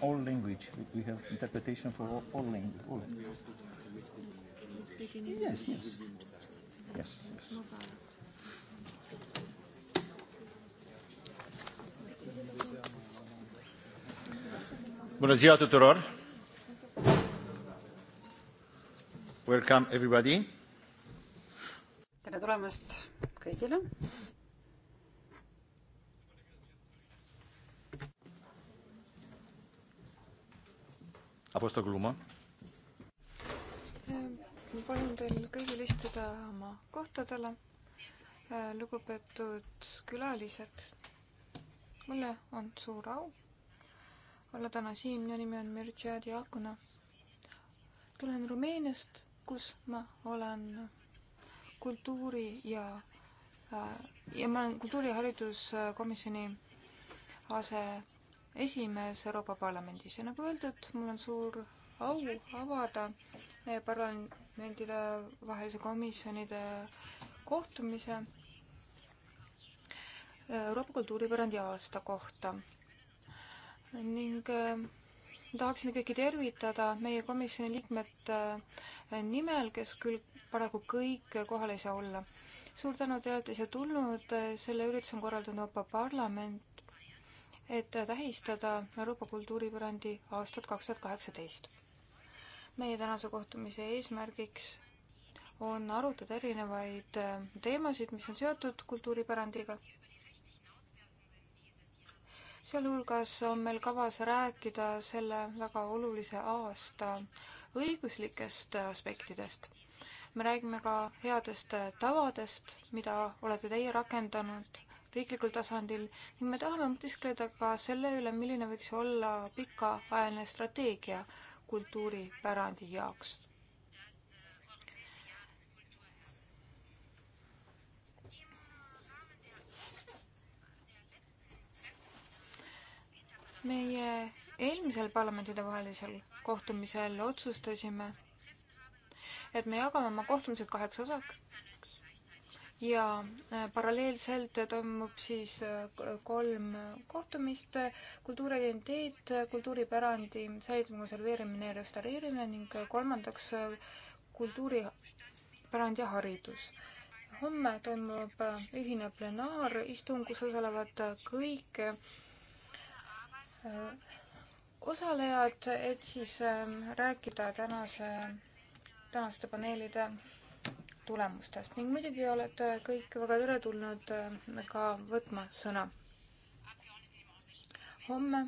all language. We have interpretation for all, all language. All. Yes, yes. Yes, yes. Bună ziua tuturor! Welcome everybody! tere tulemast kõigile! Apostel Gluma. Eh, palun teil kõigil istuda oma kohtadele. Eh, lugupeetud külalised, mulle on suur au olla täna siin, minu nimi on Mircea Diakona. tulen Rumeeniast, kus ma olen kultuuri ja eh, ja ma olen kultuuri- ja hariduskomisjoni ase esimees Euroopa Parlamendis ja nagu öeldud, mul on suur au avada meie parlamendile vahelise komisjonide kohtumise Euroopa kultuuripärandi aasta kohta ning äh, tahaksin kõiki tervitada meie komisjoni liikmete äh, nimel, kes küll paraku kõik kohal ei saa olla. suur tänu, te olete siia tulnud, äh, selle ürituse on korraldanud Euroopa Parlament et tähistada Euroopa kultuuripärandi aastat kaks tuhat kaheksateist. meie tänase kohtumise eesmärgiks on arutada erinevaid äh, teemasid, mis on seotud kultuuripärandiga. sealhulgas on meil kavas rääkida selle väga olulise aasta õiguslikest aspektidest. me räägime ka headest äh, tavadest, mida olete teie rakendanud riiklikul tasandil ning me tahame mõtiskleda ka selle üle, milline võiks olla pikaajaline strateegia kultuuripärandi jaoks. meie eelmisel parlamentidevahelisel kohtumisel otsustasime, et me jagame oma kohtumised kaheks osaks ja äh, paralleelselt toimub siis äh, kolm kohtumist, kultuuriidentiteet, kultuuripärandi säilitamine, konserveerimine ja restaureerimine ning kolmandaks kultuuripärand ja haridus. homme toimub äh, ühine plenaaristung, kus osalevad kõik osalejad, et siis rääkida tänase, tänaste paneelide tulemustest ning muidugi olete kõik väga teretulnud äh, ka võtma sõna. homme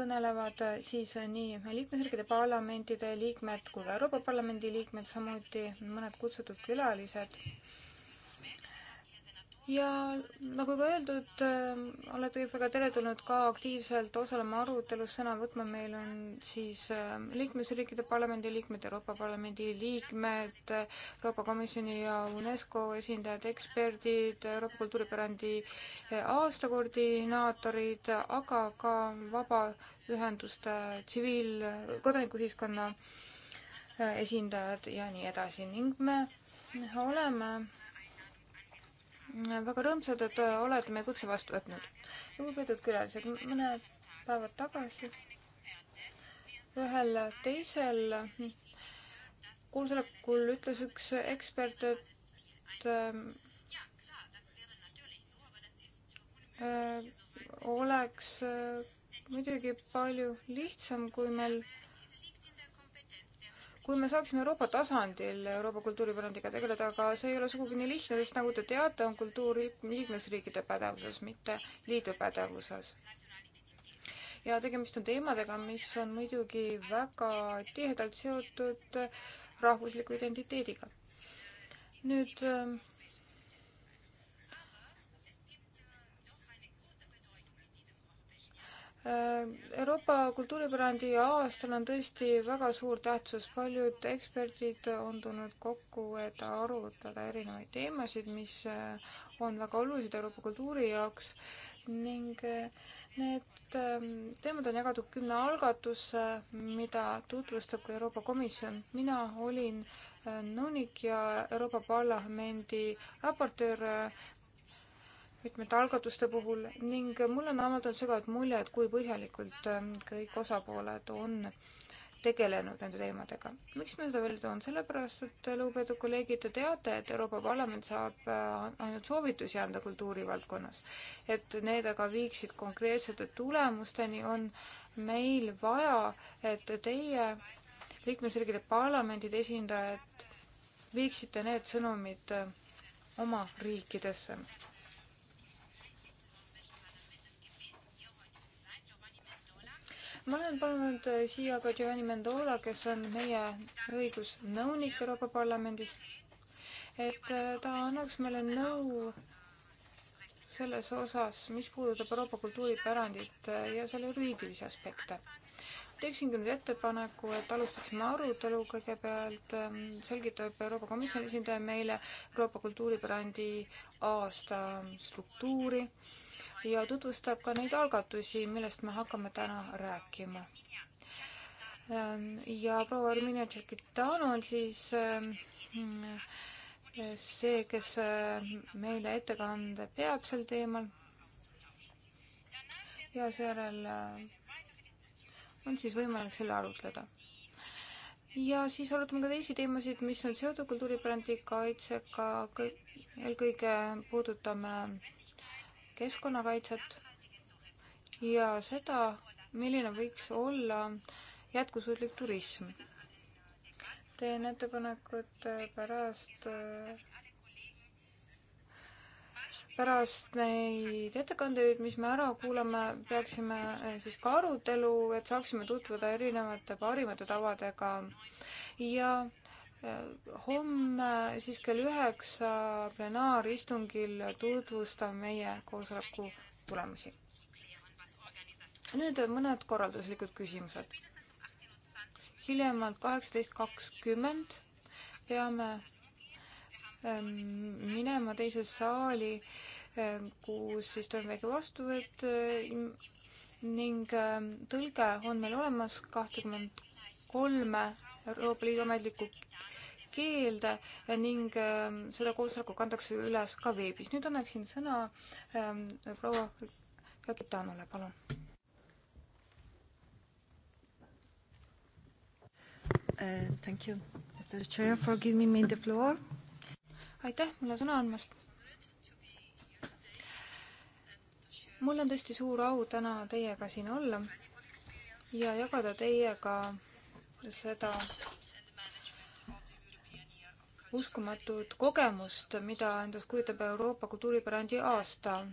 kõnelevad äh, siis äh, nii liikmesriikide parlamentide liikmed kui ka Euroopa Parlamendi liikmed, samuti mõned kutsutud külalised ja nagu juba öeldud, ähm, olete kõik väga teretulnud ka aktiivselt osalema arutelus, sõna võtma. meil on siis ähm, liikmesriikide parlamendi liikmed, Euroopa Parlamendi liikmed, Euroopa Komisjoni ja UNESCO esindajad, eksperdid, Euroopa kultuuripärandi äh, aastakoordinaatorid, aga ka vabaühenduste tsiviil, kodanikuühiskonna äh, esindajad ja nii edasi ning me oleme väga rõõmsad, et äh, olete meie kutse vastu võtnud. lugupeetud külalised, mõned päevad tagasi ühel teisel koosolekul ütles üks ekspert, et äh, äh oleks äh, muidugi palju lihtsam, kui meil äh, kui me saaksime Euroopa tasandil Euroopa kultuuripärandiga tegeleda, aga see ei ole sugugi nii lihtne, sest nagu te teate, on kultuur liikmesriikide pädevuses, mitte liidu pädevuses. ja tegemist on teemadega, mis on muidugi väga tihedalt seotud rahvusliku identiteediga. nüüd äh, Euroopa kultuuripärandi aastal on tõesti väga suur tähtsus, paljud eksperdid on tulnud kokku, et arutada erinevaid teemasid, mis eh, on väga olulised Euroopa kultuuri jaoks ning eh, need eh, teemad on jagatud kümne algatusse, mida tutvustab ka Euroopa Komisjon. mina olin nõunik ja Euroopa Parlamendi raportöör mitmete algatuste puhul ning mulle on avaldanud segavat mulje, et kui põhjalikult ähm, kõik osapooled on tegelenud nende teemadega. miks ma seda välja toon, sellepärast et äh, lugupeetud kolleegid, te teate, et Euroopa Parlament saab äh, ainult soovitusi anda kultuurivaldkonnas. et need aga viiksid konkreetsete tulemusteni, on meil vaja, et teie liikmesriikide parlamendid, esindajad viiksite need sõnumid äh, oma riikidesse. ma olen palunud äh, siia ka Giovanni Mendola, kes on meie õigusnõunik Euroopa Parlamendis, et äh, ta annaks meile nõu selles osas, mis puudutab Euroopa kultuuripärandit äh, ja selle juriidilisi aspekte. teeksin küll ettepaneku, et alustaksime arutelu, kõigepealt ähm, selgitab Euroopa Komisjoni esindaja meile Euroopa kultuuripärandi aasta struktuuri ja tutvustab ka neid algatusi, millest me hakkame täna rääkima. Ähm, ja proua Arminia Tšekitano on siis ähm, see, kes äh, meile ettekande peab sel teemal. ja seejärel äh, on siis võimalik selle arutleda ja siis arutame ka teisi teemasid, mis on seotud kultuuripärandi kaitsega, eelkõige puudutame keskkonnakaitset ja seda, milline võiks olla jätkusuutlik turism. teen ettepanekud äh, pärast, äh, pärast neid ettekandeid, mis me ära kuulame, peaksime äh, siis ka arutelu, et saaksime tutvuda erinevate parimate tavadega ja äh, homme siis kell üheksa plenaaristungil tutvustan meie koosoleku tulemusi. nüüd mõned korralduslikud küsimused. hiljemalt kaheksateist kakskümmend peame ähm, minema teise saali, ähm, kus siis toimub väike vastuvõtt äh, ning ähm, tõlge on meil olemas kahtekümmend kolme Euroopa Liidu ametlikku keelde ning ähm, seda koosoleku kantakse üles ka veebis. nüüd annaksin sõna ähm, proua Kakitanole, palun. Uh, thank you, Mr Chair, for giving me the floor. aitäh mulle sõna andmast mul on tõesti suur au täna teiega siin olla ja jagada teiega seda uskumatut kogemust, mida endast kujutab Euroopa kultuuripärandi aasta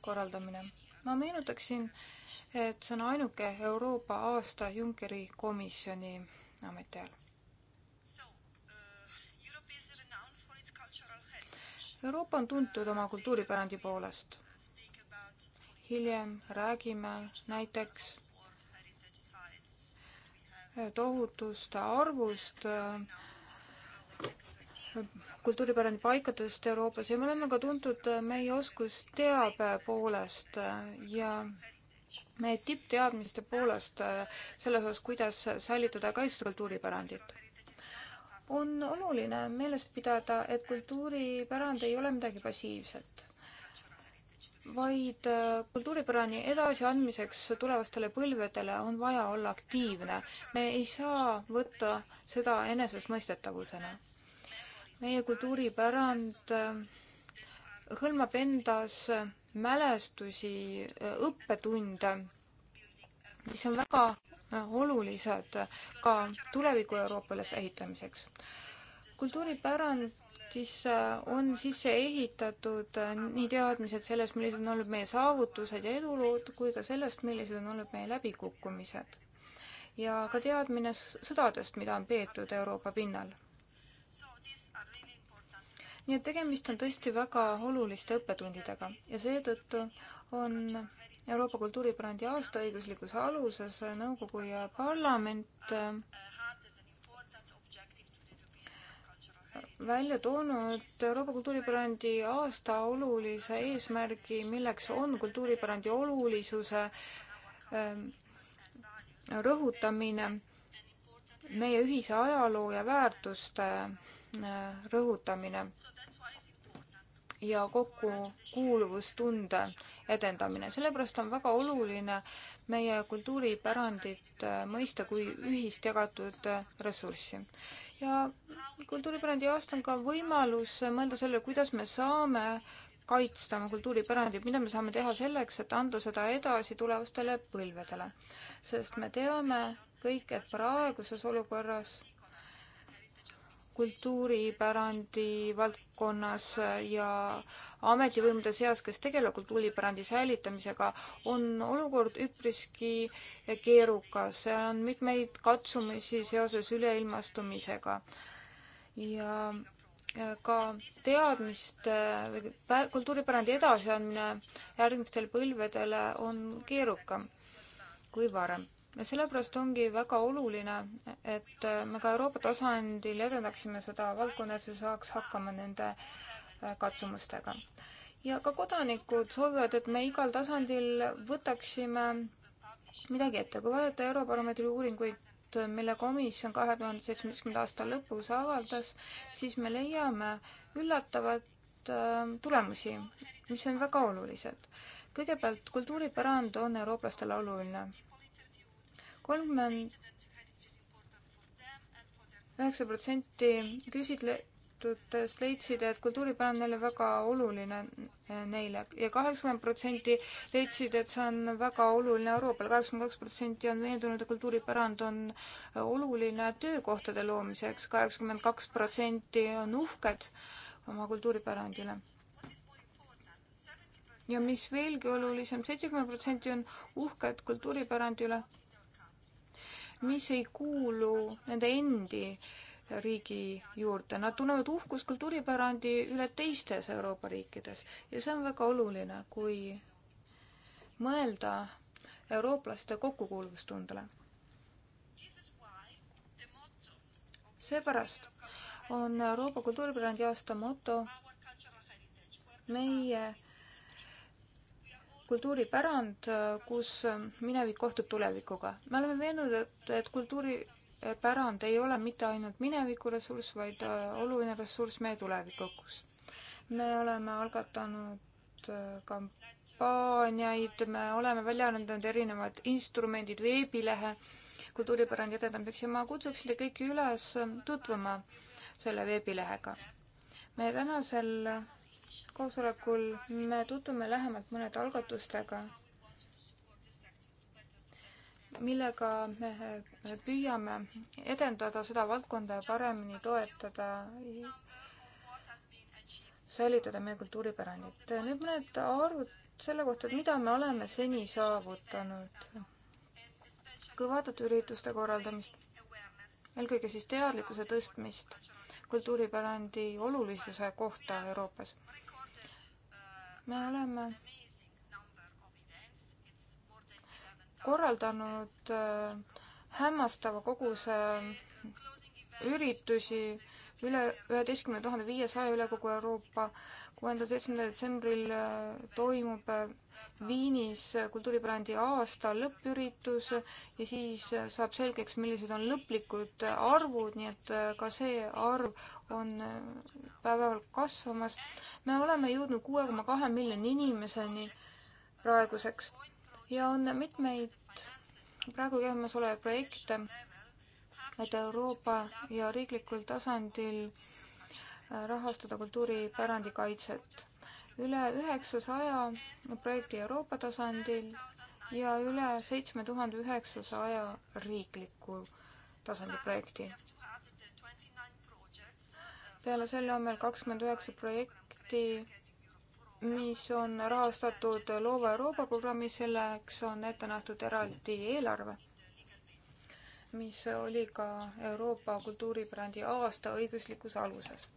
korraldamine. ma meenutaksin, et see on ainuke Euroopa aasta Junckeri komisjoni ametiajal. Euroopa on tuntud oma kultuuripärandi poolest. hiljem räägime näiteks tohutust arvust kultuuripärandi paikadest Euroopas ja me oleme ka tuntud meie oskusteabe poolest ja meie tippteadmiste poolest selles osas, kuidas säilitada ja kaitsta kultuuripärandit. on oluline meeles pidada, et kultuuripärand ei ole midagi passiivset, vaid kultuuripärani edasiandmiseks tulevastele põlvedele on vaja olla aktiivne. me ei saa võtta seda enesestmõistetavusena meie kultuuripärand äh, hõlmab endas äh, mälestusi, äh, õppetunde, mis on väga olulised ka tuleviku Euroopa üles ehitamiseks. kultuuripärandis on sisse ehitatud nii teadmised sellest, millised on olnud meie saavutused ja edulood, kui ka sellest, millised on olnud meie läbikukkumised. ja ka teadmine sõdadest, mida on peetud Euroopa pinnal nii et tegemist on tõesti väga oluliste õppetundidega ja seetõttu on Euroopa kultuuripärandi aasta õiguslikus aluses nõukogu ja parlament välja toonud Euroopa kultuuripärandi aasta olulise eesmärgi, milleks on kultuuripärandi olulisuse ähm, rõhutamine, meie ühise ajaloo ja väärtuste äh, rõhutamine ja kokkukuuluvustunde edendamine. sellepärast on väga oluline meie kultuuripärandit äh, mõista kui ühist jagatud äh, ressurssi. ja kultuuripärandi aasta on ka võimalus äh, mõelda sellele, kuidas me saame kaitsta oma kultuuripärandit, mida me saame teha selleks, et anda seda edasi tulevastele põlvedele. sest me teame kõik, et praeguses olukorras kultuuripärandi valdkonnas ja ametivõimude seas, kes tegelevad kultuuripärandi säilitamisega, on olukord üpriski keerukas. seal on mitmeid katsumisi seoses üleilmastumisega ja ka teadmiste või kultuuripärandi edasiandmine järgmistele põlvedele on keerukam kui varem ja sellepärast ongi väga oluline, et me ka Euroopa tasandil edendaksime seda valdkonda, et see saaks hakkama nende äh, katsumustega. ja ka kodanikud soovivad, et me igal tasandil võtaksime midagi ette. kui vaadata Eurobaromeetri uuringuid, mille komisjon kahe tuhande seitsmeteistkümnenda aasta lõpus avaldas, siis me leiame üllatavat äh, tulemusi, mis on väga olulised. kõigepealt kultuuripärand on eurooplastele oluline kolmkümmend üheksa protsenti küsitletutest leidsid, et kultuuripärand on neile väga oluline eh, neile ja kaheksakümmend protsenti leidsid, et see on väga oluline Euroopale, kaheksakümmend kaks protsenti on veendunud, et kultuuripärand on eh, oluline töökohtade loomiseks, kaheksakümmend kaks protsenti on uhked oma kultuuripärandi üle ja mis veelgi olulisem, seitsekümmend protsenti on uhked kultuuripärandi üle mis ei kuulu nende endi riigi juurde. Nad tunnevad uhkust kultuuripärandi üle teistes Euroopa riikides ja see on väga oluline, kui mõelda eurooplaste kokkukuuluvustundele. seepärast on Euroopa kultuuripärandi aasta moto meie kultuuripärand, kus minevik kohtub tulevikuga. me oleme veendunud, et, et kultuuripärand ei ole mitte ainult mineviku ressurss, vaid äh, oluline ressurss meie tulevikuks. me oleme algatanud äh, kampaaniaid, me oleme välja arendanud erinevad instrumendid, veebilehe kultuuripärandi edendamiseks ja ma kutsuksin teid kõiki üles tutvuma selle veebilehega. meie tänasel koosolekul me tutvume lähemalt mõnede algatustega, millega me püüame edendada seda valdkonda ja paremini toetada, säilitada meie kultuuripärandit. nüüd mõned arvud selle kohta, et mida me oleme seni saavutanud. kui vaadata ürituste korraldamist, eelkõige siis teadlikkuse tõstmist kultuuripärandi olulisuse kohta Euroopas me oleme korraldanud äh, hämmastava koguse äh, üritusi üle üheteistkümne tuhande viiesaja üle kogu Euroopa. kuuendal-seitsmendal detsembril äh, toimub Viinis kultuuripärandi aasta lõppüritus ja siis saab selgeks, millised on lõplikud arvud, nii et äh, ka see arv on päev-päevalt äh, kasvamas. me oleme jõudnud kuue koma kahe miljoni inimeseni praeguseks ja on mitmeid praegu käimasolevaid projekte, et Euroopa ja riiklikul tasandil äh, rahastada kultuuripärandi kaitset üle üheksasaja projekti Euroopa tasandil ja üle seitsme tuhande üheksasaja riikliku tasandi projekti. peale selle on meil kakskümmend üheksa projekti, mis on rahastatud Loova Euroopa programmi, selleks on ette nähtud eraldi eelarve, mis oli ka Euroopa kultuuripärandi aasta õiguslikus aluses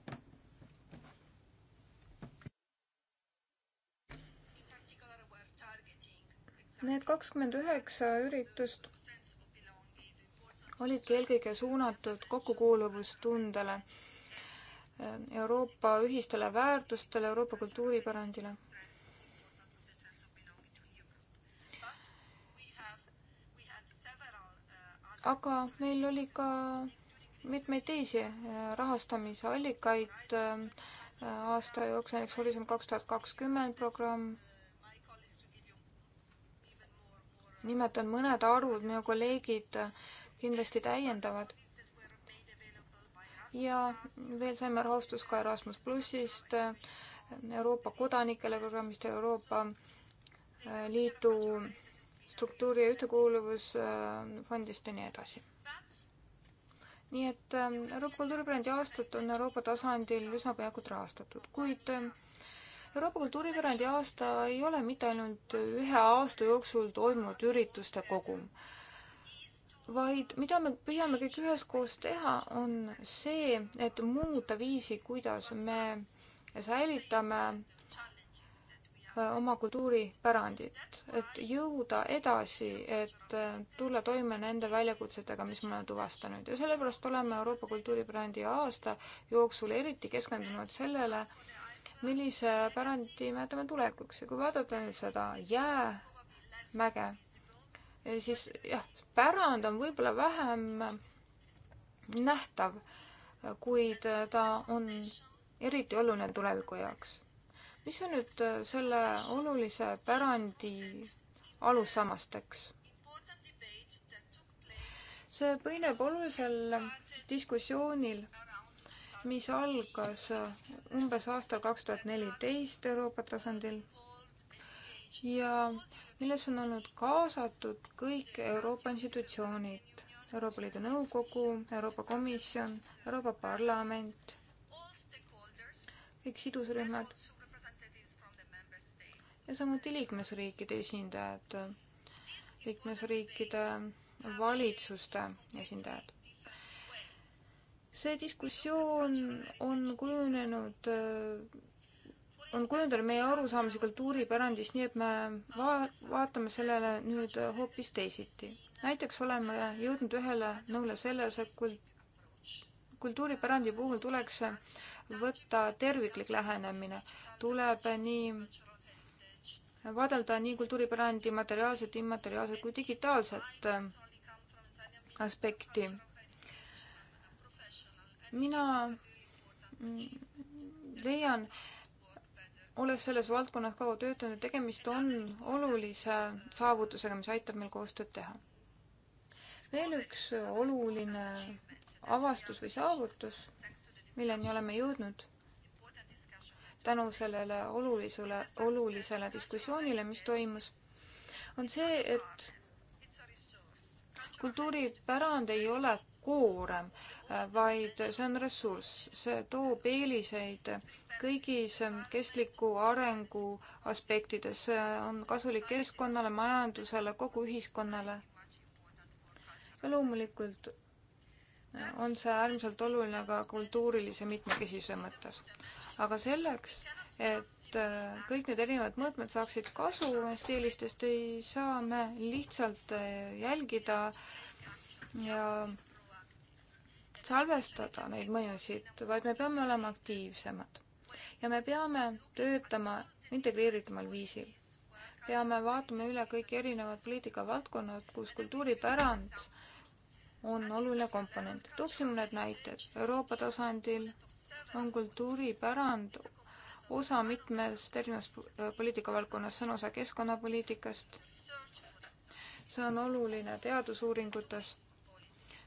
Need kakskümmend üheksa üritust olidki eelkõige suunatud kokkukuuluvustundele, eh, Euroopa ühistele väärtustele, Euroopa kultuuripärandile. aga meil oli ka mitmeid teisi eh, rahastamisallikaid eh, aasta jooksul, näiteks Horisont kaks tuhat kakskümmend programm nimetan mõned arvud, minu kolleegid kindlasti täiendavad. ja veel saime rahastus ka Erasmus plussist, Euroopa kodanikele programmist, Euroopa äh, Liidu struktuuri ja ühtekuuluvusfondist äh, ja nii edasi. nii et äh, Euroopa kultuuripärandi aastat on Euroopa tasandil üsna peaaegu rahastatud, kuid Euroopa kultuuripärandi aasta ei ole mitte ainult ühe aasta jooksul toimunud ürituste kogum, vaid mida me püüame kõik üheskoos teha, on see, et muuta viisi, kuidas me säilitame äh, oma kultuuripärandit, et jõuda edasi, et äh, tulla toime nende väljakutsetega, mis me oleme tuvastanud ja sellepärast oleme Euroopa kultuuripärandi aasta jooksul eriti keskendunud sellele, millise pärandi me jätame tulevikuks ja kui vaadata nüüd seda jäämäge, eh, siis jah, pärand on võib-olla vähem nähtav, kuid ta on eriti oluline tuleviku jaoks. mis on nüüd eh, selle olulise pärandi alussammasteks? see põhineb olulisel diskussioonil mis algas umbes aastal kaks tuhat neliteist Euroopa tasandil ja millesse on olnud kaasatud kõik Euroopa institutsioonid, Euroopa Liidu Nõukogu, Euroopa Komisjon, Euroopa Parlament, kõik sidusrühmad ja samuti liikmesriikide esindajad, liikmesriikide valitsuste esindajad see diskussioon on kujunenud, on kujundanud meie arusaamise kultuuripärandist, nii et me va-, vaatame sellele nüüd hoopis teisiti. näiteks oleme jõudnud ühele nõule selles, et kult-, kultuuripärandi puhul tuleks võtta terviklik lähenemine, tuleb nii vaadelda nii kultuuripärandi materiaalset, immateriaalset kui digitaalset aspekti mina leian, olles selles valdkonnas kaua töötanud, tegemist on olulise saavutusega, mis aitab meil koostööd teha. veel üks oluline avastus või saavutus, milleni oleme jõudnud tänu sellele olulisele, olulisele diskussioonile, mis toimus, on see, et kultuuripärand ei ole koorem, vaid see on ressurss, see toob eeliseid kõigis kestliku arengu aspektides, see on kasulik keskkonnale, majandusele, kogu ühiskonnale. ja loomulikult on see äärmiselt oluline ka kultuurilise mitmekesisuse mõttes. aga selleks, et kõik need erinevad mõõtmed saaksid kasu neist eelistest, ei saa me lihtsalt jälgida ja salvestada neid mõjusid, vaid me peame olema aktiivsemad. ja me peame töötama integreeritumal viisil. peame vaatama üle kõik erinevad poliitikavaldkonnad, kus kultuuripärand on oluline komponent. tooksime mõned näited. Euroopa tasandil on kultuuripärand osa mitmest erinevast poliitikavaldkonnast, see on osa keskkonnapoliitikast, see on oluline teadusuuringutest,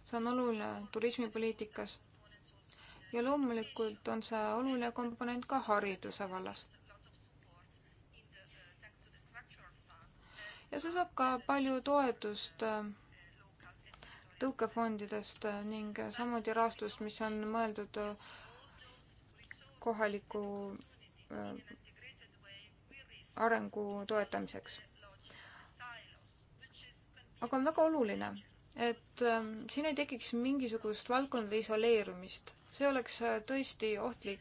see on oluline turismipoliitikas. ja loomulikult on see oluline komponent ka hariduse vallas. ja see saab ka palju toetust äh, tõukefondidest äh, ning samuti rahastust, mis on mõeldud äh, kohaliku arengu toetamiseks. aga on väga oluline, et ähm, siin ei tekiks mingisugust valdkondade isoleerumist. see oleks äh, tõesti ohtlik,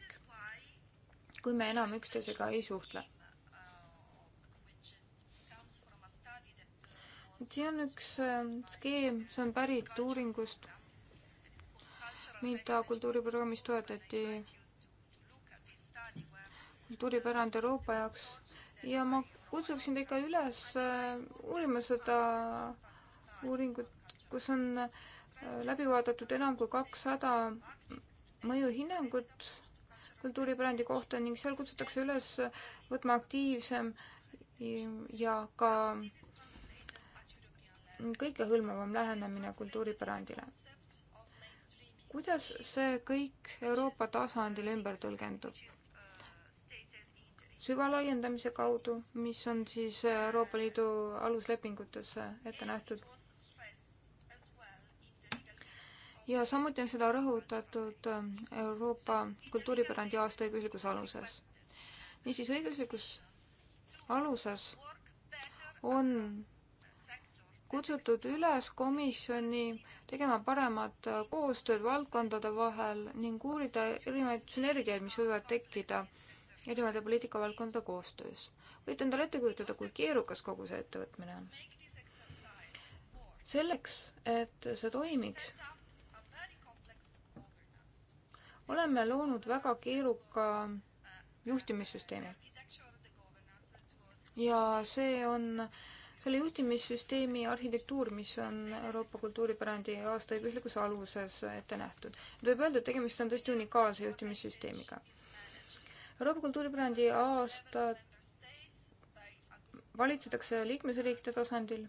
kui me enam üksteisega ei suhtle. et siin on üks ähm, skeem, see on pärit uuringust, mida kultuuriprogrammis toetati kultuuripärand Euroopa jaoks ja ma kutsuksin teid ka üles äh, uurima seda uuringut kus on äh, läbi vaadatud enam kui kakssada mõjuhinnangut kultuuripärandi kohta ning seal kutsutakse üles võtma aktiivsem ja ka kõikehõlmavam lähenemine kultuuripärandile. kuidas see kõik Euroopa tasandil ümber tõlgendub? süvalaiendamise kaudu, mis on siis Euroopa Liidu aluslepingutesse ette nähtud ja samuti on seda rõhutatud äh, Euroopa kultuuripärandi aasta õiguslikus aluses. niisiis, õiguslikus aluses on kutsutud üles komisjoni tegema paremat äh, koostööd valdkondade vahel ning uurida erinevaid sünergiaid, mis võivad tekkida erinevate poliitikavaldkondade koostöös. võite endale ette kujutada, kui keerukas kogu see ettevõtmine on. selleks, et see toimiks, oleme loonud väga keeruka juhtimissüsteemi. ja see on selle juhtimissüsteemi arhitektuur, mis on Euroopa kultuuripärandi aasta õiguslikus aluses ette nähtud. võib öelda, et tegemist on tõesti unikaalse juhtimissüsteemiga. Euroopa kultuuripärandi aastat valitsetakse liikmesriikide tasandil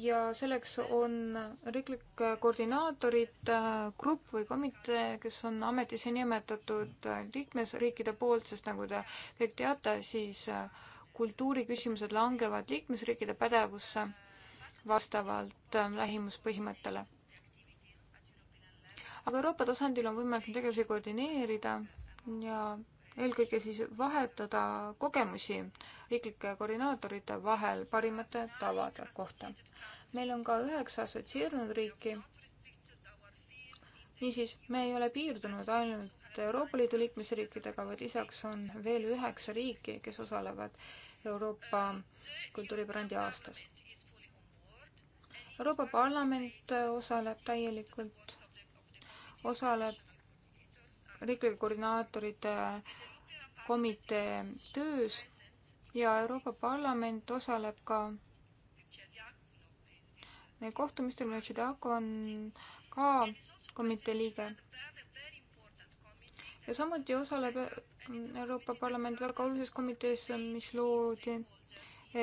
ja selleks on riiklik koordinaatorite grupp või komitee, kes on ametisse nimetatud liikmesriikide poolt, sest nagu te kõik teate, siis kultuuriküsimused langevad liikmesriikide pädevusse vastavalt lähimuspõhimõttele. aga Euroopa tasandil on võimalik tegevusi koordineerida ja eelkõige siis vahetada kogemusi riiklike koordinaatorite vahel parimate tavade kohta. meil on ka üheksa assotsieerunud riiki. niisiis, me ei ole piirdunud ainult Euroopa Liidu liikmesriikidega, vaid lisaks on veel üheksa riiki, kes osalevad Euroopa kultuuripärandi aastas. Euroopa Parlament osaleb täielikult, osaleb riiklike koordinaatorite komitee töös ja Euroopa Parlament osaleb ka neil kohtumistel, mille Tšedako on ka komitee liige. ja samuti osaleb Euroopa Parlament väga olulises komitees, mis loodi,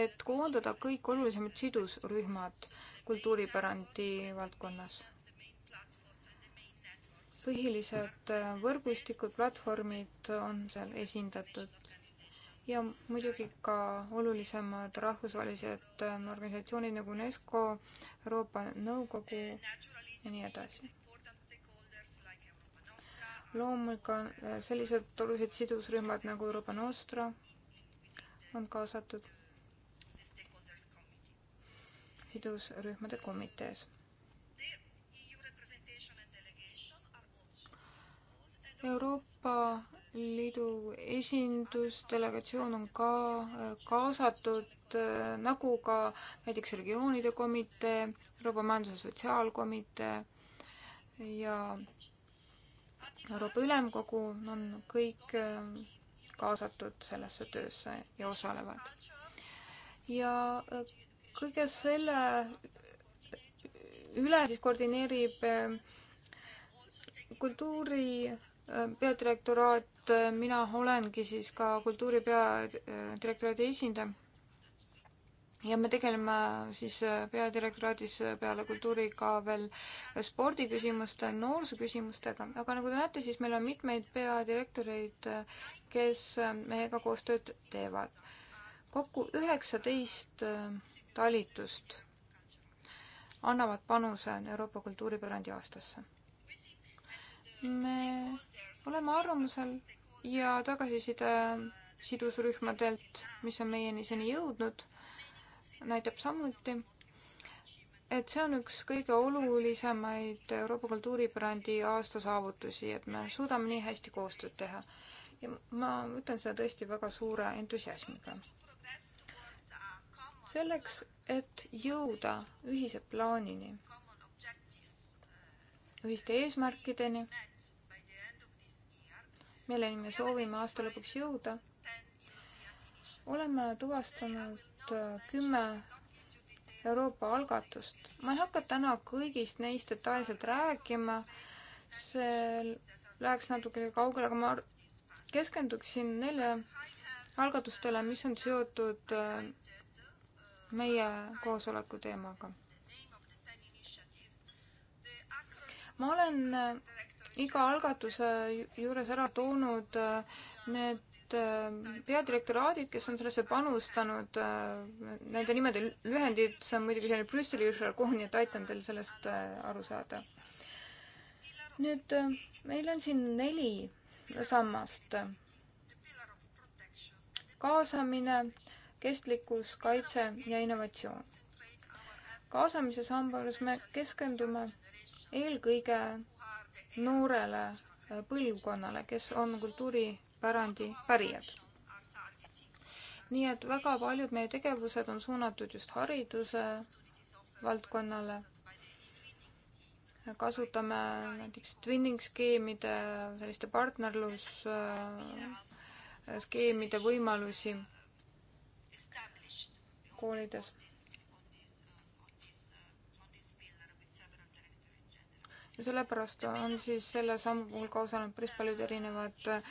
et koondada kõik olulisemad sidusrühmad kultuuripärandi valdkonnas põhilised äh, võrgustikud, platvormid on seal esindatud. ja muidugi ka olulisemad rahvusvahelised äh, organisatsioonid nagu UNESCO, Euroopa Nõukogu ja nii edasi. loomulikult äh, sellised olulised sidusrühmad nagu Euroopa Nostra on kaasatud sidusrühmade komitees Euroopa Liidu esindusdelegatsioon on ka äh, kaasatud, äh, nagu ka näiteks regioonide komitee, Euroopa Majandus- ja Sotsiaalkomitee ja Euroopa Ülemkogu on kõik äh, kaasatud sellesse töösse ja osalevad. ja kõige selle üle siis koordineerib kultuuri peadirektoraat, mina olengi siis ka kultuuri peadirektoraadi esindaja. ja me tegeleme siis peadirektoraadis peale kultuuriga veel spordiküsimuste, noorsooküsimustega, aga nagu te näete, siis meil on mitmeid peadirektoreid, kes meiega koostööd teevad. kokku üheksateist talitust annavad panuse Euroopa kultuuripärandi aastasse me oleme arvamusel ja tagasiside sidusrühmadelt, mis on meieni seni jõudnud, näitab samuti, et see on üks kõige olulisemaid Euroopa kultuuripärandi aasta saavutusi, et me suudame nii hästi koostööd teha. ja ma ütlen seda tõesti väga suure entusiasmiga. selleks, et jõuda ühise plaanini, ühiste eesmärkideni milleni me soovime aasta lõpuks jõuda, oleme tuvastanud äh, kümme Euroopa algatust. ma ei hakka täna kõigist neist detailselt rääkima, see läheks natuke kaugele, aga ma keskenduksin neile algatustele, mis on seotud äh, meie koosoleku teemaga. ma olen äh, iga algatuse juures ära toonud äh, need äh, peadirektoraadid, kes on sellesse panustanud, äh, nende nimede lühendid, see on muidugi selline Brüsseli žargoon, nii et aitan teil sellest aru saada. nüüd meil on siin neli sammast. kaasamine, kestlikkus, kaitse ja innovatsioon. kaasamise samba juures me keskendume eelkõige noorele põlvkonnale, kes on kultuuripärandi pärijad. nii et väga paljud meie tegevused on suunatud just hariduse valdkonnale. kasutame näiteks twinning skeemide, selliste partnerlusskeemide äh, võimalusi koolides ja sellepärast on siis selle sammu puhul ka osalenud päris paljud erinevad äh,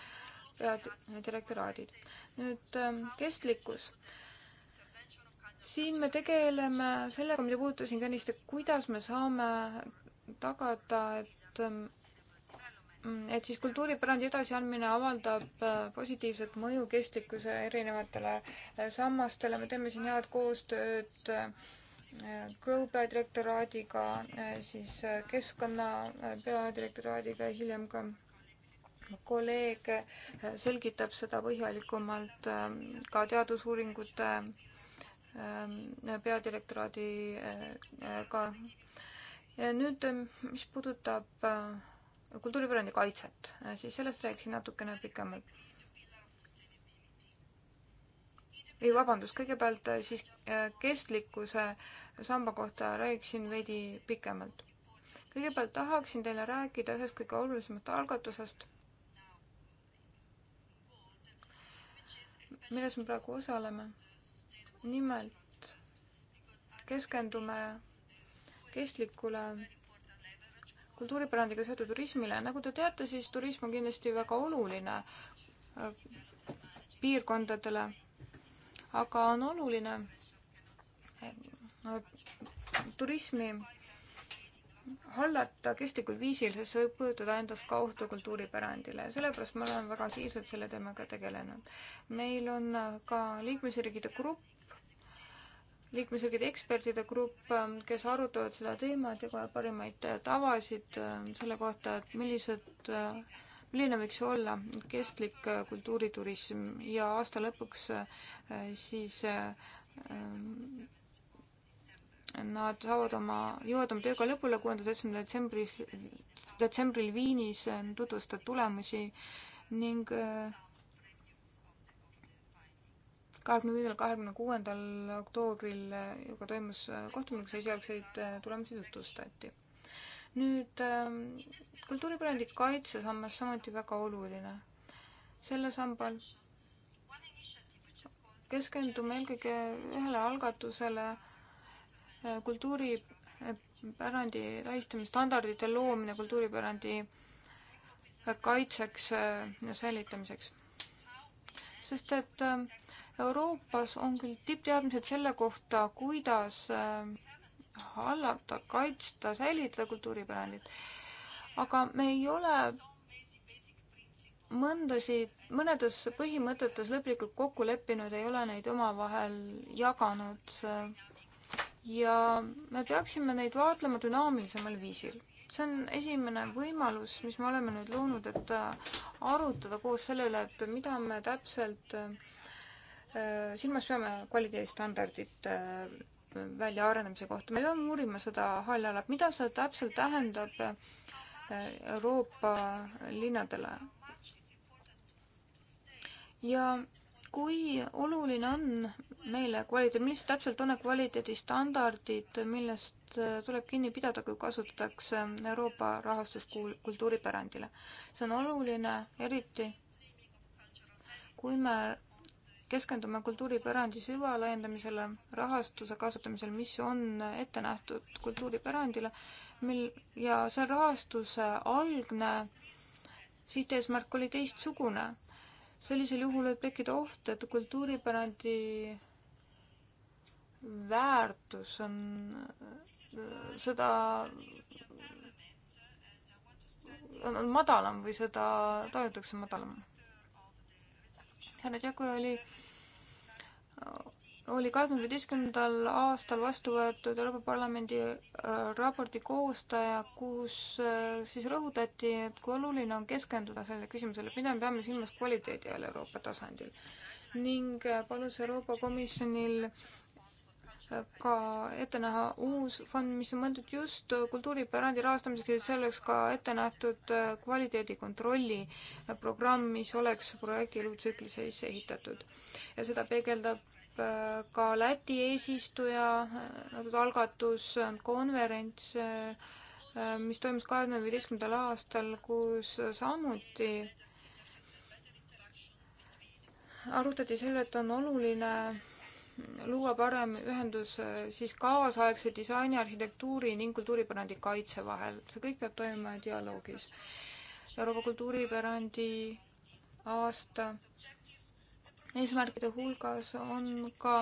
peadirektoraadid. nüüd ähm, kestlikkus. siin me tegeleme sellega, mida puudutasin ka ennist, et kuidas me saame tagada, et ähm, et siis kultuuripärandi edasiandmine avaldab äh, positiivset mõju kestlikkuse erinevatele äh, sammastele, me teeme siin head koostööd äh, Grow peadirektoraadiga, eh, siis eh, keskkonna eh, peadirektoraadiga ja hiljem ka kolleeg selgitab seda põhjalikumalt ka teadusuuringute peadirektoraadiga. ja nüüd, mis puudutab kultuuripärandi kaitset, siis sellest rääkisin natukene pikemalt ei, vabandust, kõigepealt äh, siis äh, kestlikkuse äh, samba kohta räägiksin veidi pikemalt. kõigepealt tahaksin teile rääkida ühest kõige olulisemast algatusest, milles me praegu osaleme. nimelt keskendume kestlikule kultuuripärandiga seotud turismile. nagu te teate, siis turism on kindlasti väga oluline piirkondadele aga on oluline turismi hallata kestlikul viisil, sest see võib kujutada endast ka ohtu kultuuripärandile ja sellepärast me oleme väga aktiivselt selle teemaga tegelenud. meil on ka liikmesriigide grupp, liikmesriikide ekspertide grupp, kes arutavad seda teemat ja kohe parimaid tavasid selle kohta, et millised milline võiks olla kestlik äh, kultuuriturism ja aasta lõpuks äh, siis äh, mm, nad saavad oma, jõuavad oma tööga lõpule kuuendal, seitsmendal detsembris, detsembril Viinis tutvustada tulemusi ning kahekümne viiendal, kahekümne kuuendal oktoobril juba toimus kohtumine, kus esialgseid tulemusi tutvustati nüüd ähm, kultuuripärandi kaitse sammas samuti väga oluline. sellel sambal keskendume eelkõige ühele algatusele äh, kultuuripärandi tähistamisstandardite loomine kultuuripärandi äh, kaitseks äh, ja säilitamiseks. sest et Euroopas on küll tippteadmised selle kohta, kuidas hallata, kaitsta, säilitada kultuuripärandit. aga me ei ole mõndasid, mõnedes põhimõtetes lõplikult kokku leppinud, ei ole neid omavahel jaganud. ja me peaksime neid vaatlema dünaamilisemal viisil. see on esimene võimalus, mis me oleme nüüd loonud, et arutada koos selle üle, et mida me täpselt äh, silmas peame kvaliteedistandardite äh, väljaarenemise kohta. me peame uurima seda haljala, mida see täpselt tähendab eh, Euroopa linnadele. ja kui oluline on meile kvaliteet, millised täpselt on need kvaliteedistandardid, millest eh, tuleb kinni pidada, kui kasutatakse Euroopa rahastust kultuuripärandile? see on oluline eriti, kui me keskendume kultuuripärandi süvalaiendamisele, rahastuse kasutamisel, mis on ette nähtud kultuuripärandile, mil ja see rahastuse algne sihteesmärk oli teistsugune. sellisel juhul võib tekkida oht, et kultuuripärandi väärtus on seda on, on madalam või seda tajutakse madalam. härra Tšekoi oli oli kahekümne üheteistkümnendal aastal vastu võetud Euroopa Parlamendi äh, raporti koostaja, kus äh, siis rõhutati, et kui oluline on keskenduda sellele küsimusele, mida me peame silmas kvaliteedi all Euroopa tasandil. ning äh, palus Euroopa Komisjonil ka ette näha uus fond, mis on mõeldud just kultuuripärandi rahastamiseks ja selleks ka ette nähtud kvaliteedikontrolli programm, mis oleks projekti elutsükli sees ehitatud. ja seda peegeldab Äh, ka Läti eesistuja äh, nagu algatus, konverents, äh, mis toimus kahe tuhande viieteistkümnendal aastal, kus samuti arutati selle, et on oluline luua parem ühendus siis kaasaegse disaini, arhitektuuri ning kultuuripärandi kaitse vahel. see kõik peab toimuma dialoogis. Euroopa kultuuripärandi aasta eesmärkide hulgas on ka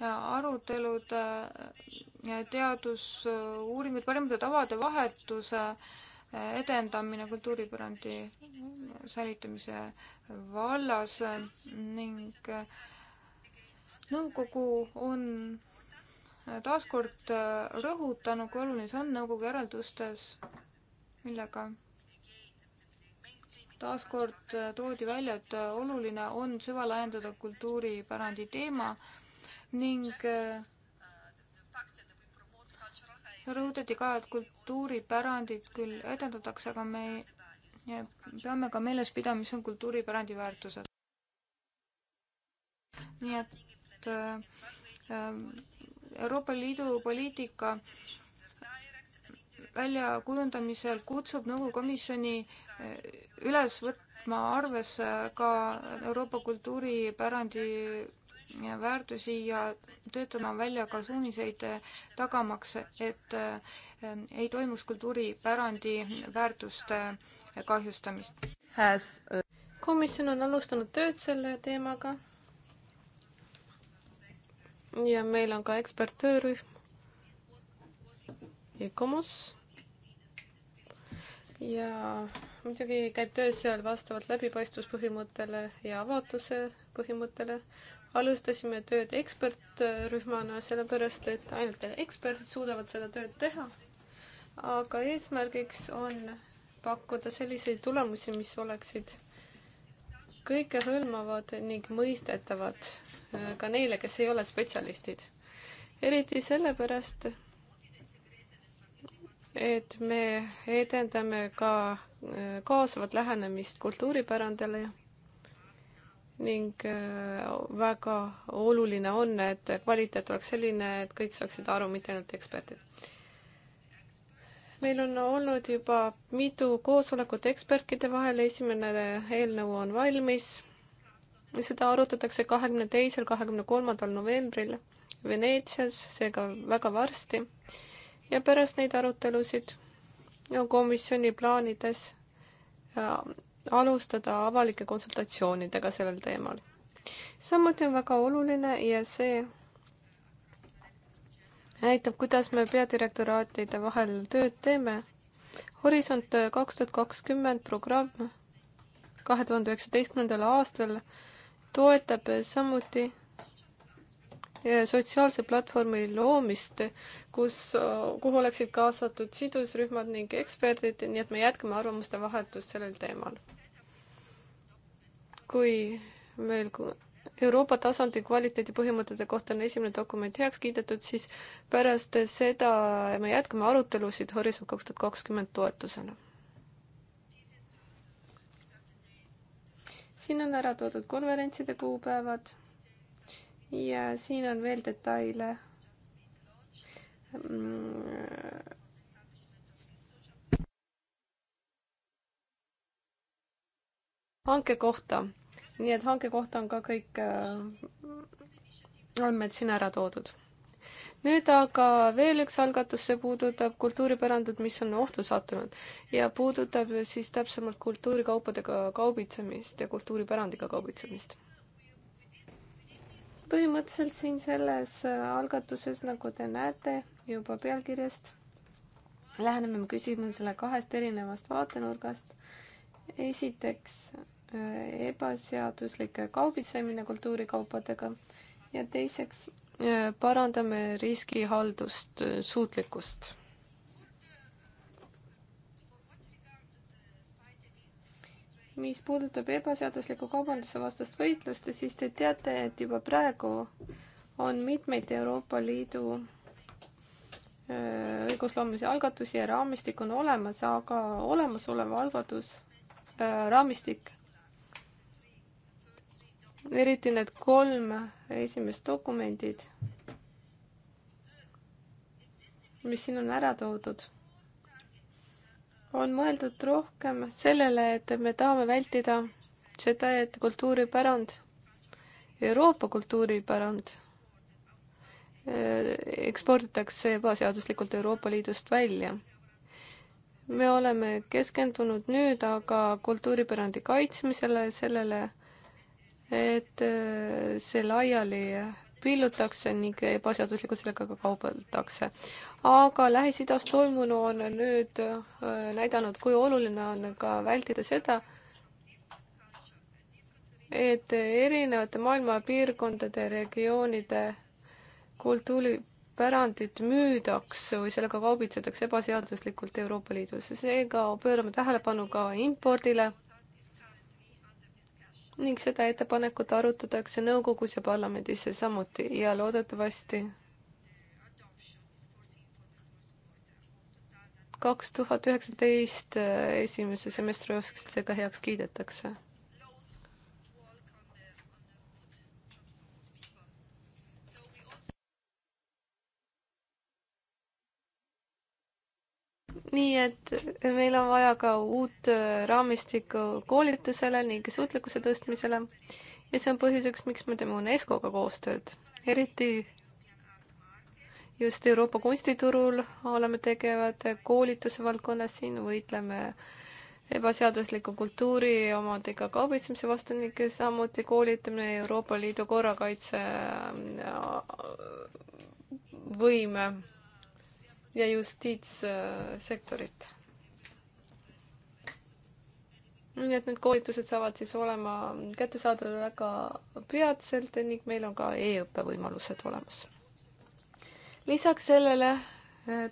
äh, arutelud, äh, teadusuuringud, parimate tavade vahetuse äh, edendamine kultuuripärandi säilitamise vallas ning nõukogu on taaskord rõhutanud, kui oluline see on nõukogu järeldustes, millega taaskord äh, toodi välja, et äh, oluline on süvalahendada kultuuripärandi teema ning äh, rõhutati ka, et kultuuripärandit küll edendatakse, aga me peame ka meeles pidama, mis on kultuuripärandi väärtused. nii et Euroopa Liidu poliitika väljakujundamisel kutsub nõukogu komisjoni äh, üles võtma arvesse ka Euroopa kultuuripärandi väärtusi ja töötama välja ka suuniseid tagamaks, et eh, ei toimuks kultuuripärandi väärtuste kahjustamist. Uh, komisjon on alustanud tööd selle teemaga. ja meil on ka eksperttöörühm. EKOMOS ja muidugi käib töö seal vastavalt läbipaistvuspõhimõttele ja avatuse põhimõttele. alustasime tööd ekspertrühmana, sellepärast et ainult eksperdid suudavad seda tööd teha. aga eesmärgiks on pakkuda selliseid tulemusi, mis oleksid kõikehõlmavad ning mõistetavad äh, ka neile, kes ei ole spetsialistid. eriti sellepärast, et me edendame ka kaasavat lähenemist kultuuripärandile ning äh, väga oluline on, et kvaliteet oleks selline, et kõik saaksid aru, mitte ainult eksperdid. meil on olnud juba mitu koosolekut ekspertide vahel, esimene eelnõu on valmis. seda arutatakse kahekümne teisel, kahekümne kolmandal novembril Veneetsias, seega väga varsti. ja pärast neid arutelusid komisjoni plaanides äh, alustada avalike konsultatsioonidega sellel teemal. samuti on väga oluline ja see näitab, kuidas me peadirektoraatide vahel tööd teeme. Horisont kaks tuhat kakskümmend programm kahe tuhande üheksateistkümnendal aastal toetab samuti sotsiaalse platvormi loomist, kus, kuhu oleksid kaasatud sidusrühmad ning eksperdid, nii et me jätkame arvamuste vahetust sellel teemal. kui meil Euroopa tasandi kvaliteedipõhimõtete kohta on esimene dokument heaks kiidetud, siis pärast seda me jätkame arutelusid Horisont kaks tuhat kakskümmend toetusena. siin on ära toodud konverentside kuupäevad ja siin on veel detaile hanke kohta, nii et hanke kohta on ka kõik äh, andmed siin ära toodud. nüüd aga veel üks algatus, see puudutab kultuuripärandit, mis on ohtu sattunud ja puudutab siis täpsemalt kultuurikaupadega kaubitsemist ja kultuuripärandiga kaubitsemist põhimõtteliselt siin selles äh, algatuses, nagu te näete juba pealkirjast, läheneme me küsimusele kahest erinevast vaatenurgast. esiteks äh, ebaseaduslik kaubitsemine kultuurikaupadega ja teiseks äh, parandame riskihaldust, suutlikkust mis puudutab ebaseadusliku kaubanduse vastast võitlust, siis te teate, et juba praegu on mitmeid Euroopa Liidu õigusloomelisi algatusi ja raamistik on olemas, aga olemasolev algatus äh,, raamistik, eriti need kolm esimest dokumendid, mis siin on ära toodud on mõeldud rohkem sellele, et me tahame vältida seda, et kultuuripärand, Euroopa kultuuripärand äh, eksporditakse ebaseaduslikult Euroopa Liidust välja. me oleme keskendunud nüüd aga kultuuripärandi kaitsmisele, sellele, et äh, see laiali pillutakse ning ebaseaduslikult sellega ka kaubeldakse. aga Lähis-Idas toimunu on nüüd äh, näidanud, kui oluline on ka vältida seda, et erinevate maailma piirkondade, regioonide kultuuripärandit müüdakse või sellega kaubitsetakse ebaseaduslikult Euroopa Liidus ja seega pöörame tähelepanu ka impordile ning seda ettepanekut arutatakse nõukogus ja parlamendis samuti ja loodetavasti kaks tuhat üheksateist esimese semestri osas see ka heaks kiidetakse. nii et meil on vaja ka uut äh, raamistikku koolitusele ning suutlikkuse tõstmisele ja see on põhjuseks, miks me teeme UNESCO-ga koostööd, eriti just Euroopa kunstiturul oleme tegevad koolituse valdkonnas, siin võitleme ebaseadusliku kultuuri omadega kaubitsemise vastu ning samuti koolitamine Euroopa Liidu korrakaitse äh, võime ja justiitssektorit. nii et need koolitused saavad siis olema kättesaadavad väga peatselt ning meil on ka e-õppe võimalused olemas. lisaks sellele eh,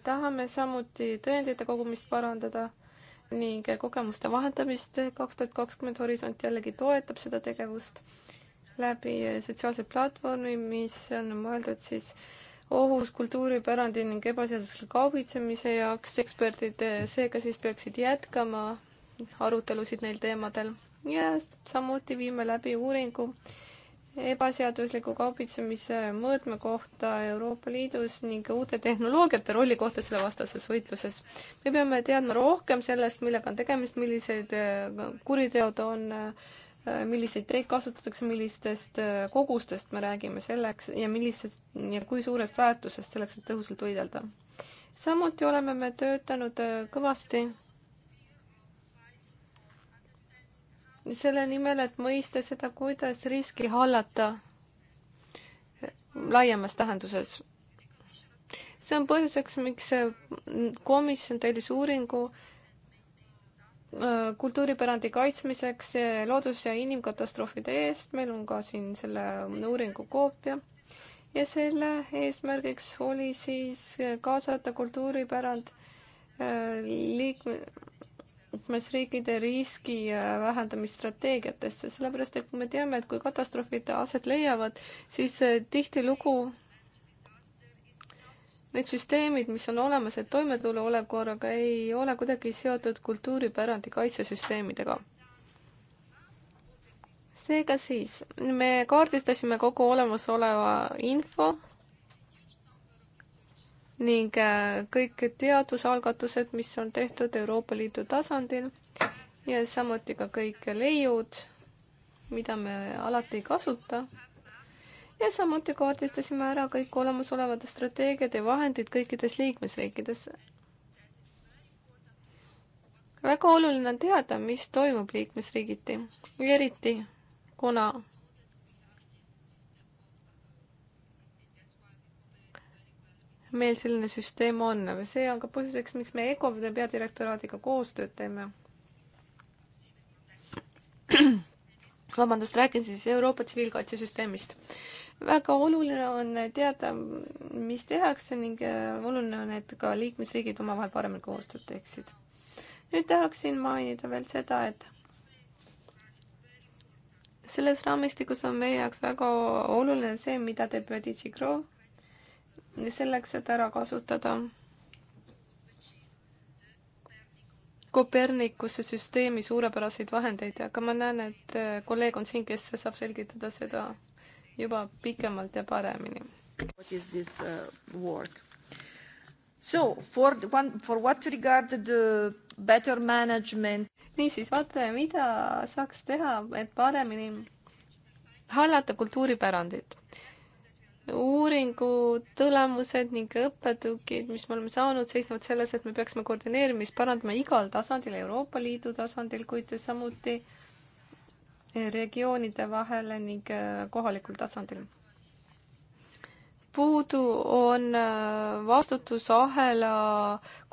tahame samuti tõendite kogumist parandada ning kogemuste vahendamist. kaks tuhat kakskümmend Horisont jällegi toetab seda tegevust läbi sotsiaalse platvormi, mis on mõeldud siis äh, ohus kultuuripärandi ning ebaseadusliku kaubitsemise jaoks. eksperdid eh, seega siis peaksid jätkama arutelusid neil teemadel ja samuti viime läbi uuringu ebaseadusliku kaubitsemise mõõtme kohta Euroopa Liidus ning uute tehnoloogiate rolli kohta selle vastases võitluses. me peame teadma rohkem sellest, millega on tegemist, millised eh, kuriteod on äh, Äh, milliseid teid kasutatakse, millistest äh, kogustest me räägime selleks ja millisest ja kui suurest väärtusest selleks, et tõhusalt võidelda. samuti oleme me töötanud äh, kõvasti selle nimel, et mõista seda, kuidas riski hallata laiemas tähenduses. see on põhjuseks, miks komisjon tellis uuringu, Äh, kultuuripärandi kaitsmiseks loodus- ja inimkatastroofide eest, meil on ka siin selle uuringu koopia. ja selle eesmärgiks oli siis kaasata kultuuripärand äh, liikmesriikide riski vähendamisstrateegiatesse, sellepärast et me teame, et kui katastroofid aset leiavad, siis äh, tihtilugu Need süsteemid, mis on olemas, et toimetulu olukorraga ei ole kuidagi seotud kultuuripärandi kaitsesüsteemidega. seega siis, me kaardistasime kogu olemasoleva info ning äh, kõik teadusalgatused, mis on tehtud Euroopa Liidu tasandil ja samuti ka kõik leiud, mida me alati ei kasuta ja samuti kaardistasime ära kõik olemasolevad strateegiad ja vahendid kõikides liikmesriikides. väga oluline on teada, mis toimub liikmesriigiti, eriti kuna meil selline süsteem on, see on ka põhjuseks, miks me EKOV-ide peadirektoraadiga koostööd teeme. vabandust, räägin siis Euroopa tsiviilkaitsesüsteemist väga oluline on teada, mis tehakse ning äh, oluline on, et ka liikmesriigid omavahel paremini koostööd teeksid. nüüd tahaksin mainida veel seda, et selles raamistikus on meie jaoks väga oluline see, mida teeb Medici Grow selleks, et ära kasutada Kopernikuse süsteemi suurepäraseid vahendeid, aga ma näen, et äh, kolleeg on siin, kes saab selgitada seda juba pikemalt ja paremini. What is this uh, work? So for one, for what regard the better management. niisiis, vaatame, mida saaks teha, et paremini hallata kultuuripärandit. uuringu tulemused ning õppetükid, mis me oleme saanud, seisnevad selles, et me peaksime koordineerimist parandama igal tasandil, Euroopa Liidu tasandil, kuid samuti äh, regioonide vahele ning äh, kohalikul tasandil. puudu on äh, vastutusahela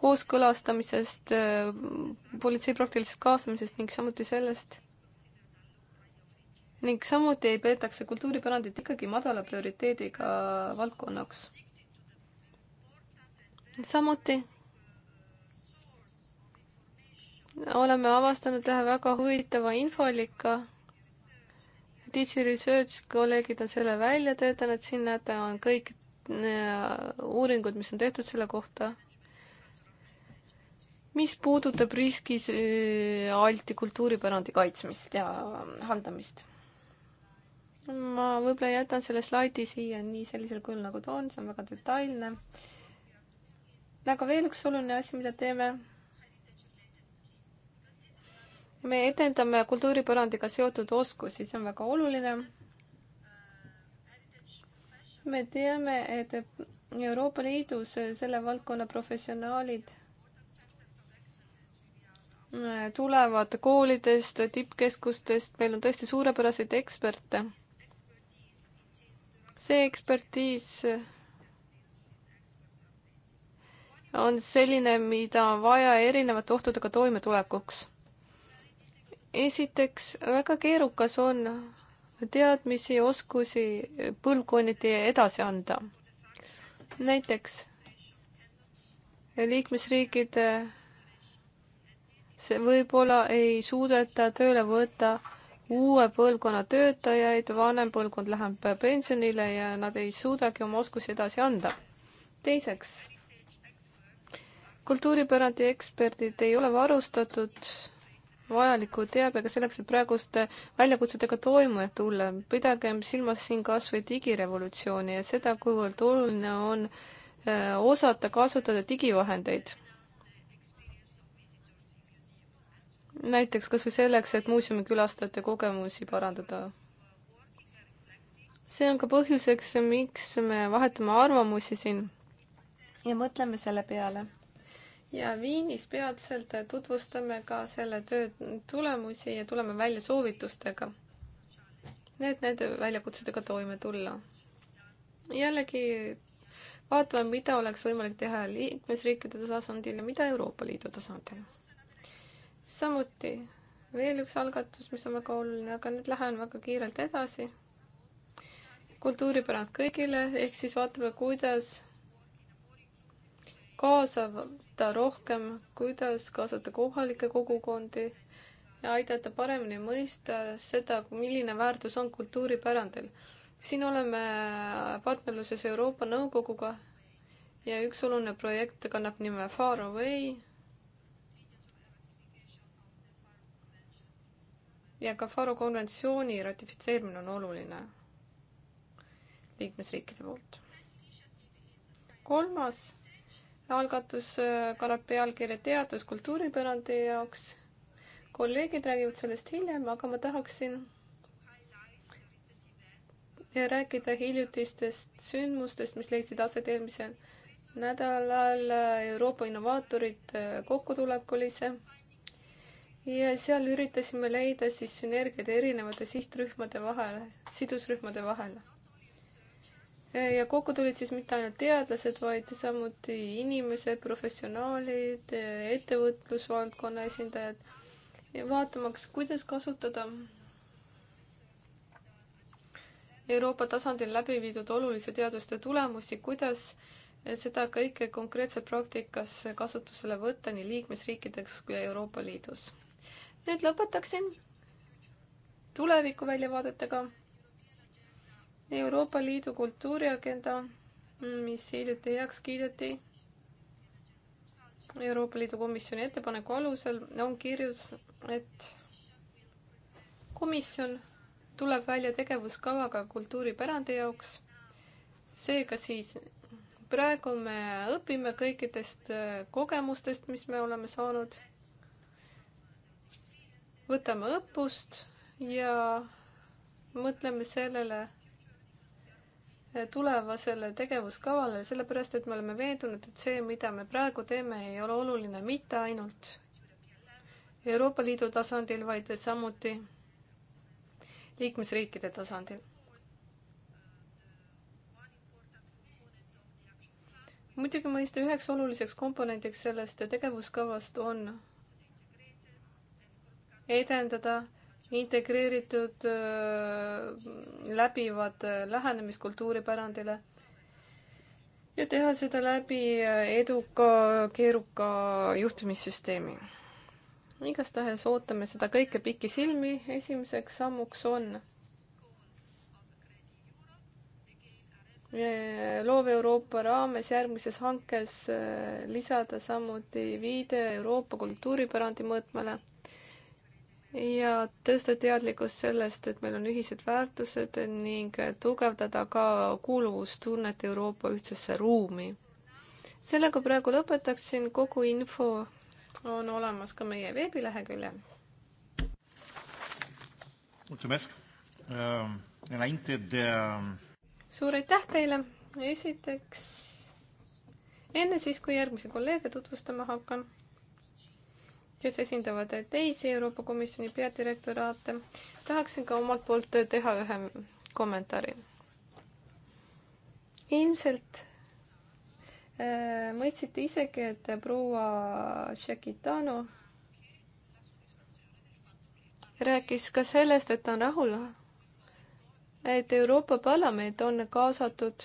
kooskõlastamisest, äh, politsei praktilisest kaasamisest ning samuti sellest, ning samuti ei peetakse kultuuripärandit ikkagi madala prioriteediga valdkonnaks. samuti oleme avastanud ühe väga huvitava infoallika DC Research kolleegid on selle välja töötanud, siin näete, on kõik äh, uuringud, mis on tehtud selle kohta. mis puudutab riskis äh, alti kultuuripärandi kaitsmist ja ähm, haldamist? ma võib-olla jätan selle slaidi siia nii sellisel kujul, nagu ta on, see on väga detailne. aga veel üks oluline asi, mida teeme me edendame kultuuripärandiga seotud oskusi, see on väga oluline. me teame, et Euroopa Liidus selle valdkonna professionaalid tulevad koolidest, tippkeskustest, meil on tõesti suurepäraseid eksperte. see ekspertiis on selline, mida on vaja erinevate ohtudega toimetulekuks esiteks, väga keerukas on teadmisi ja oskusi põlvkonniti edasi anda. näiteks liikmesriigid, see võib-olla ei suudeta tööle võtta uue põlvkonna töötajaid, vanem põlvkond läheb pensionile ja nad ei suudagi oma oskusi edasi anda. teiseks, kultuuripärandi eksperdid ei ole varustatud vajaliku teabega selleks, et praeguste väljakutsetega toime tulla. pidagem silmas siin kas või digirevolutsiooni ja seda, kuivõrd oluline on äh, osata kasutada digivahendeid. näiteks kas või selleks, et muuseumikülastajate kogemusi parandada see on ka põhjuseks, miks me vahetame arvamusi siin ja mõtleme selle peale ja Viinis peatselt tutvustame ka selle töö tulemusi ja tuleme välja soovitustega, et nende väljakutsedega toime tulla. jällegi vaatame, mida oleks võimalik teha liikmesriikide tasandil ja mida Euroopa Liidu tasandil. samuti veel üks algatus, mis on väga oluline, aga nüüd lähen väga kiirelt edasi. kultuuripärand kõigile, ehk siis vaatame, kuidas kaasata rohkem, kuidas kaasata kohalikke kogukondi ja aidata paremini mõista seda, milline väärtus on kultuuripärandil. siin oleme partnerluses Euroopa Nõukoguga ja üks oluline projekt kannab nime Far Away. ja ka Faro konventsiooni ratifitseerimine on oluline liikmesriikide poolt. kolmas algatus äh, kannab pealkirja Teadus kultuuripärandi jaoks. kolleegid räägivad sellest hiljem, aga ma tahaksin rääkida hiljutistest sündmustest, mis leidsid aset eelmisel nädalal Euroopa innovaatorite äh, kokkutulekul ise. ja seal üritasime leida siis sünergiaid erinevate sihtrühmade vahel, sidusrühmade vahel ja kokku tulid siis mitte ainult teadlased, vaid samuti inimesed, professionaalid, ettevõtlusvaldkonna esindajad, vaatamaks, kuidas kasutada Euroopa tasandil läbi viidud olulise teaduste tulemusi, kuidas seda kõike konkreetselt praktikas kasutusele võtta nii liikmesriikideks kui Euroopa Liidus. nüüd lõpetaksin tuleviku väljavaadetega Euroopa Liidu kultuuriagenda, mis hiljuti heaks kiideti Euroopa Liidu komisjoni ettepaneku alusel, on kirjus, et komisjon tuleb välja tegevuskavaga kultuuripärandi jaoks. seega siis praegu me õpime kõikidest äh, kogemustest, mis me oleme saanud. võtame õppust ja mõtleme sellele tulevasele tegevuskavale, sellepärast et me oleme veendunud, et see, mida me praegu teeme, ei ole oluline mitte ainult Euroopa Liidu tasandil, vaid samuti liikmesriikide tasandil. muidugi mõiste üheks oluliseks komponendiks sellest tegevuskavast on edendada integreeritud äh, läbivad äh, lähenemiskultuuri pärandile ja teha seda läbi äh, eduka, keeruka juhtimissüsteemi. igastahes ootame seda kõike pikisilmi, esimeseks sammuks on loov Euroopa raames järgmises hankes lisada samuti viide Euroopa kultuuripärandi mõõtmele ja tõsta teadlikkust sellest, et meil on ühised väärtused ning tugevdada ka kuuluvustunnet Euroopa ühtsesse ruumi. sellega praegu lõpetaksin, kogu info on olemas ka meie veebileheküljel. Ehm, suur aitäh teile, esiteks enne siis, kui järgmisi kolleege tutvustama hakkan kes esindavad teisi Euroopa Komisjoni peadirektoraate, tahaksin ka omalt poolt teha ühe kommentaari. ilmselt äh, mõistsite isegi, et proua Šekitano rääkis ka sellest, et ta on rahul, et Euroopa Parlament on kaasatud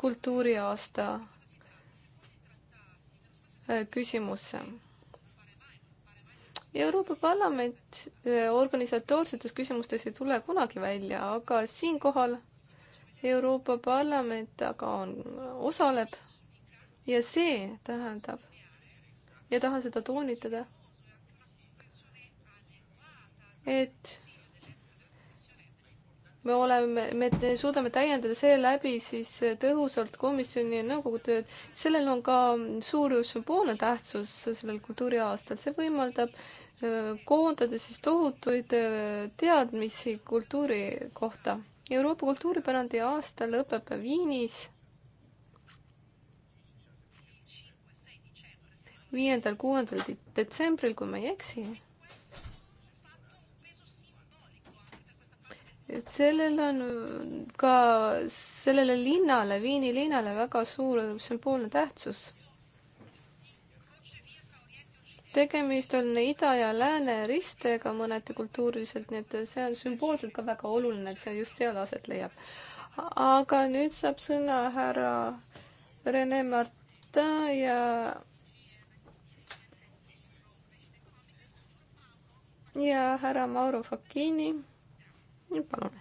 kultuuriaasta äh, küsimusse Euroopa Parlament äh, organisatoorsetes küsimustes ei tule kunagi välja, aga siinkohal Euroopa Parlament aga on, osaleb ja see tähendab ja tahan seda toonitada, et me oleme, me suudame täiendada seeläbi siis tõhusalt komisjoni ja nõukogu tööd. sellel on ka suur sümboolne tähtsus sellel kultuuriaastal, see võimaldab koondada siis tohutuid äh, teadmisi kultuuri kohta. Euroopa kultuuripärandi aasta lõpeb Viinis viiendal, kuuendal detsembril, kui ma ei eksi. et sellel on äh, ka sellele linnale, Viini linnale väga suur sümboolne tähtsus tegemist on ida ja lääne ristega mõneti kultuuriliselt, nii et see on sümboolselt ka väga oluline, et see just seal aset leiab. aga nüüd saab sõna härra Rene Martin ja ja härra Mauro Facchini. palun.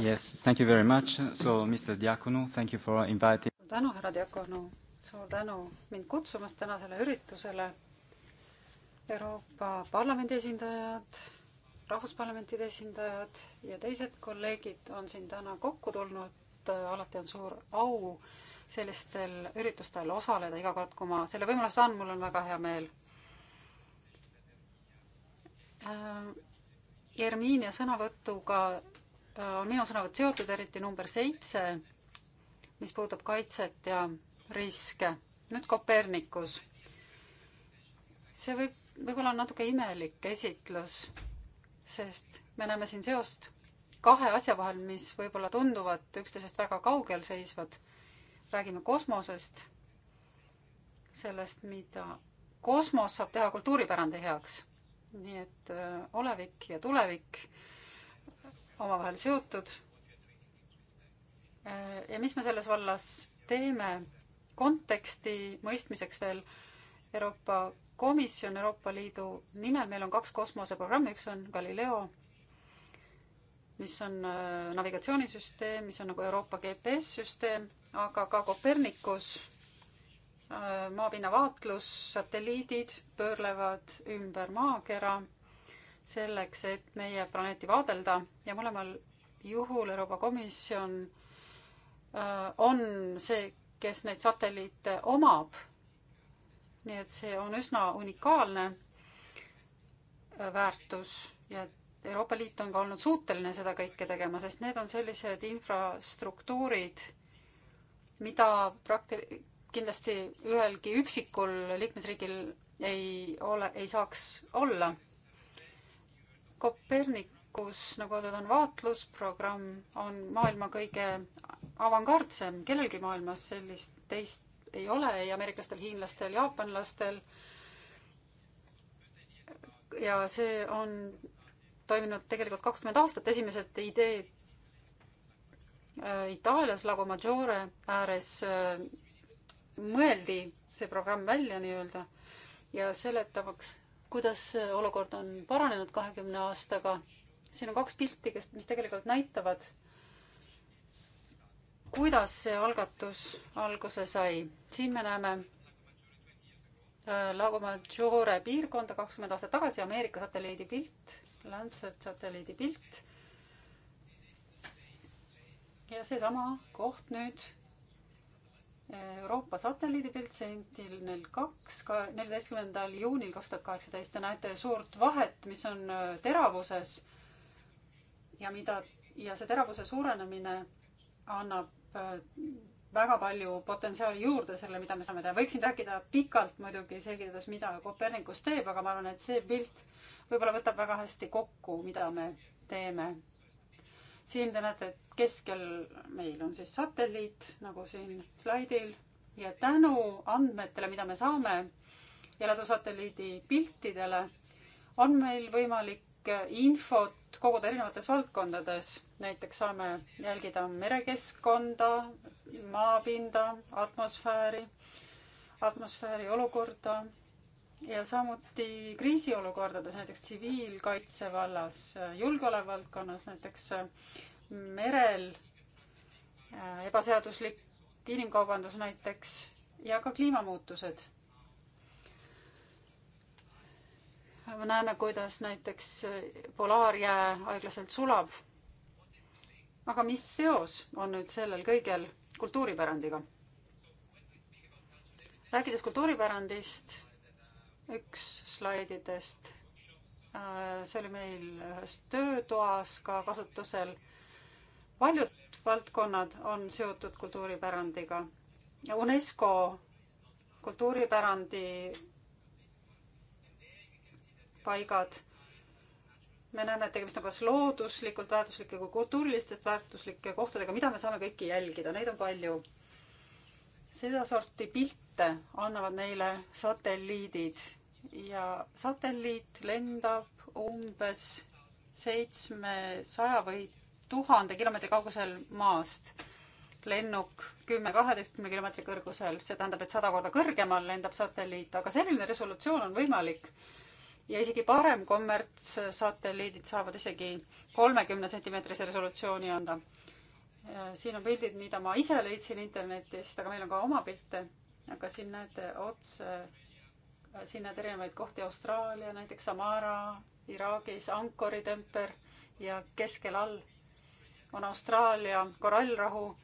Yes, thank you very much. So, Mr Diakonu, thank you for inviting. tänu, härra Diakonu suur tänu mind kutsumast tänasele üritusele. Euroopa Parlamendi esindajad, rahvusparlamentide esindajad ja teised kolleegid on siin täna kokku tulnud. alati on suur au sellistel üritustel osaleda, iga kord, kui ma selle võimaluse saan, mul on väga hea meel äh, Jermiinia sõnavõtuga äh, on minu sõnavõtt seotud, eriti number seitse, mis puudutab kaitset ja riske. nüüd Kopernikus. see võib, võib-olla on natuke imelik esitlus, sest me näeme siin seost kahe asja vahel, mis võib-olla tunduvad üksteisest väga kaugel seisvad. räägime kosmosest, sellest, mida kosmos saab teha kultuuripärandi heaks. nii et öö, äh, olevik ja tulevik omavahel seotud. Äh, ja mis me selles vallas teeme? konteksti mõistmiseks veel Euroopa Komisjon Euroopa Liidu nimel, meil on kaks kosmoseprogrammi, üks on Galileo, mis on äh, navigatsioonisüsteem, mis on nagu Euroopa GPS-süsteem, aga ka Copernicus, äh, maapinna vaatlus, satelliidid pöörlevad ümber maakera selleks, et meie planeeti vaadelda ja mõlemal juhul Euroopa Komisjon äh, on see kes neid satelliite omab. nii et see on üsna unikaalne äh, väärtus ja Euroopa Liit on ka olnud suuteline seda kõike tegema, sest need on sellised infrastruktuurid, mida prakti-, kindlasti ühelgi üksikul liikmesriigil ei ole, ei saaks olla. Kopernikus, nagu öeldud, on vaatlusprogramm, on maailma kõige avangardsem, kellelgi maailmas sellist teist ei ole, ei ameeriklastel, hiinlastel, jaapanlastel. ja see on toiminud tegelikult kakskümmend aastat, esimesed ideed äh, Itaalias Lago Maggiore ääres äh, mõeldi see programm välja nii-öelda ja seletamaks, kuidas olukord on paranenud kahekümne aastaga. siin on kaks pilti, kes, mis tegelikult näitavad äh, kuidas see algatus alguse sai? siin me näeme äh, Lago Maggiore piirkonda kakskümmend aastat tagasi Ameerika satelliidi pilt, Lancet satelliidi pilt. ja seesama koht nüüd äh, Euroopa satelliidipilt Sentinel kaks ka neljateistkümnendal juunil kaks tuhat kaheksateist. Te näete suurt vahet, mis on äh, teravuses ja mida ja see teravuse suurenemine annab Äh, väga palju potentsiaali juurde selle, mida me saame teha. võiksin rääkida pikalt muidugi, selgitades, mida Kopernikus teeb, aga ma arvan, et see pilt võib-olla võtab väga hästi kokku, mida me teeme. siin te näete, et keskel meil on siis satelliit, nagu siin slaidil ja tänu andmetele, mida me saame jäledusatelliidi piltidele, on meil võimalik infot koguda erinevates valdkondades näiteks saame jälgida merekeskkonda, maapinda, atmosfääri, atmosfääri olukorda ja samuti kriisiolukordades, näiteks tsiviilkaitse vallas, julgeolevaldkonnas, näiteks äh, merel äh, ebaseaduslik inimkaubandus näiteks ja ka kliimamuutused. me näeme, kuidas näiteks äh, polaarjää aeglaselt sulab aga mis seos on nüüd sellel kõigel kultuuripärandiga? rääkides kultuuripärandist, üks slaididest, äh, see oli meil ühes töötoas ka kasutusel. paljud valdkonnad on seotud kultuuripärandiga. UNESCO kultuuripärandi paigad me näeme, et tegemist on kas looduslikult väärtuslike kui kultuurilistest väärtuslike kohtadega, mida me saame kõiki jälgida, neid on palju. sedasorti pilte annavad neile satelliidid ja satelliit lendab umbes seitsmesaja või tuhande kilomeetri kaugusel maast. lennuk kümme-kaheteistkümne kilomeetri kõrgusel, see tähendab, et sada korda kõrgemal lendab satelliit, aga selline resolutsioon on võimalik ja isegi parem kommertssatelliidid saavad isegi kolmekümne sentimeetrise resolutsiooni anda. siin on pildid, mida ma ise leidsin internetist, aga meil on ka oma pilte, aga siin näete otse, siin näed erinevaid kohti, Austraalia näiteks, Samara, Iraagis, Ankori temper ja keskel all on Austraalia korallrahu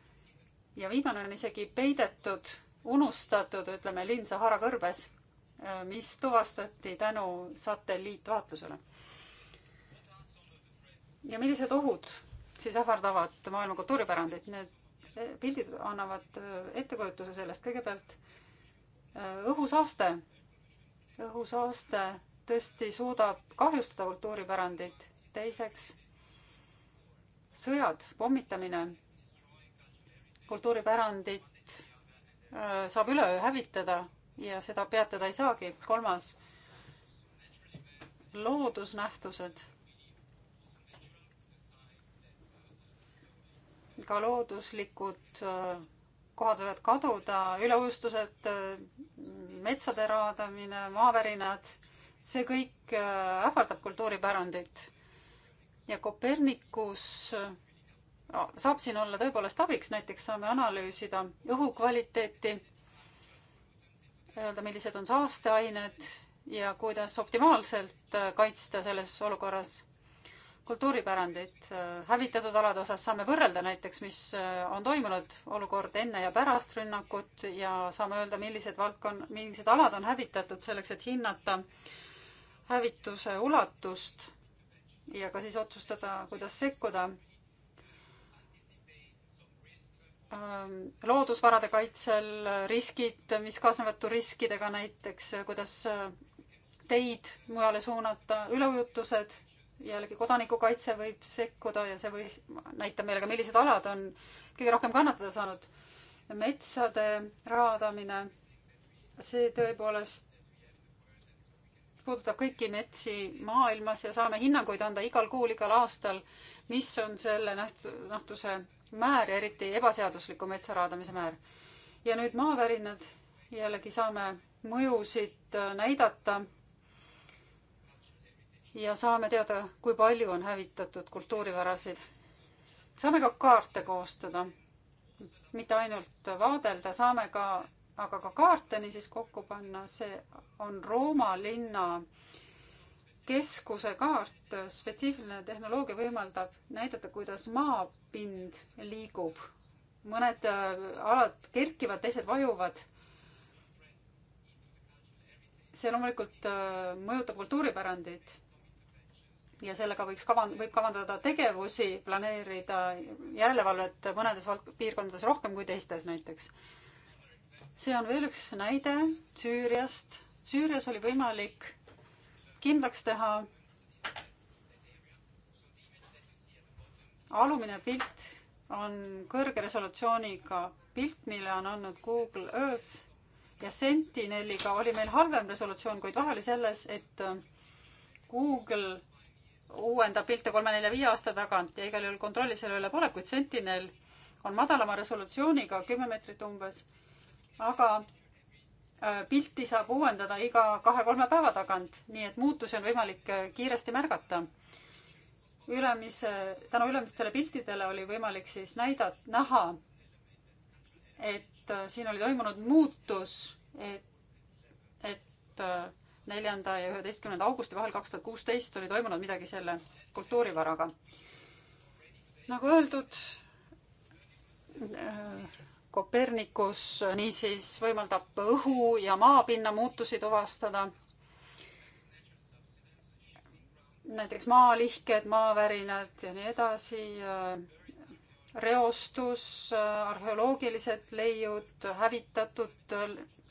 ja viimane on isegi peidetud, unustatud, ütleme, linn Sahara kõrbes Äh, mis tuvastati tänu satelliitvaatlusele. ja millised ohud siis ähvardavad maailma kultuuripärandit, need äh, pildid annavad äh, ettekujutuse sellest, kõigepealt õhusaaste, õhusaaste tõesti suudab kahjustada kultuuripärandit, teiseks sõjad, pommitamine, kultuuripärandit saab üleöö hävitada ja seda peatada ei saagi. kolmas, loodusnähtused. ka looduslikud äh, kohad võivad kaduda, üleujustused, äh, metsade raadamine, maavärinad, see kõik äh, ähvardab kultuuripärandit. ja Kopernikus saab siin olla tõepoolest abiks, näiteks saame analüüsida õhukvaliteeti öelda, millised on saasteained ja kuidas optimaalselt äh, kaitsta selles olukorras kultuuripärandit. Äh, hävitatud alade osas saame võrrelda näiteks, mis äh, on toimunud olukord enne ja pärast rünnakut ja saame öelda, millised valdkon-, millised alad on hävitatud selleks, et hinnata hävituse ulatust ja ka siis otsustada, kuidas sekkuda Ähm, loodusvarade kaitsel, riskid, mis kaasnevad turistidega näiteks, äh, kuidas äh, teid mujale suunata, üleujutused, jällegi kodanikukaitse võib sekkuda ja see võib, näitab meile ka, millised alad on kõige rohkem kannatada saanud. metsade raadamine, see tõepoolest puudutab kõiki metsi maailmas ja saame hinnanguid anda igal kuul, igal aastal, mis on selle nähtu-, nähtuse määr ja eriti ebaseadusliku metsa raadamise määr. ja nüüd maavärinad, jällegi saame mõjusid äh, näidata. ja saame teada, kui palju on hävitatud kultuurivärasid. saame ka kaarte koostada, mitte ainult vaadelda, saame ka, aga ka kaarte niisiis kokku panna, see on Rooma linna äh, keskuse kaart, spetsiifiline tehnoloogia võimaldab näidata, kuidas maapind liigub. mõned äh, alad kerkivad, teised vajuvad. see loomulikult äh, mõjutab kultuuripärandit. ja sellega võiks kavan-, võib kavandada tegevusi, planeerida järelevalvet mõnedes vald-, piirkondades rohkem kui teistes näiteks. see on veel üks näide Süüriast. Süürias oli võimalik kindlaks teha. alumine pilt on kõrge resolutsiooniga pilt, mille on andnud Google Earth ja Sentineliga oli meil halvem resolutsioon, kuid vahe oli selles, et äh, Google uuendab pilte kolme-nelja-viie aasta tagant ja igal juhul kontrolli selle üle pole, kuid Sentinel on madalama resolutsiooniga, kümme meetrit umbes, aga Äh, pilti saab uuendada iga kahe-kolme päeva tagant, nii et muutusi on võimalik äh, kiiresti märgata. ülemise, tänu ülemistele piltidele oli võimalik siis näida, näha, et äh, siin oli toimunud muutus, et, et neljanda ja üheteistkümnenda augusti vahel kaks tuhat kuusteist oli toimunud midagi selle kultuurivaraga. nagu öeldud, Kopernikus niisiis võimaldab õhu ja maapinna muutusi tuvastada. näiteks maalihked, maavärinad ja nii edasi, reostus, arheoloogilised leiud, hävitatud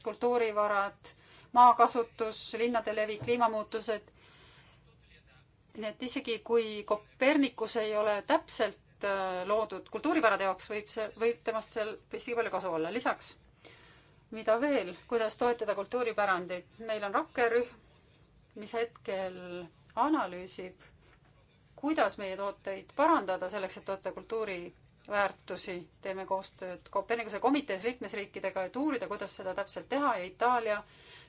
kultuurivarad, maakasutus, linnade levi, kliimamuutused. nii et isegi kui Kopernikus ei ole täpselt poolt äh, loodud kultuuripärade jaoks võib see, võib temast seal isegi palju kasu olla. lisaks, mida veel, kuidas toetada kultuuripärandit? meil on rakkerühm, mis hetkel analüüsib, kuidas meie tooteid parandada selleks, et toota kultuuriväärtusi. teeme koostööd Kopernikuse komitees liikmesriikidega, et uurida, kuidas seda täpselt teha ja Itaalia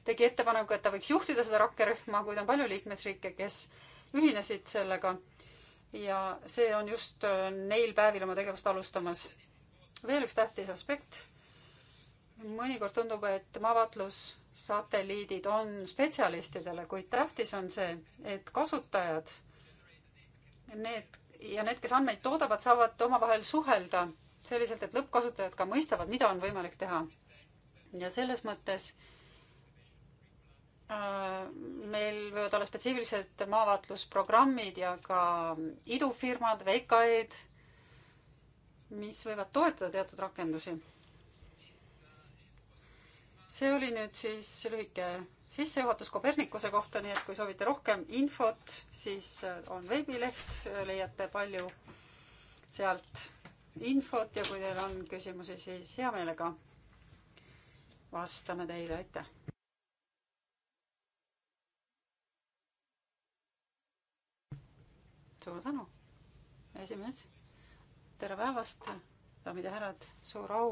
tegi ettepaneku, et ta võiks juhtida seda rakkerühma, kuid on palju liikmesriike, kes ühinesid sellega ja see on just äh, neil päevil oma tegevust alustamas. veel üks tähtis aspekt. mõnikord tundub, et maavatlussatelliidid on spetsialistidele, kuid tähtis on see, et kasutajad, need ja need, kes andmeid toodavad, saavad omavahel suhelda selliselt, et lõppkasutajad ka mõistavad, mida on võimalik teha. ja selles mõttes äh, Äh, meil võivad olla spetsiifilised maavaatlusprogrammid ja ka idufirmad, VKE-d, mis võivad toetada teatud rakendusi. see oli nüüd siis lühike sissejuhatus Kopernikuse kohta, nii et kui soovite rohkem infot, siis äh, on veebileht, leiate palju sealt infot ja kui teil on küsimusi, siis hea meelega vastame teile, aitäh! suur tänu, esimees. tere päevast, daamid ja härrad, suur au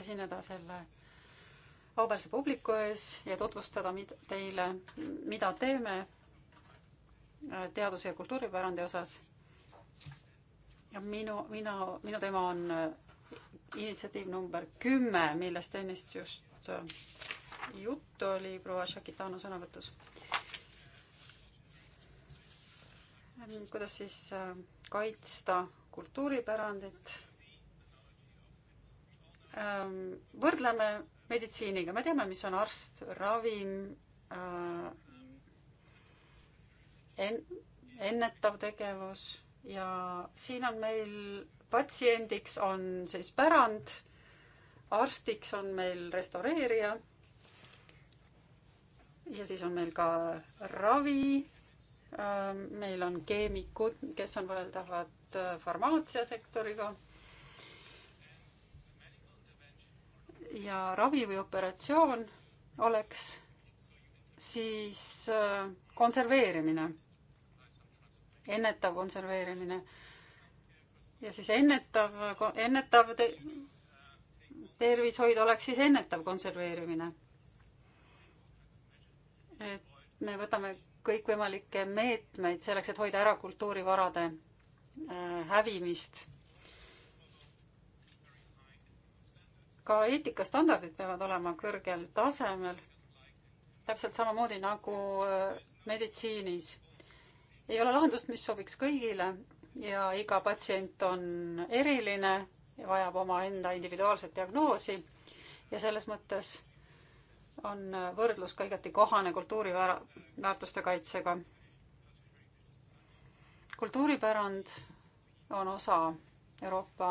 esineda selle auväärse publiku ees ja tutvustada mid-, teile, mida teeme äh, teaduse ja kultuuripärandi osas. ja minu, mina, minu teema on äh, initsiatiiv number kümme, millest ennist just äh, juttu oli proua Šakitano sõnavõtus kuidas siis äh, kaitsta kultuuripärandit. Ähm, võrdleme meditsiiniga, me teame, mis on arst, ravim, äh, en-, ennetav tegevus ja siin on meil patsiendiks on siis pärand, arstiks on meil restaureerija ja siis on meil ka ravi Äh, meil on keemikud, kes on võrreldavad äh, farmaatsiasektoriga. ja ravi või operatsioon oleks siis äh, konserveerimine, ennetav konserveerimine. ja siis ennetav, ennetav te tervishoid oleks siis ennetav konserveerimine. et me võtame kõikvõimalikke meetmeid selleks, et hoida ära kultuurivarade äh, hävimist. ka eetikastandardid peavad olema kõrgel tasemel, täpselt samamoodi nagu äh, meditsiinis. ei ole lahendust, mis sobiks kõigile ja iga patsient on eriline ja vajab omaenda individuaalset diagnoosi ja selles mõttes on võrdlus ka igati kohane kultuuriväärtuste kaitsega. kultuuripärand on osa Euroopa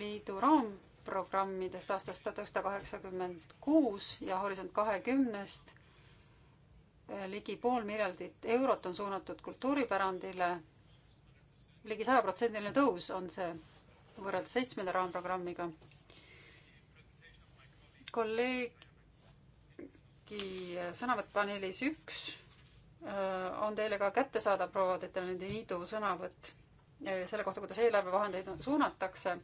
Liidu raamprogrammidest aastast tuhat üheksasada kaheksakümmend kuus ja Horisont kahekümnest ligi pool miljardit eurot on suunatud kultuuripärandile ligi sajaprotsendiline tõus on see võrreldes seitsmenda raamprogrammiga kolleegi sõnavõtt paneelis üks äh, on teile ka kättesaadav proua Detelendi Liidu sõnavõtt äh, selle kohta, kuidas eelarvevahendeid suunatakse.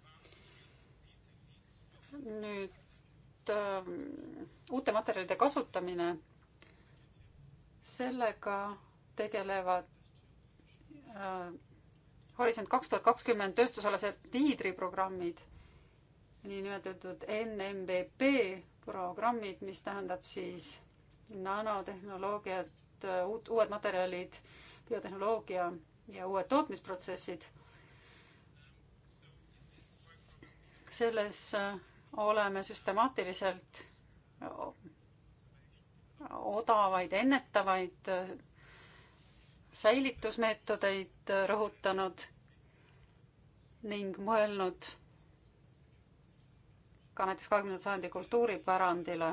nüüd äh, uute materjalide kasutamine. sellega tegelevad Horisont kaks tuhat kakskümmend tööstusalased liidriprogrammid niinimetatud NMBP programmid, mis tähendab siis nanotehnoloogiat, uut, uued materjalid, biotehnoloogia ja uued tootmisprotsessid. selles äh, oleme süstemaatiliselt äh, odavaid, ennetavaid äh, säilitusmeetodeid rõhutanud ning mõelnud ka näiteks kahekümnenda sajandi kultuuripärandile.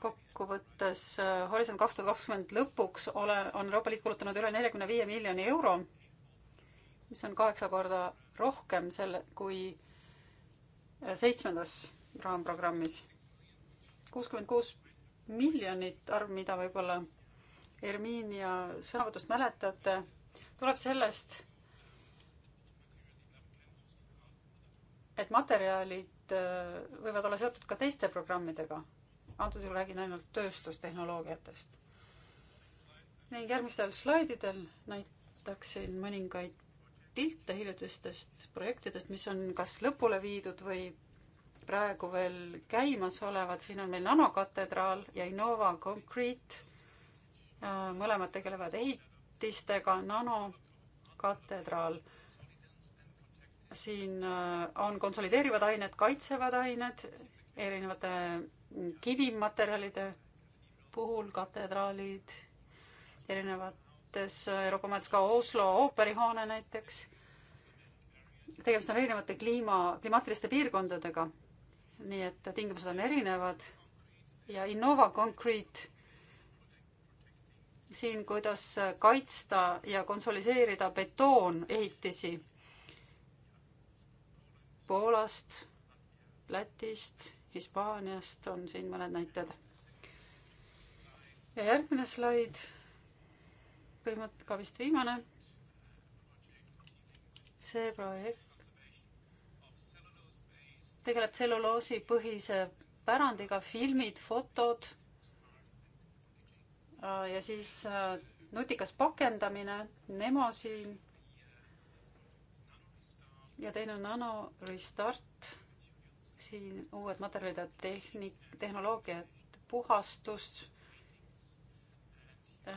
kokkuvõttes äh, Horisont kaks tuhat kakskümmend lõpuks ole, on Euroopa Liit kulutanud üle neljakümne viie miljoni euro, mis on kaheksa korda rohkem selle, kui äh, seitsmendas raamprogrammis. kuuskümmend kuus miljonit arv, mida võib-olla Herminia sõnavõtust mäletate, tuleb sellest, et materjalid Äh, võivad olla seotud ka teiste programmidega. antud juhul räägin ainult tööstustehnoloogiatest. ning järgmistel slaididel näitaksin mõningaid pilte hiljutistest projektidest, mis on kas lõpule viidud või praegu veel käimasolevad. siin on meil nanokatedraal ja Innova Concrete. Äh, mõlemad tegelevad ehitistega, nanokatedraal siin äh, on konsolideerivad ained, kaitsevad ained erinevate mm, kivimaterjalide puhul, katedraalid erinevates äh, Euroopa majades, ka Oslo ooperihoone näiteks. tegemist on erinevate kliima, klimaatiliste piirkondadega. nii et tingimused on erinevad ja Innova Concrete siin, kuidas kaitsta ja konsoliseerida betoonehitisi Poolast, Lätist, Hispaaniast on siin mõned näited. ja järgmine slaid, põhimõtteliselt ka vist viimane. see projekt tegeleb tselluloosipõhise pärandiga, filmid, fotod äh, ja siis äh, nutikas pakendamine, Nemo siin ja teine on nano restart, siin uued materjalid ja tehnik-, tehnoloogiad, puhastus äh,,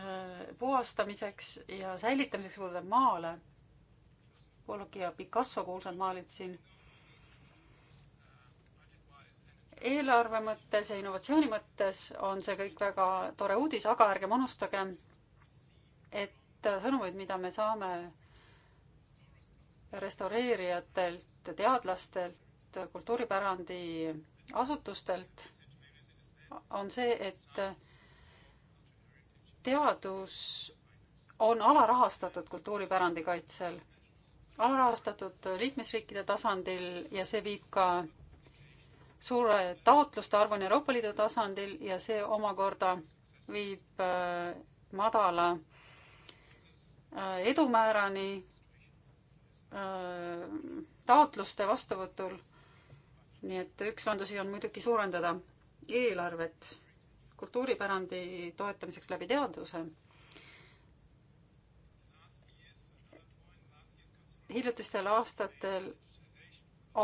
puhastamiseks ja säilitamiseks puudutab maale. Pollock ja Picasso kuulsad maalid siin eelarve mõttes ja innovatsiooni mõttes on see kõik väga tore uudis, aga ärgem unustagem, et sõnumeid, mida me saame restaureerijatelt, teadlastelt, kultuuripärandi asutustelt, on see, et teadus on alarahastatud kultuuripärandi kaitsel, alarahastatud liikmesriikide tasandil ja see viib ka suure taotluste arvuni Euroopa Liidu tasandil ja see omakorda viib äh, madala äh, edumäärani Äh, taotluste vastuvõtul. nii et üks lahendusi on muidugi suurendada eelarvet kultuuripärandi toetamiseks läbi teaduse. hiljutistel aastatel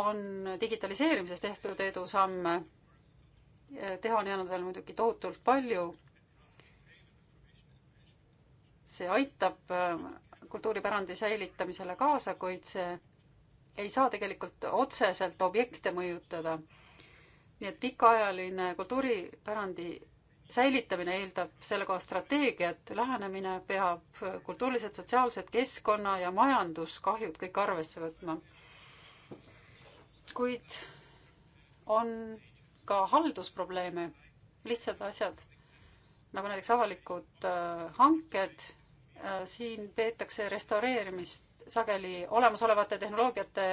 on digitaliseerimises tehtud edusamme. teha on jäänud veel muidugi tohutult palju. see aitab äh, kultuuripärandi säilitamisele kaasa, kuid see ei saa tegelikult otseselt objekte mõjutada. nii et pikaajaline kultuuripärandi säilitamine eeldab sellekohast strateegiat, lähenemine peab kultuurilised, sotsiaalsed, keskkonna ja majanduskahjud kõik arvesse võtma. kuid on ka haldusprobleeme, lihtsad asjad nagu näiteks avalikud äh, hanked Äh, siin peetakse restaureerimist sageli olemasolevate tehnoloogiate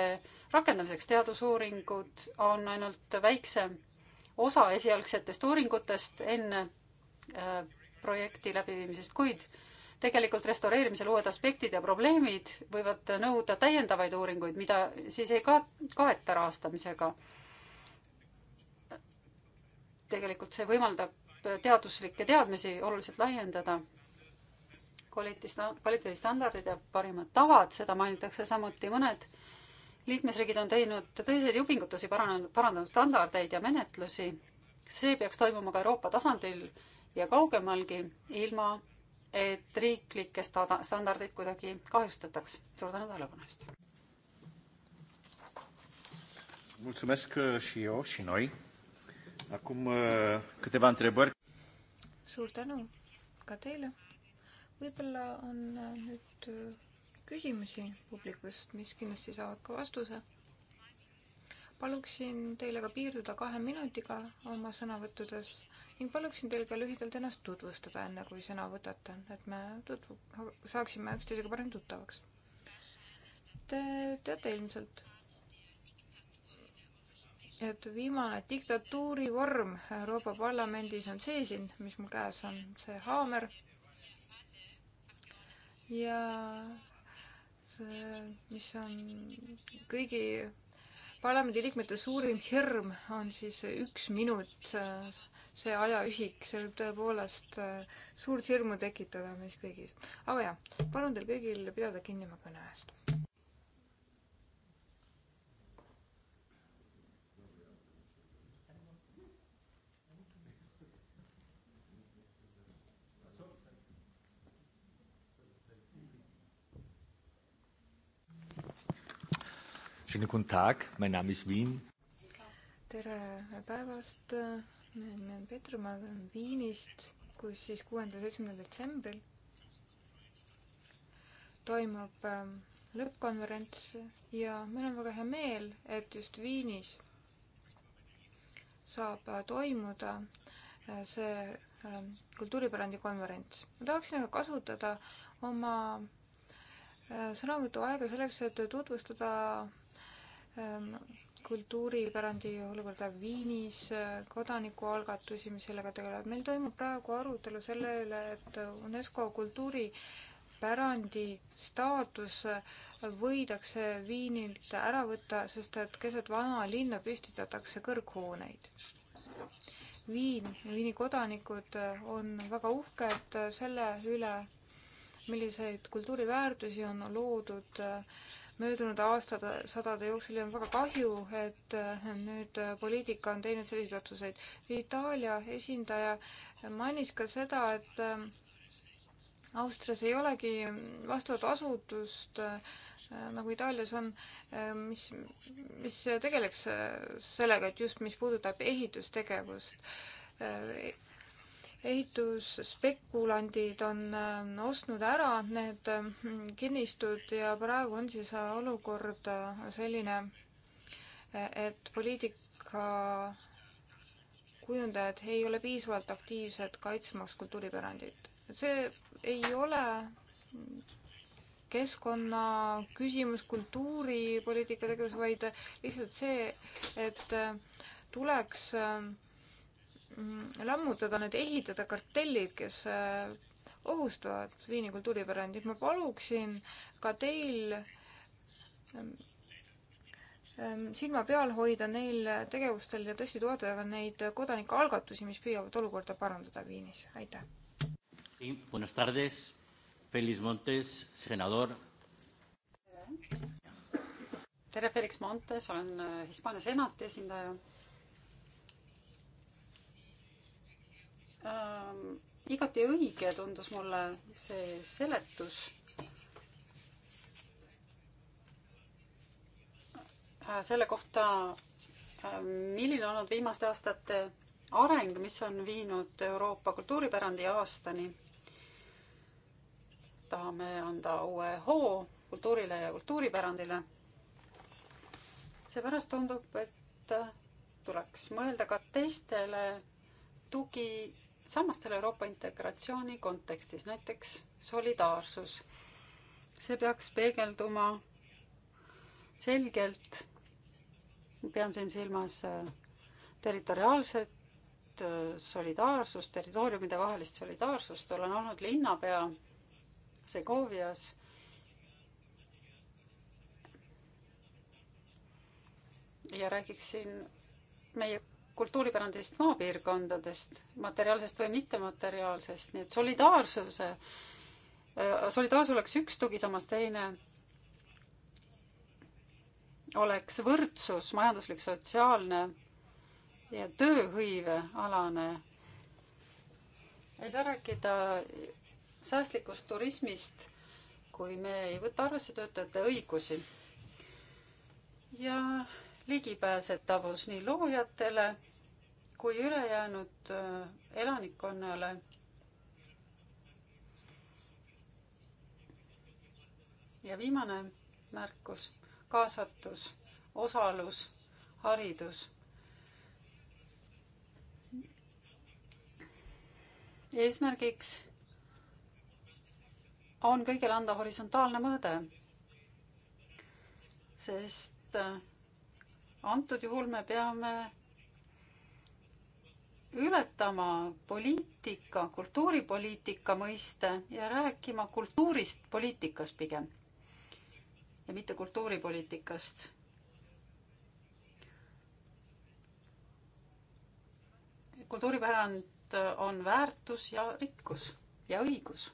rakendamiseks. teadusuuringud on ainult väiksem osa esialgsetest uuringutest enne äh, projekti läbiviimisest, kuid tegelikult restaureerimisel uued aspektid ja probleemid võivad nõuda täiendavaid uuringuid, mida siis ei ka-, kaeta rahastamisega. tegelikult see võimaldab teaduslikke teadmisi oluliselt laiendada kvaliteedista-, kvaliteedistandardid ja parimad tavad, seda mainitakse samuti mõned liikmesriigid on teinud tõsiseid jupingutusi, paranenud, parandanud standardeid ja menetlusi. see peaks toimuma ka Euroopa tasandil ja kaugemalgi, ilma et riiklikke standardeid kuidagi kahjustataks. suur tänu tähelepanu eest! Mulțumesc eh, și eu și noi. Acum eh, câteva întrebări. Suur tänu ka teile võib-olla on äh, nüüd äh, küsimusi publikust, mis kindlasti saavad ka vastuse. paluksin teile ka piirduda kahe minutiga oma sõnavõttudes ning paluksin teil ka lühidalt ennast tutvustada, enne kui sõna võtate, et me tutvu-, saaksime üksteisega parem tuttavaks. Te teate ilmselt, et viimane diktatuuri vorm Euroopa Parlamendis on see siin, mis mul käes on, see haamer ja see, mis on kõigi parlamendiliikmete suurim hirm, on siis üks minut, see ajaühik, see võib tõepoolest äh, suurt hirmu tekitada meis kõigis. aga jah, palun teil kõigil pidada kinni oma kõne eest Schönen guten Tag, mein Name ist Wien. tere päevast, mina olen Petru, ma olen Viinist, kus siis kuuendal, seitsmendal detsembril toimub ähm, lõppkonverents ja meil on väga hea meel, et just Viinis saab äh, toimuda äh, see ähm, kultuuripärandi konverents. ma tahaksin aga kasutada oma äh, sõnavõtuaega selleks, et tutvustada Ähm, kultuuripärandi olukorda Viinis, äh, kodanikualgatusi, mis sellega tegelevad. meil toimub praegu arutelu selle üle, et UNESCO kultuuripärandi staatus äh, võidakse Viinilt ära võtta, sest et keset vana linna püstitatakse kõrghooneid. Viin, Viini kodanikud äh, on väga uhked selle üle, milliseid kultuuriväärtusi on loodud äh, möödunud aastasadade jooksul ja on väga kahju, et äh, nüüd äh, poliitika on teinud selliseid otsuseid. Itaalia esindaja mainis ka seda, et äh, Austrias ei olegi vastavat asutust nagu Itaalias on, mis, mis tegeleks sellega, et just mis puudutab ehitustegevust ehitusspekulandid on ähm, ostnud ära need ähm, kinnistud ja praegu on siis olukord äh, selline, et poliitika kujundajad ei ole piisavalt aktiivsed kaitsmaks kultuuripärandit. see ei ole keskkonna küsimus, kultuuripoliitika tegevus, vaid lihtsalt see, et äh, tuleks äh, Mm, lammutada, nüüd ehitada kartellid, kes äh, ohustavad Viini kultuuripärandit. ma paluksin ka teil ähm, ähm, silma peal hoida neil tegevustel ja tõesti toetada ka neid kodanikualgatusi, mis püüavad olukorda parandada Viinis. aitäh! Buenas tardes, Feliz Montes, senador. tere, Felix Montes, olen äh, Hispaania senati esindaja ähm, igati õige tundus mulle see seletus. Äh, selle kohta, äh, milline on olnud viimaste aastate areng, mis on viinud Euroopa kultuuripärandi aastani. tahame anda uue hoo kultuurile ja kultuuripärandile. seepärast tundub, et äh, tuleks mõelda ka teistele tugi sammastele Euroopa integratsiooni kontekstis, näiteks solidaarsus. see peaks peegelduma selgelt, pean siin silmas äh, territoriaalset äh, solidaarsust, territooriumide vahelist solidaarsust, olen olnud linnapea Segovias ja räägiksin meie kultuuripärandist maapiirkondadest, materiaalsest või mittemateriaalsest, nii et solidaarsuse, solidaarsus oleks üks tugisammas, teine oleks võrdsus, majanduslik, sotsiaalne ja tööhõive alane. ei saa rääkida säästlikust turismist, kui me ei võta arvesse töötajate õigusi. ja ligipääsetavus nii loojatele kui ülejäänud äh, elanikkonnale. ja viimane märkus, kaasatus, osalus, haridus. eesmärgiks on kõigile anda horisontaalne mõõde, sest äh, antud juhul me peame ületama poliitika, kultuuripoliitika mõiste ja rääkima kultuurist poliitikas pigem. ja mitte kultuuripoliitikast. kultuuripärand on väärtus ja rikkus ja õigus.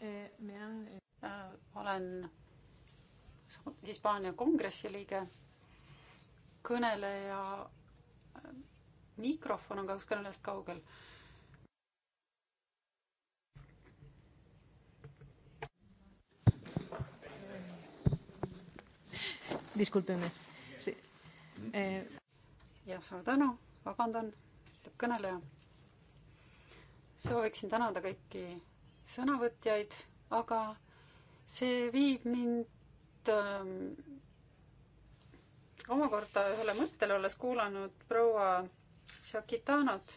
Eh, eh, äh, olen Hispaania kongressi liige. kõneleja mikrofon on kahjuks kõnelejast kaugel. Eh. jah, suur tänu, vabandan, ütleb kõneleja. sooviksin tänada kõiki sõnavõtjaid, aga see viib mind Ähm, omakorda ühele mõttele, olles kuulanud proua Shakitanot,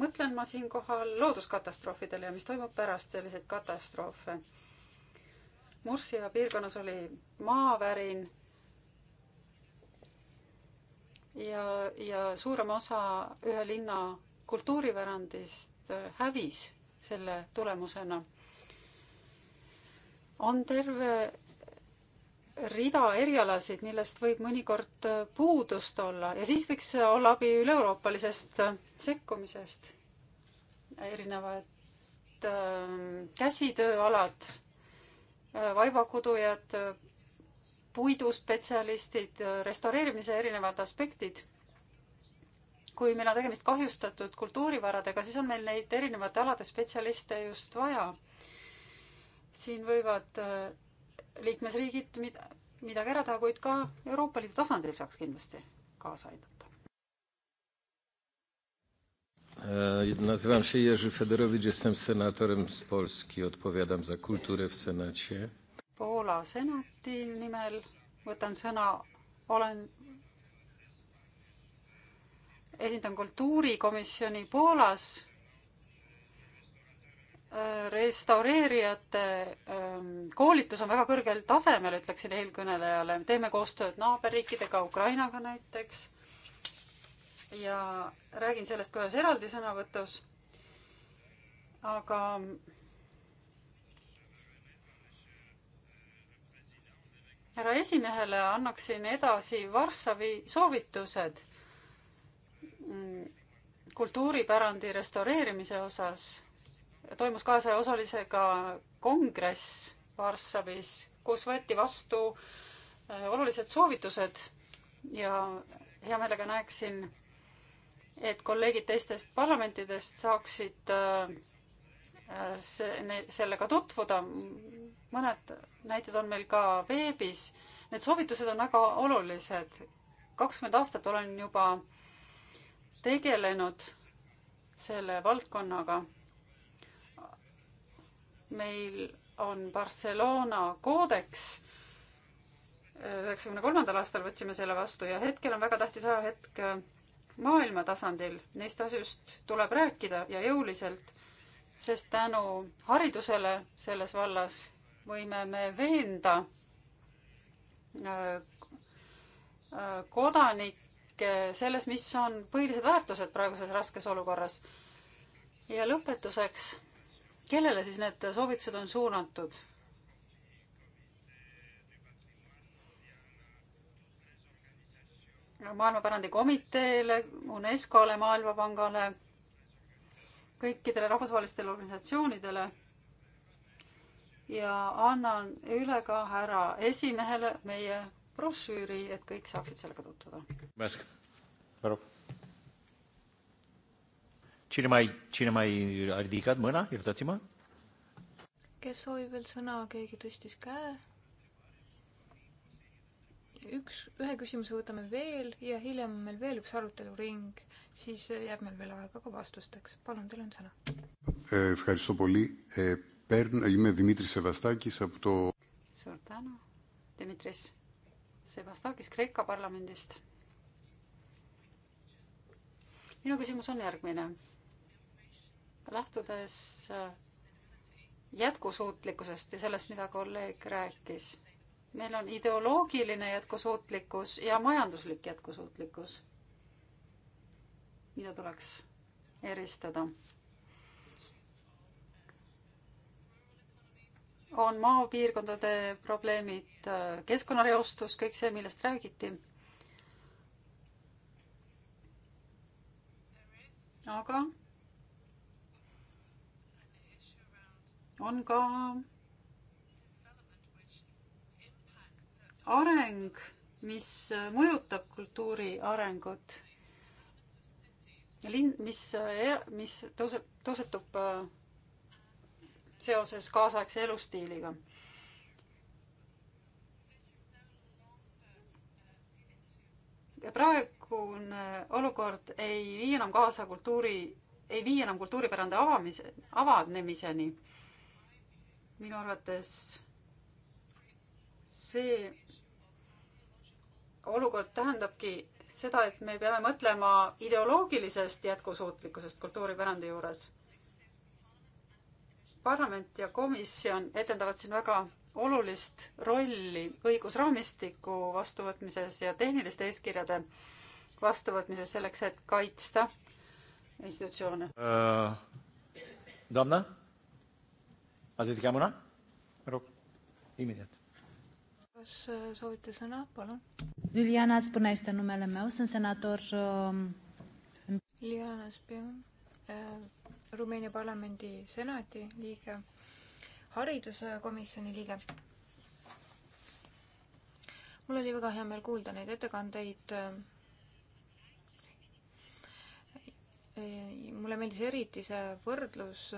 mõtlen ma siinkohal looduskatastroofidele ja mis toimub pärast selliseid katastroofe. Mursia piirkonnas oli maavärin ja, ja suurem osa ühe linna kultuuripärandist äh, hävis selle tulemusena. on terve rida erialasid, millest võib mõnikord äh, puudust olla ja siis võiks olla abi üle-euroopalisest äh, sekkumisest. erinevad ähm, äh, käsitööalad, vaibakudujad, äh, puiduspetsialistid, restaureerimise erinevad aspektid. kui meil on tegemist kahjustatud kultuurivaradega, siis on meil neid erinevate alade spetsialiste just vaja. siin võivad äh, liikmesriigid mid-, midagi ära teha, kuid ka Euroopa Liidu tasandil saaks kindlasti kaasa aidata. E, nazywam się Jerzy Federowicz, jestem senatorem z Polski, odpowiadam za kulturę w Senacie. Poola senati nimel võtan sõna, olen, esindan kultuurikomisjoni Poolas restaureerijate ähm, koolitus on väga kõrgel tasemel, ütleksin eelkõnelejale. teeme koostööd naaberriikidega, Ukrainaga näiteks. ja räägin sellest ka ühes eraldi sõnavõtus. aga härra esimehele annaksin edasi Varssavi soovitused kultuuripärandi restaureerimise osas toimus kaasaja osalisega kongress Varssavis, kus võeti vastu äh, olulised soovitused ja hea meelega näeksin, et kolleegid teistest parlamentidest saaksid äh, see, sellega tutvuda. mõned näited on meil ka veebis. Need soovitused on väga olulised. kakskümmend aastat olen juba tegelenud selle valdkonnaga meil on Barcelona koodeks, üheksakümne kolmandal aastal võtsime selle vastu ja hetkel on väga tähtis ajahetk maailma tasandil, neist asjust tuleb rääkida ja jõuliselt, sest tänu haridusele selles vallas võime me veenda äh, kodanikke selles, mis on põhilised väärtused praeguses raskes olukorras. ja lõpetuseks kellele siis need soovitused on suunatud? maailmapärandi komiteele, UNESCO-le, Maailmapangale, kõikidele rahvusvahelistele organisatsioonidele ja annan üle ka härra esimehele meie brošüüri, et kõik saaksid sellega tutvuda. Mäsk, Võru Cine mai, cine mai a ridicat mâna? Iertați-mă. Kes soovib veel sõna? Keegi tõstis käe. Üks, ühe küsimuse võtame veel ja hiljem on meil veel üks aruteluring. Siis jääb meil veel aega ka vastusteks. Palun, teil on sõna. Eh, ευχαριστώ πολύ. Παίρν, είμαι Δημήτρης Σεβαστάκης από το... Suur tänu, Dimitris Sevastakis Kreeka parlamendist. minu küsimus on järgmine lähtudes äh, jätkusuutlikkusest ja sellest, mida kolleeg rääkis. meil on ideoloogiline jätkusuutlikkus ja majanduslik jätkusuutlikkus, mida tuleks eristada. on maapiirkondade probleemid, äh, keskkonnareostus, kõik see, millest räägiti aga on ka areng, mis mõjutab kultuuri arengut. linn, mis, eh, mis tõuseb, tõusetub eh, seoses kaasaegse elustiiliga. ja praegune olukord ei vii enam kaasa kultuuri, ei vii enam kultuuripärande avamise, avanemiseni minu arvates see olukord tähendabki seda, et me peame mõtlema ideoloogilisest jätkusuutlikkusest kultuuripärandi juures. parlament ja komisjon etendavad siin väga olulist rolli õigusraamistiku vastuvõtmises ja tehniliste eeskirjade vastuvõtmises selleks, et kaitsta institutsioone uh,. Damna? Aseid Kämuna, imediat. kas äh, soovite sõna, palun? Liliana Spõna este numele meu, sunt senator um, Liliana Spõna, äh, Rumeenia parlamendi senati liige, hariduskomisjoni liige mul oli väga hea meel kuulda neid ettekandeid. Äh, mulle meeldis eriti see võrdlus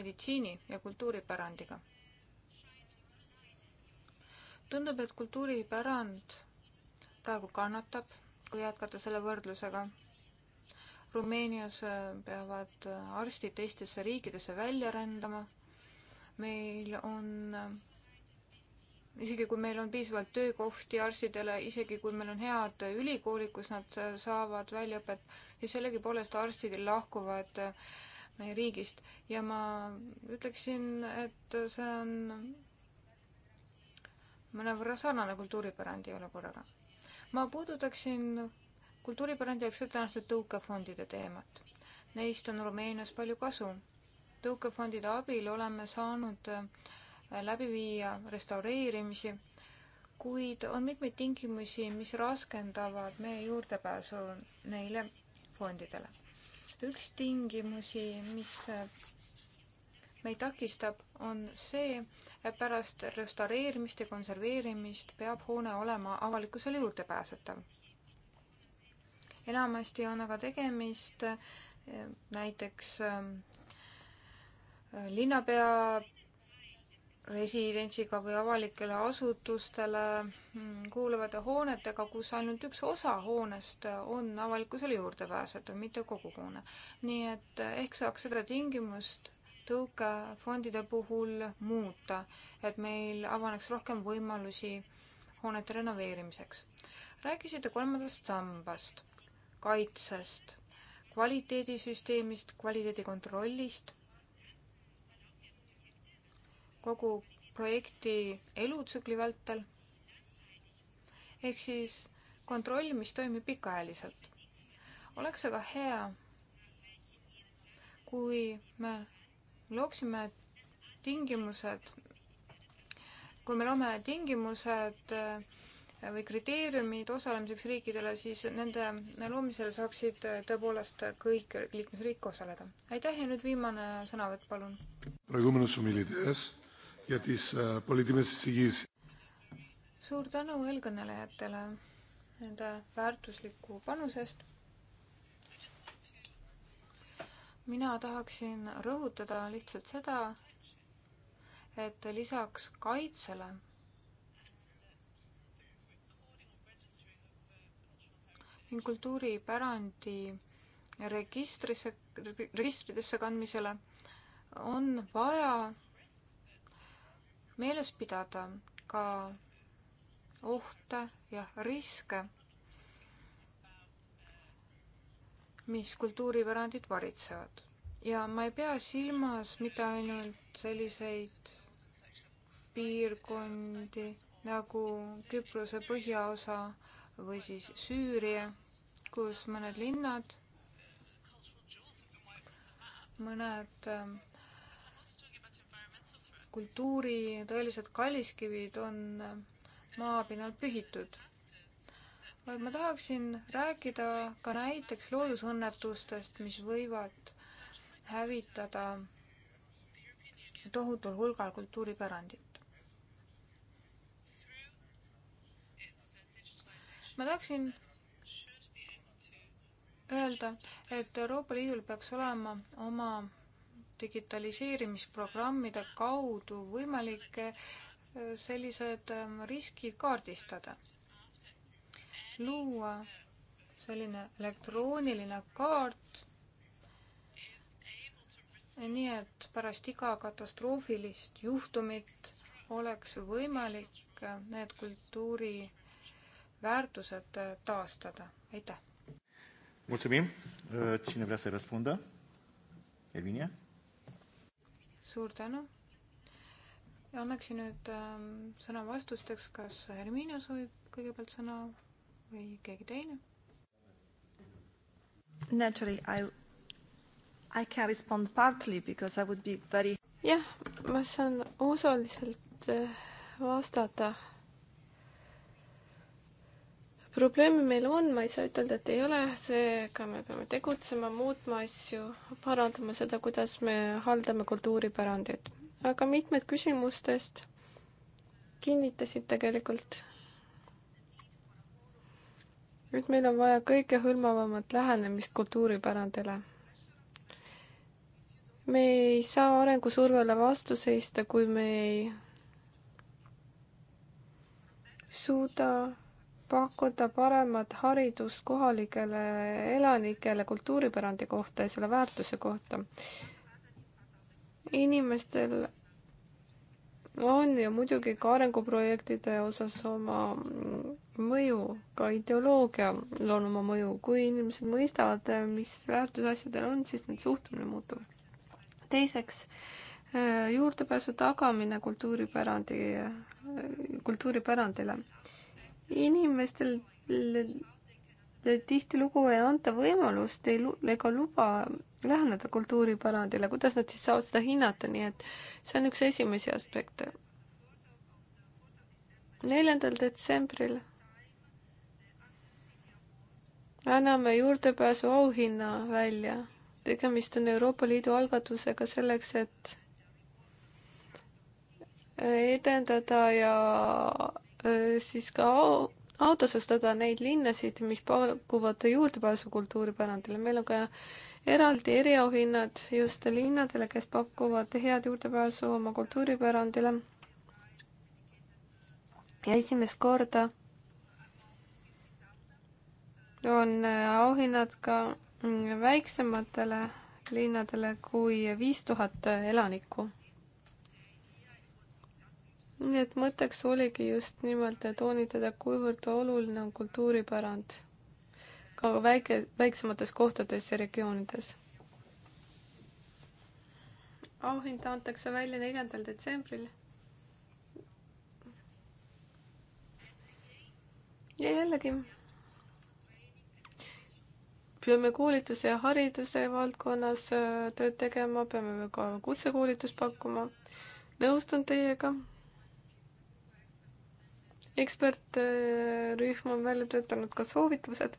meditsiini- ja kultuuripärandiga. tundub, et kultuuripärand praegu kannatab, kui jätkata selle võrdlusega. Rumeenias äh, peavad äh, arstid teistesse riikidesse välja rändama. meil on, äh, isegi kui meil on piisavalt töökohti arstidele, isegi kui meil on head ülikoolid, kus nad saavad väljaõpet, siis sellegipoolest arstid lahkuvad äh, meie riigist ja ma ütleksin, et see on mõnevõrra sarnane kultuuripärandi olukorraga. ma puudutaksin kultuuripärandi jaoks ette antud tõukefondide teemat. Neist on Rumeenias palju kasu. tõukefondide abil oleme saanud äh, läbi viia restaureerimisi, kuid on mitmeid tingimusi, mis raskendavad meie juurdepääsu neile fondidele üks tingimusi, mis meid takistab, on see, et pärast restaureerimist ja konserveerimist peab hoone olema avalikkusele juurdepääsetav. enamasti on aga tegemist eh, näiteks eh, linnapea residentsiga või avalikele asutustele mm, kuuluvate hoonetega, kus ainult üks osa hoonest on avalikkusele juurdepääsetav, mitte kogu hoone. nii et eh, ehk saaks seda tingimust tõukefondide puhul muuta, et meil avaneks rohkem võimalusi hoonete renoveerimiseks. rääkisite kolmandast sambast, kaitsest, kvaliteedisüsteemist, kvaliteedikontrollist kogu projekti elutsükli vältel. ehk siis kontroll, mis toimib pikaajaliselt. oleks aga hea, kui me looksime tingimused, kui me loome tingimused äh, või kriteeriumid osalemiseks riikidele, siis nende loomisel saaksid äh, tõepoolest kõik liikmesriik osaleda. aitäh ja nüüd viimane sõnavõtt, palun ja siis poliitilise siis. suur tänu eelkõnelejatele nende väärtusliku panuse eest. mina tahaksin rõhutada lihtsalt seda, et lisaks kaitsele ning kultuuripärandi registrisse, registritesse kandmisele on vaja meeles pidada ka ohte ja riske, mis kultuuripärandit varitsevad. ja ma ei pea silmas mitte ainult selliseid piirkondi nagu Küprose põhjaosa või siis Süüria, kus mõned linnad, mõned äh, kultuuri tõelised kalliskivid on maapinnal pühitud. vaid ma tahaksin rääkida ka näiteks loodusõnnetustest, mis võivad hävitada tohutul hulgal kultuuripärandit. ma tahaksin öelda, et Euroopa Liidul peaks olema oma digitaliseerimisprogrammide kaudu võimalik äh, sellised ähm, riskid kaardistada, luua selline elektrooniline kaart, nii et pärast iga katastroofilist juhtumit oleks võimalik äh, need kultuuriväärtused äh, taastada. aitäh! Mulțumim. Cine vrea să răspundă? Elvinia? suur tänu. ja annaksin nüüd ähm, sõna vastusteks, kas Hermine soovib kõigepealt sõna või keegi teine? Naturally I I can respond partly because I would be very jah, ma saan osaliselt äh, vastata probleeme meil on, ma ei saa ütelda, et ei ole, seega me peame tegutsema, muutma asju, parandama seda, kuidas me haldame kultuuripärandit. aga mitmed küsimustest kinnitasid tegelikult, et meil on vaja kõikehõlmavamat lähenemist kultuuripärandile. me ei saa arengusurvele vastu seista, kui me ei suuda pakkuda paremat haridust kohalikele elanikele kultuuripärandi kohta ja selle väärtuse kohta. inimestel on ju muidugi ka arenguprojektide osas oma mõju, ka ideoloogial on oma mõju, kui inimesed mõistavad, mis väärtus asjadel on, siis nende suhtumine muutub. teiseks, juurdepääsu tagamine kultuuripärandi, kultuuripärandile inimestel tihtilugu ei anta võimalust ei lu-, ega luba läheneda kultuuripärandile, kuidas nad siis saavad seda hinnata, nii et see on üks esimesi aspekte. neljandal detsembril anname juurdepääsu auhinna välja. tegemist on Euroopa Liidu algatusega selleks, et edendada ja Äh, siis ka autosustada neid linnasid, mis pakuvad juurdepääsu kultuuripärandile. meil on ka eraldi eriauhinnad just linnadele, kes pakuvad head juurdepääsu oma kultuuripärandile. ja esimest korda on äh, auhinnad ka mm, väiksematele linnadele kui viis tuhat elanikku nii et mõtteks oligi just nimelt toonitada, kuivõrd oluline on kultuuripärand ka väike, väiksemates kohtades ja regioonides. auhind antakse välja neljandal detsembril ja jällegi peame koolituse ja hariduse valdkonnas äh, tööd tegema, peame ka kutsekoolitust pakkuma. nõustun teiega, ekspertrühm on välja töötanud ka soovitused.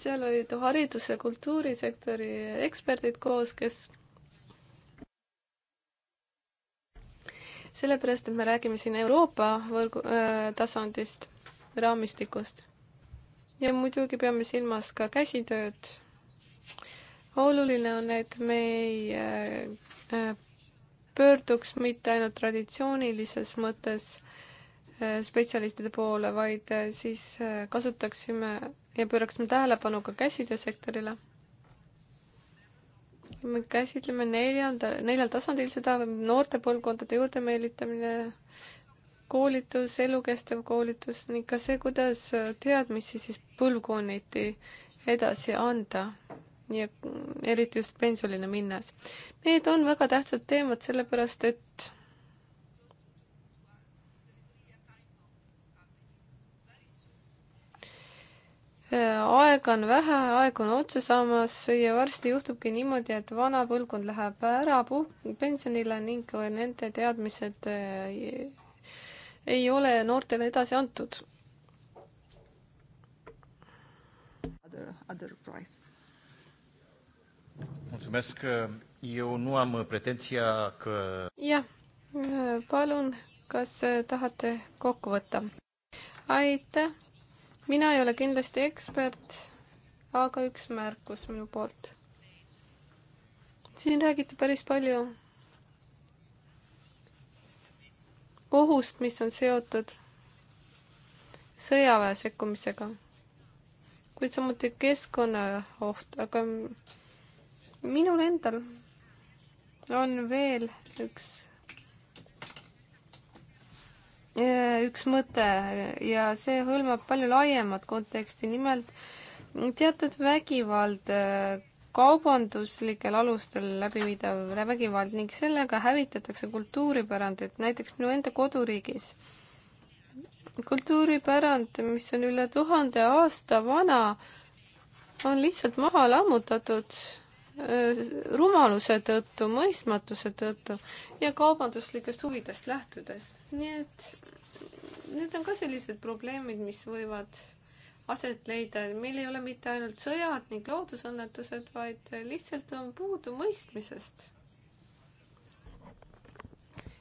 seal olid haridus- ja kultuurisektori eksperdid koos, kes sellepärast, et me räägime siin Euroopa võrgu äh, tasandist, raamistikust. ja muidugi peame silmas ka käsitööd. oluline on, et me ei äh, äh, pöörduks mitte ainult traditsioonilises mõttes äh, spetsialistide poole, vaid äh, siis äh, kasutaksime ja pööraksime tähelepanu ka käsitöösektorile. me käsitleme neljanda, neljal tasandil seda noorte põlvkondade juurde meelitamine, koolitus, elukestev koolitus ning ka see, kuidas teadmisi siis põlvkonniti edasi anda ja mm, eriti just pensionile minnes. Need on väga tähtsad teemad, sellepärast et äh, aega on vähe, aeg on otsa saamas ja varsti juhtubki niimoodi, et vana põlvkond läheb ära puh-, pensionile ning nende teadmised äh, ei ole noortele edasi antud. Other, other price Mulțumesc. Eu nu am pretenția că... jah, palun, kas tahate kokku võtta? aitäh, mina ei ole kindlasti ekspert, aga üks märkus minu poolt. siin räägiti päris palju ohust, mis on seotud sõjaväe sekkumisega, kuid samuti keskkonnaoht, aga minul endal on veel üks, äh, üks mõte ja see hõlmab palju laiemat konteksti, nimelt teatud vägivald, äh, kaubanduslikel alustel läbiviidav vägivald ning sellega hävitatakse kultuuripärandit, näiteks minu enda koduriigis. kultuuripärand, mis on üle tuhande aasta vana, on lihtsalt maha lammutatud rumaluse tõttu, mõistmatuse tõttu ja kaubanduslikest huvidest lähtudes. nii et need on ka sellised probleemid, mis võivad aset leida, meil ei ole mitte ainult sõjad ning loodusõnnetused, vaid lihtsalt on puudu mõistmisest.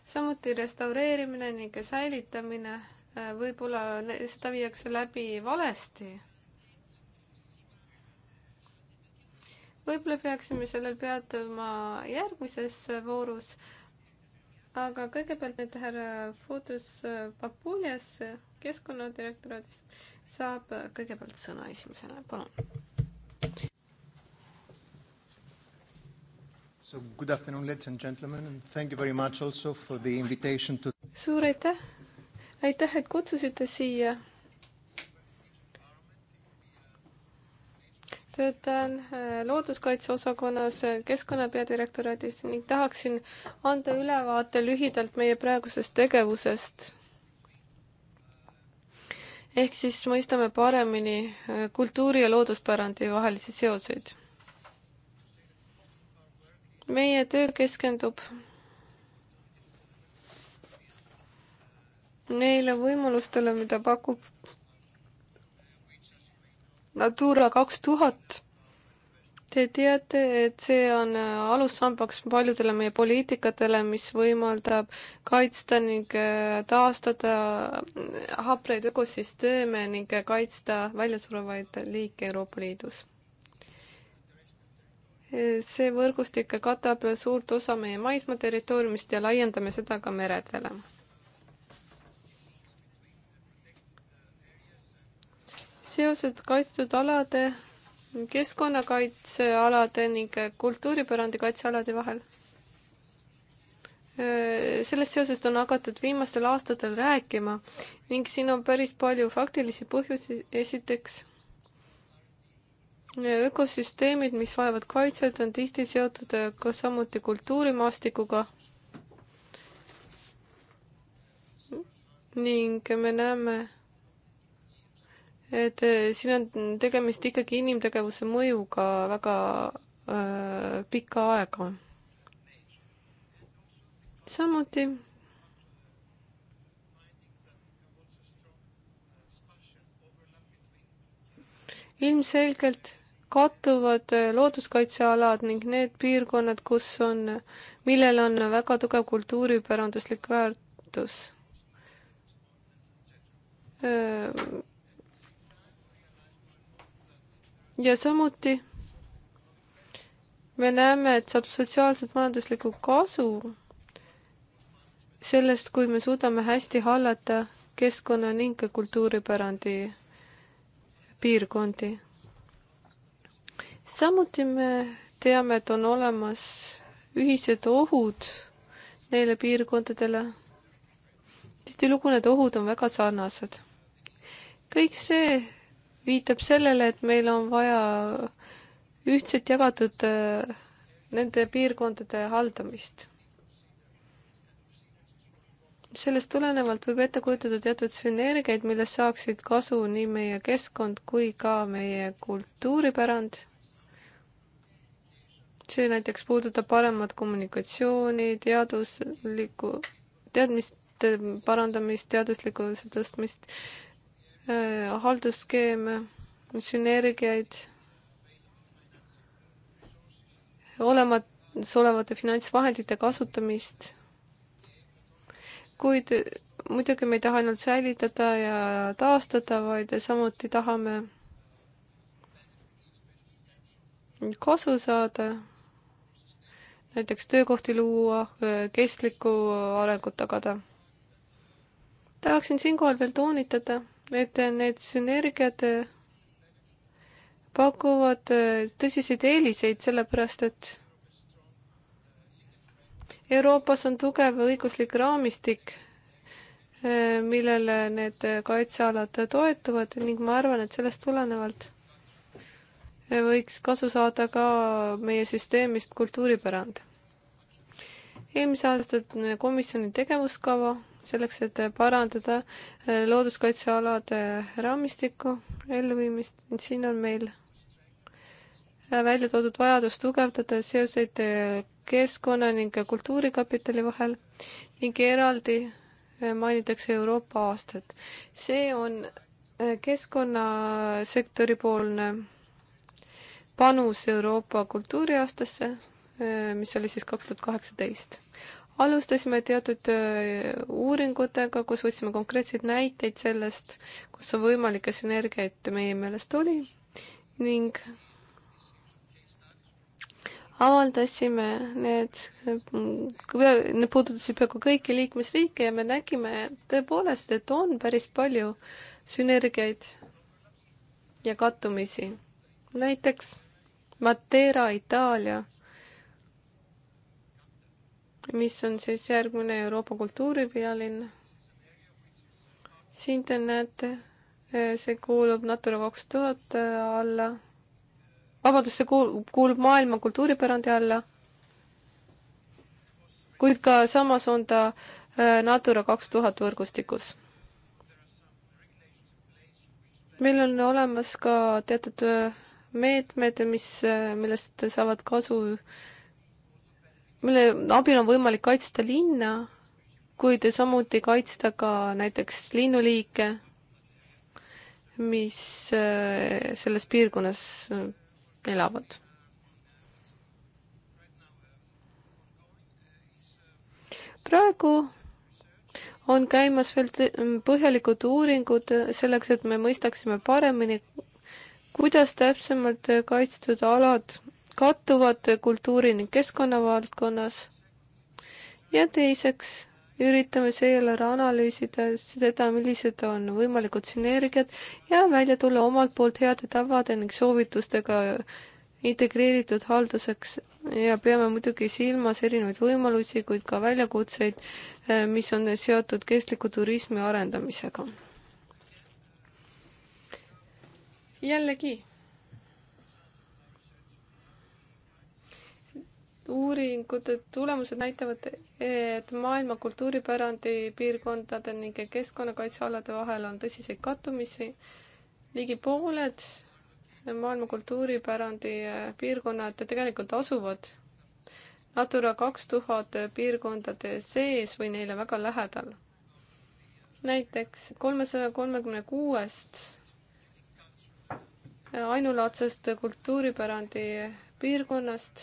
samuti restaureerimine ning säilitamine, võib-olla seda viiakse läbi valesti võib-olla peaksime sellel peatuma järgmises voorus. aga kõigepealt nüüd härra Fotos Papuljas keskkonnadirektoraadist saab kõigepealt sõna esimesena, palun. So good afternoon, ladies and gentlemen and thank you very much also for the invitation to. suur aitäh, aitäh, et kutsusite siia töötan äh, looduskaitse osakonnas äh, keskkonna peadirektoraadis ning tahaksin anda ülevaate lühidalt meie praegusest tegevusest. ehk siis mõistame paremini äh, kultuuri ja looduspärandi vahelisi seoseid. meie töö keskendub neile võimalustele, mida pakub Natura kaks tuhat. Te teate, et see on äh, alussambaks paljudele meie poliitikatele, mis võimaldab kaitsta ning äh, taastada äh, hapreid ökosüsteeme ning kaitsta väljasurevaid liike Euroopa Liidus. see võrgustik katab suurt osa meie maismaa territooriumist ja laiendame seda ka meredele seosed kaitstud alade, keskkonnakaitsealade ning kultuuripärandi kaitsealade vahel. sellest seosest on hakatud viimastel aastatel rääkima ning siin on päris palju faktilisi põhjusi, esiteks ökosüsteemid, mis vajavad kaitset, on tihti seotud ka samuti kultuurimaastikuga. ning me näeme et äh, siin on tegemist ikkagi inimtegevuse mõjuga väga äh, pikka aega. samuti ilmselgelt kattuvad äh, looduskaitsealad ning need piirkonnad, kus on, millel on väga tugev kultuuripäranduslik väärtus äh, ja samuti me näeme, et saab sotsiaalset majanduslikku kasu sellest, kui me suudame hästi hallata keskkonna ning ka kultuuripärandi piirkondi. samuti me teame, et on olemas ühised ohud neile piirkondadele. tihtilugu need ohud on väga sarnased. kõik see viitab sellele, et meil on vaja ühtset jagatud äh, nende piirkondade haldamist. sellest tulenevalt võib ette kujutada teatud sünergiaid, millest saaksid kasu nii meie keskkond kui ka meie kultuuripärand. see näiteks puudutab paremat kommunikatsiooni, teaduslikku, teadmiste parandamist, teaduslikkuse tõstmist Äh, haldusskeeme, sünergiaid, olemasolevate finantsvahendite kasutamist. kuid muidugi me ei taha ainult säilitada ja taastada, vaid samuti tahame kasu saada, näiteks töökohti luua, kestlikku arengut tagada. tahaksin siinkohal veel toonitada et need sünergiad pakuvad tõsiseid eeliseid, sellepärast et Euroopas on tugev õiguslik raamistik, millele need kaitsealad toetuvad ning ma arvan, et sellest tulenevalt võiks kasu saada ka meie süsteemist kultuuripärand eelmise aasta äh, komisjoni tegevuskava selleks, et äh, parandada äh, looduskaitsealade raamistiku elluviimist, siin on meil välja toodud vajadus tugevdada seoseid keskkonna ning kultuurikapitali vahel ning eraldi mainitakse Euroopa aastat. see on keskkonnasektori poolne panus Euroopa kultuuriaastasse Äh, mis oli siis kaks tuhat kaheksateist. alustasime teatud äh, uuringutega, kus võtsime konkreetseid näiteid sellest, kus on võimalikke sünergiaid meie meelest oli ning avaldasime need, äh, need puudutasid peaaegu kõiki liikmesriike ja me nägime tõepoolest, et on päris palju sünergiaid ja kattumisi. näiteks Matera Itaalia mis on siis järgmine Euroopa kultuuripealinn. siin te näete, eh, see kuulub Natura kaks tuhat eh, alla. vabandust, see kuulub, kuulub maailma kultuuripärandi alla. kuid ka samas on ta eh, Natura kaks tuhat võrgustikus. meil on olemas ka teatud meetmed, mis, millest saavad kasu mille abil on võimalik kaitsta linna, kuid samuti kaitsta ka näiteks linnuliike, mis äh, selles piirkonnas äh, elavad. praegu on käimas veel põhjalikud uuringud selleks, et me mõistaksime paremini, kuidas täpsemalt kaitstud alad kattuvad kultuuri ning keskkonna valdkonnas. ja teiseks üritame seejärel analüüsida seda, millised on võimalikud sünergiad ja välja tulla omalt poolt heade tavade ning soovitustega integreeritud halduseks ja peame muidugi silmas erinevaid võimalusi, kuid ka väljakutseid, eh, mis on seotud kestliku turismi arendamisega. jällegi uuringute tulemused näitavad, et maailma kultuuripärandi piirkondade ning keskkonnakaitsealade vahel on tõsiseid kattumisi. ligi pooled maailma kultuuripärandi piirkonnad tegelikult asuvad Natura kaks tuhat piirkondade sees või neile väga lähedal. näiteks kolmesaja kolmekümne kuuest ainulaadsest kultuuripärandi piirkonnast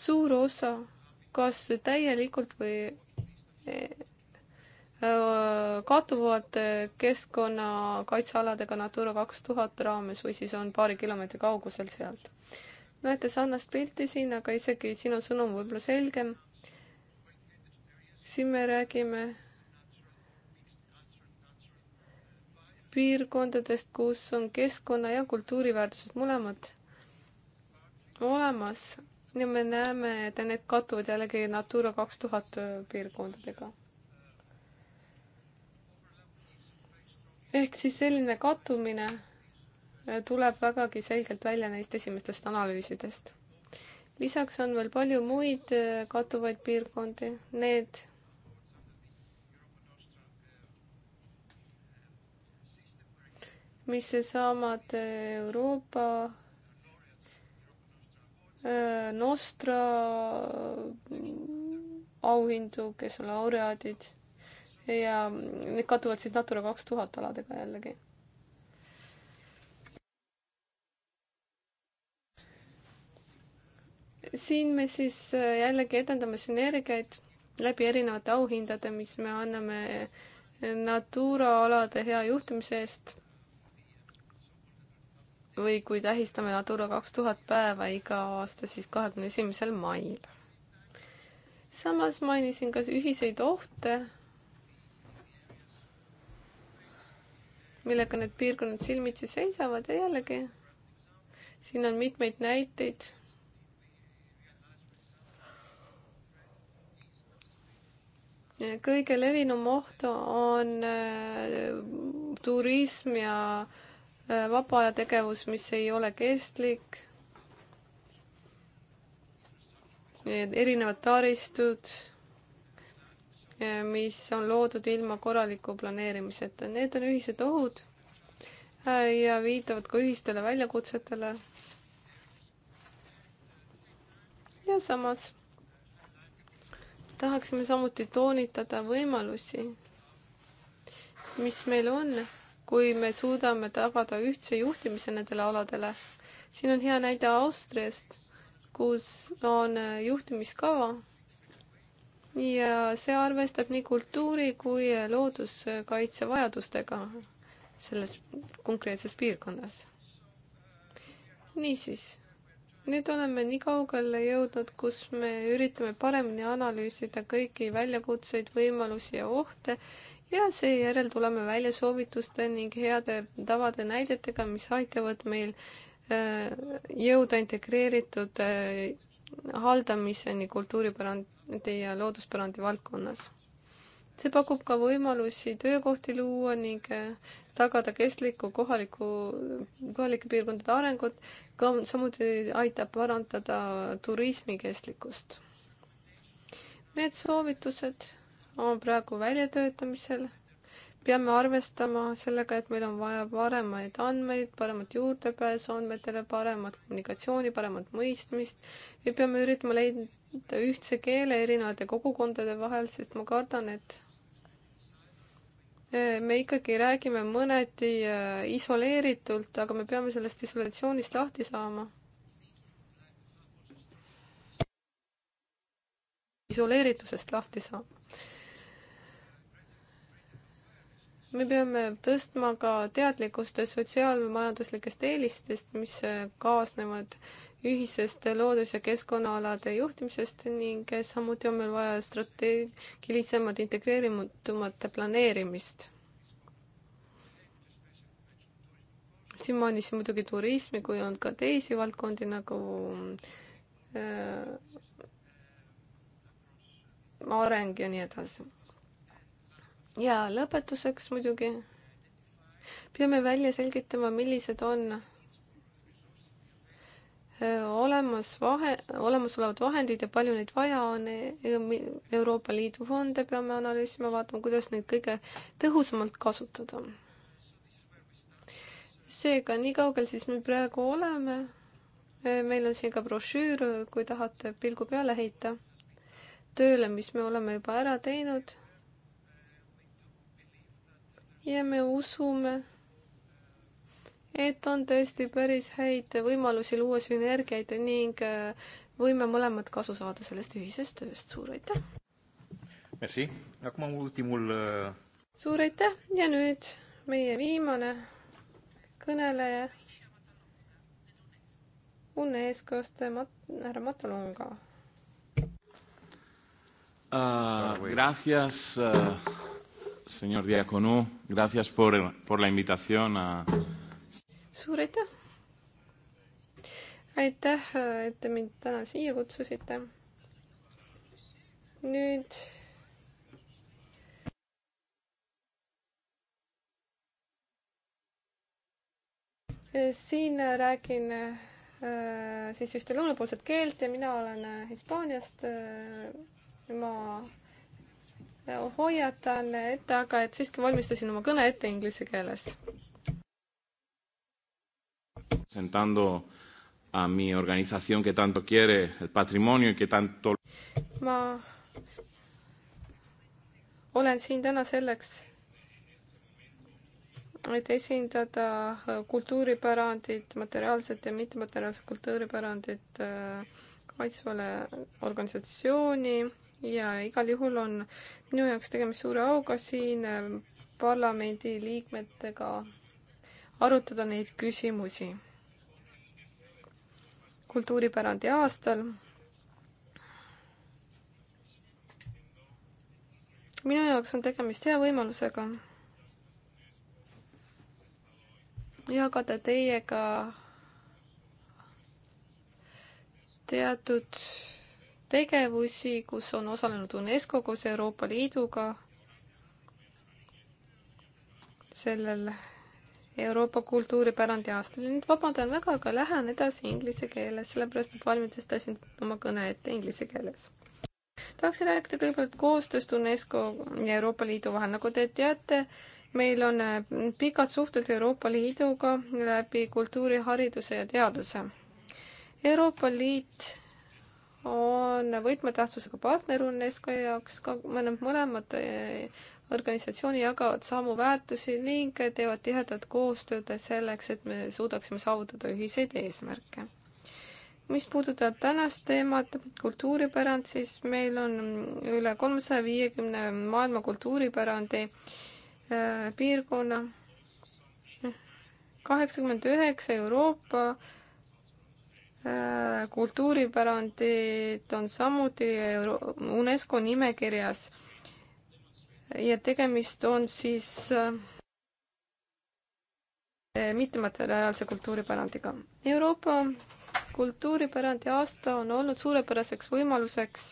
suur osa kas täielikult või eh, kattuvad keskkonnakaitsealadega Natura kaks tuhat raames või siis on paari kilomeetri kaugusel sealt. näete sarnast pilti siin, aga isegi siin on sõnum võib-olla selgem. siin me räägime piirkondadest, kus on keskkonna ja kultuuriväärtused mõlemad olemas ja me näeme, et need kattuvad jällegi Natura kaks tuhat piirkondadega. ehk siis selline kattumine eh, tuleb vägagi selgelt välja neist esimestest analüüsidest. lisaks on veel palju muid eh, kattuvaid piirkondi, need mis saamad eh, Euroopa Äh, Nostra äh, auhindu, kes on laureaadid ja mm, need kaduvad siis Natura kaks tuhat aladega jällegi siin me siis äh, jällegi edendame sünergiaid läbi erinevate auhindade, mis me anname Natura alade hea juhtimise eest või kui tähistame Natura kaks tuhat päeva iga aasta, siis kahekümne esimesel mail. samas mainisin ka ühiseid ohte, millega need piirkonnad silmitsi seisavad ja jällegi siin on mitmeid näiteid. kõige levinum oht on äh, turism ja äh, Äh, vaba aja tegevus, mis ei ole kestlik, erinevad taristud, äh, mis on loodud ilma korraliku planeerimiseta, need on ühised ohud äh, ja viitavad ka ühistele väljakutsetele. ja samas tahaksime samuti toonitada võimalusi, mis meil on kui me suudame tagada ühtse juhtimise nendele aladele. siin on hea näide Austriast, kus on äh, juhtimiskava ja see arvestab nii kultuuri kui äh, looduskaitse vajadustega selles konkreetses piirkonnas. niisiis, nüüd oleme nii kaugele jõudnud, kus me üritame paremini analüüsida kõiki väljakutseid, võimalusi ja ohte ja seejärel tuleme välja soovituste ning heade tavade näidetega, mis aitavad meil äh, jõuda integreeritud äh, haldamiseni kultuuripärandi ja looduspärandi valdkonnas. see pakub ka võimalusi töökohti luua ning äh, tagada kestliku kohaliku, kohalike piirkondade arengut, ka samuti aitab parandada turismi kestlikkust. Need soovitused on praegu väljatöötamisel. peame arvestama sellega, et meil on vaja paremaid andmeid, paremat juurdepääsu andmetele, paremat kommunikatsiooni, paremat mõistmist ja peame üritama leida ühtse keele erinevate kogukondade vahel, sest ma kardan, et eh, me ikkagi räägime mõneti eh, isoleeritult, aga me peame sellest isolatsioonist lahti saama. isoleeritusest lahti saama me peame tõstma ka teadlikkust sotsiaalmajanduslikest eelistest, mis kaasnevad ühisest loodus- ja keskkonnaalade juhtimisest ning samuti on meil vaja strateegilisemat integreerimatumat planeerimist. siin mainis muidugi turismi, kui on ka teisi valdkondi nagu äh, areng ja nii edasi ja lõpetuseks muidugi peame välja selgitama, millised on äh, olemas vahe, olemasolevad vahendid ja palju neid vaja on, äh, Euroopa Liidu fonde peame analüüsima, vaatama, kuidas neid kõige tõhusamalt kasutada. seega, nii kaugel siis me praegu oleme. Äh, meil on siin ka brošüür, kui tahate pilgu peale heita tööle, mis me oleme juba ära teinud ja me usume, et on tõesti päris häid võimalusi luua sünergiaid ning äh, võime mõlemad kasu saada sellest ühisest tööst. suur aitäh! Merci, hakkame ultimul. Äh, suur aitäh ja nüüd meie viimane kõneleja. Unne eeskõste Mat-, härra Matolonga uh,. Ah, gracias uh señor Diakonu, gracias por, por la invitatsioon a.... suur aitäh! aitäh, et te mind täna siia kutsusite. nüüd siin räägin äh, siis just lõunapoolset keelt ja mina olen äh, Hispaaniast. Äh, ma hoiatan ette, aga et siiski valmistasin oma kõne ette inglise keeles. Sentando a mi organización que tanto quiere el patrimonio y que tanto ma olen siin täna selleks, et esindada äh, kultuuripärandit, materiaalset ja mittemateriaalset kultuuripärandit äh, kaitsvale organisatsiooni ja igal juhul on minu jaoks tegemist suure auga siin äh, parlamendi liikmetega arutada neid küsimusi kultuuripärandi aastal. minu jaoks on tegemist hea võimalusega jagada teiega teatud tegevusi, kus on osalenud UNESCO koos Euroopa Liiduga sellel Euroopa kultuuripärandi aastal. nüüd vabandan väga, aga lähen edasi inglise keeles, sellepärast et valmistasin oma kõne ette inglise keeles. tahaksin rääkida kõigepealt koostööst UNESCO ja Euroopa Liidu vahel, nagu te teate, meil on mm, pikad suhted Euroopa Liiduga läbi kultuuri, hariduse ja teaduse. Euroopa Liit on võtmetähtsusega partner UNESCO jaoks, ka mõlemad, mõlemad eh, organisatsiooni jagavad samu väärtusi ning teevad tihedat koostööd selleks, et me suudaksime saavutada ühiseid eesmärke. mis puudutab tänast teemat, kultuuripärand, siis meil on üle kolmesaja viiekümne maailma kultuuripärandi eh, piirkonna kaheksakümmend üheksa Euroopa Äh, kultuuripärandid on samuti UNESCO nimekirjas ja tegemist on siis äh, mittemateriaalse kultuuripärandiga. Euroopa kultuuripärandi aasta on olnud suurepäraseks võimaluseks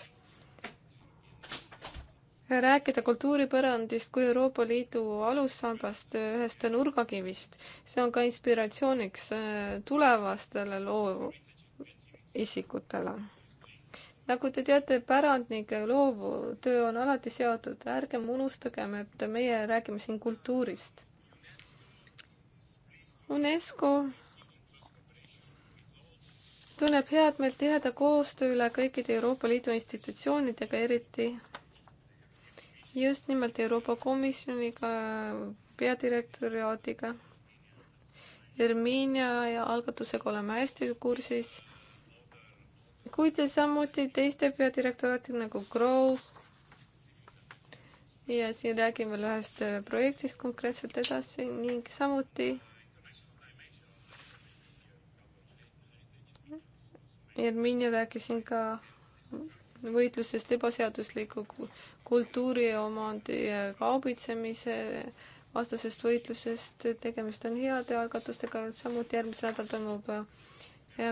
rääkida kultuuripärandist kui Euroopa Liidu alussambast, ühest nurgakivist. see on ka inspiratsiooniks äh, tulevastele loo-, isikutele. nagu te teate, pärandnike loovtöö on alati seotud, ärgem unustagem, et meie räägime siin kultuurist. UNESCO tunneb head meelt tiheda koostöö üle kõikide Euroopa Liidu institutsioonidega, eriti just nimelt Euroopa Komisjoniga, peadirektoriaadiga Herminia ja algatusega oleme hästi kursis kuid samuti teiste peadirektoraatidega nagu Grow. ja siin räägime veel ühest projektist konkreetselt edasi ning samuti. Erminia rääkis siin ka võitlusest ebaseadusliku kultuuriomandi kaubitsemise vastasest võitlusest, tegemist on heade algatustega, samuti järgmisel nädalal toimub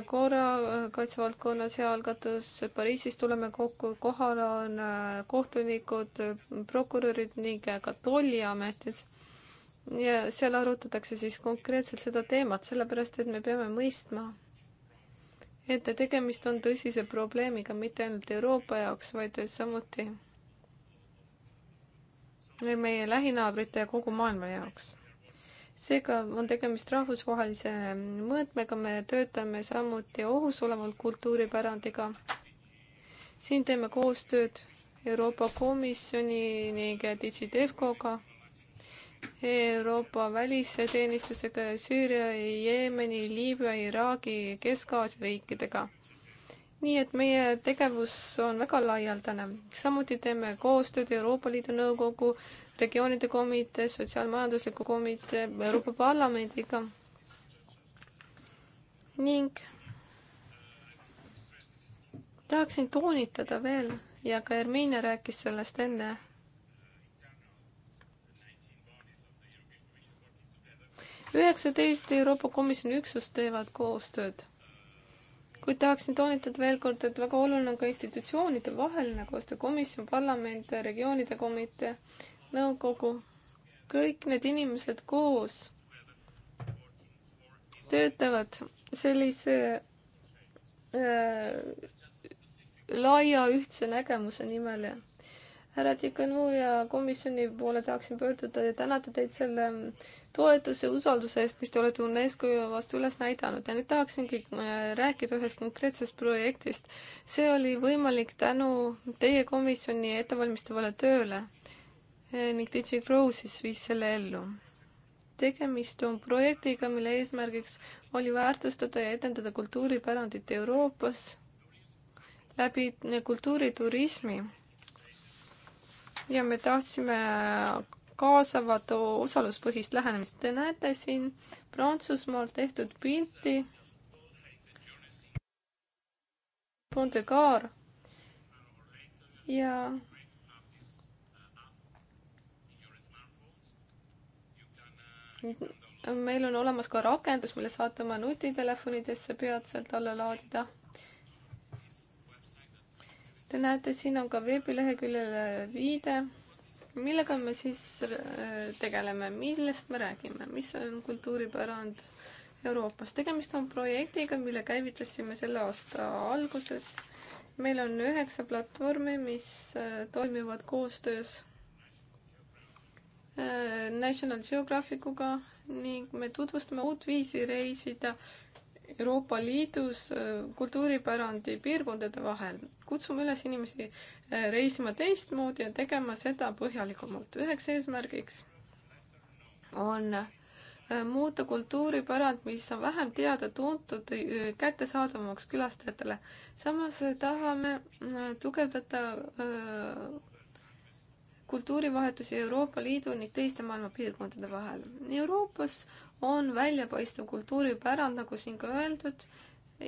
korrakaitsevaldkonna äh, sealgatus, Pariisis tuleme kokku, kohal on äh, kohtunikud, äh, prokurörid ning ka tolliametid. ja seal arutatakse siis konkreetselt seda teemat, sellepärast et me peame mõistma, et tegemist on tõsise probleemiga mitte ainult Euroopa jaoks, vaid samuti meie lähinaabrite ja kogu maailma jaoks seega on tegemist rahvusvahelise mõõtmega, me töötame samuti ohus olevalt kultuuripärandiga. siin teeme koostööd Euroopa Komisjoni ning Digidevcoga, Euroopa välisteenistusega ja Süüria, Jeemeni, Liibüa, Iraagi, Kesk-Aasia riikidega. nii et meie tegevus on väga laialdane. samuti teeme koostööd Euroopa Liidu Nõukogu äh, regioonide komitee, sotsiaalmajandusliku komitee, Euroopa Parlamendiga ning tahaksin toonitada veel ja ka Hermine rääkis sellest enne. üheksateist Euroopa Komisjoni üksust teevad koostööd, kuid tahaksin toonitada veel kord, et väga oluline on ka institutsioonide vaheline koostöö, komisjon, parlament, regioonide komitee nõukogu, kõik need inimesed koos töötavad sellise äh, laia ühtse nägemuse nimel ja härra Tikanu ja komisjoni poole tahaksin pöörduda ja tänada teid selle toetuse, usalduse eest, mis te olete UNESCO vastu üles näidanud ja nüüd tahaksingi äh, rääkida ühest konkreetsest projektist. see oli võimalik tänu teie komisjoni ettevalmistavale tööle Eh, ning DJ Crow siis viis selle ellu. tegemist on projektiga, mille eesmärgiks oli väärtustada ja edendada kultuuripärandit Euroopas läbi eh, kultuuriturismi. ja me tahtsime kaasavat osaluspõhist lähenemist. Te näete siin Prantsusmaal tehtud pilti Pont de Gare ja meil on olemas ka rakendus, mille saate oma nutitelefonidesse peatselt alla laadida. Te näete, siin on ka veebileheküljele viide, millega me siis äh, tegeleme, millest me räägime, mis on kultuuripärand Euroopas. tegemist on projektiga, mille käivitasime selle aasta alguses. meil on üheksa platvormi, mis äh, toimivad koostöös Äh, National Geographicuga ning me tutvustame uut viisi reisida Euroopa Liidus äh, kultuuripärandi piirkondade vahel. kutsume üles inimesi äh, reisima teistmoodi ja tegema seda põhjalikumalt. üheks eesmärgiks on muuta kultuuripärand, mis on vähem teada-tuntud, kättesaadavamaks külastajatele. samas tahame tugevdada kultuurivahetusi Euroopa Liidu ning teiste maailma piirkondade vahel. Euroopas on väljapaistev kultuuripärand, nagu siin ka öeldud,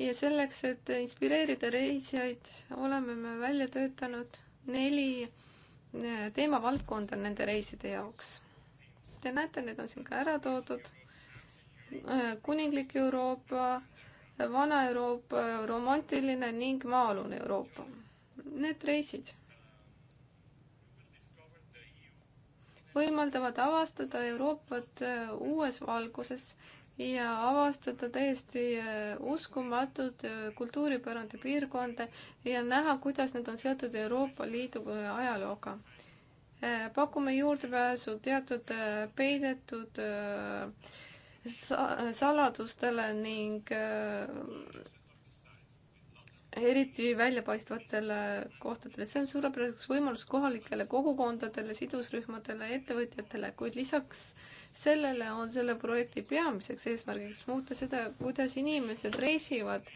ja selleks, et inspireerida reisijaid, oleme me välja töötanud neli eh, teemavaldkonda nende reiside jaoks. Te näete, need on siin ka ära toodud. Eh, kuninglik Euroopa, Vana-Euroopa, romantiline ning maaolune Euroopa. Need reisid võimaldavad avastada Euroopat äh, uues valguses ja avastada täiesti äh, uskumatud äh, kultuuripärandi piirkonda ja näha, kuidas need on seotud Euroopa Liidu ajalooga. pakume juurdepääsu teatud peidetud saladustele ning eriti väljapaistvatele kohtadele, see on suurepäraseks võimalus kohalikele kogukondadele, sidusrühmadele, ettevõtjatele, kuid lisaks sellele on selle projekti peamiseks eesmärgiks muuta seda, kuidas inimesed reisivad.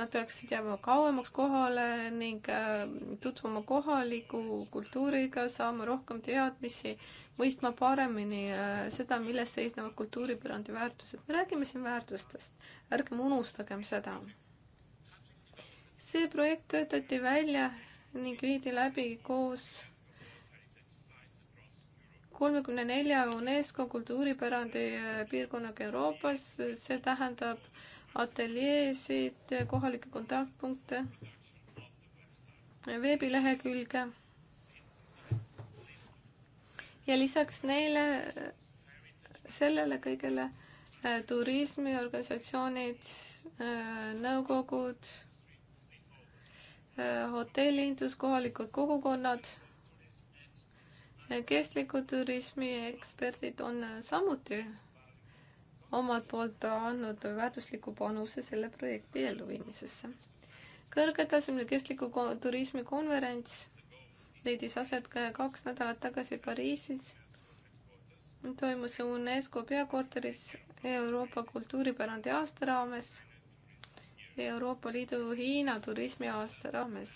Nad peaksid jääma kauemaks kohale ning äh, tutvuma kohaliku kultuuriga, saama rohkem teadmisi, mõistma paremini äh, seda, milles seisnevad kultuuripärandi väärtused. me räägime siin väärtustest, ärgem unustagem seda see projekt töötati välja ning viidi läbi koos kolmekümne nelja UNESCO kultuuripärandi äh, piirkonnaga Euroopas, see tähendab ateljeesid, kohalikke kontaktpunkte, veebilehekülge. ja lisaks neile, äh, sellele kõigele äh, turismiorganisatsioonid, nõukogud hotellindus, kohalikud kogukonnad, kestliku turismi eksperdid on samuti omalt poolt andnud väärtusliku panuse selle projekti elluviimisesse. kõrgetasemel kestliku turismi konverents leidis aset ka kaks nädalat tagasi Pariisis. toimus UNESCO peakorteris Euroopa kultuuripärandi aasta raames Euroopa Liidu Hiina turismiaasta raames.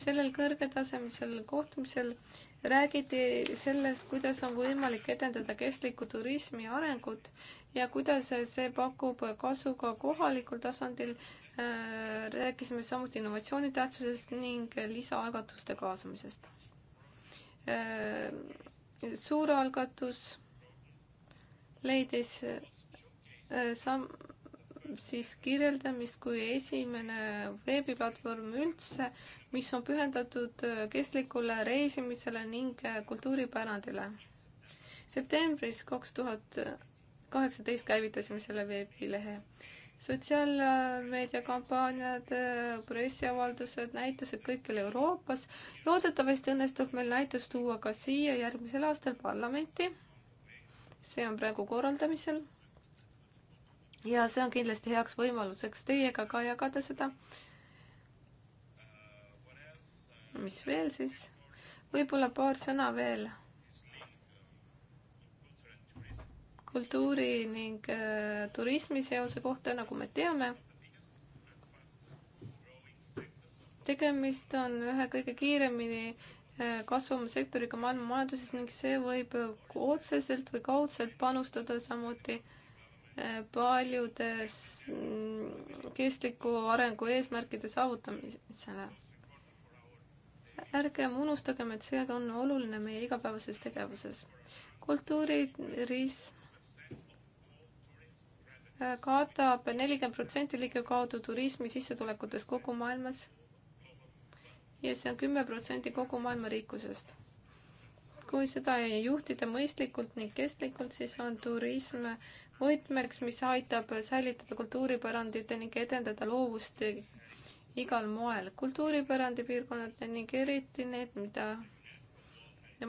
sellel kõrgetasemelisel kohtumisel räägiti sellest, kuidas on võimalik edendada kestlikku turismi arengut ja kuidas see pakub kasu ka kohalikul tasandil. Äh, rääkisime samuti innovatsiooni tähtsusest ning lisaalgatuste kaasamisest. Äh, suur algatus leidis äh, sam-, siis kirjeldamist kui esimene veebiplatvorm üldse, mis on pühendatud äh, kestlikule reisimisele ning äh, kultuuripärandile. septembris kaks tuhat äh, kaheksateist käivitasime selle veebilehe. sotsiaalmeediakampaaniad, pressiavaldused, näitused kõikjal Euroopas. loodetavasti õnnestub meil näitus tuua ka siia järgmisel aastal parlamenti. see on praegu korraldamisel ja see on kindlasti heaks võimaluseks teiega ka jagada seda. mis veel siis? võib-olla paar sõna veel kultuuri ning äh, turismi seose kohta, nagu me teame. tegemist on ühe kõige kiiremini äh, kasvava sektoriga maailma majanduses ning see võib otseselt või kaudselt panustada samuti äh, paljudes mm, kestliku arengu eesmärkide saavutamisele. ärgem unustagem, et see on oluline meie igapäevases tegevuses. kultuuriturism äh, katab nelikümmend protsenti ligikaudu turismi sissetulekutest kogu maailmas ja see on kümme protsenti kogu maailma rikkusest. kui seda juhtida mõistlikult ning kestlikult, siis on turism võtmeks, mis aitab säilitada kultuuripärandit ning edendada loovust igal moel. kultuuripärandi piirkonnad ning eriti need, mida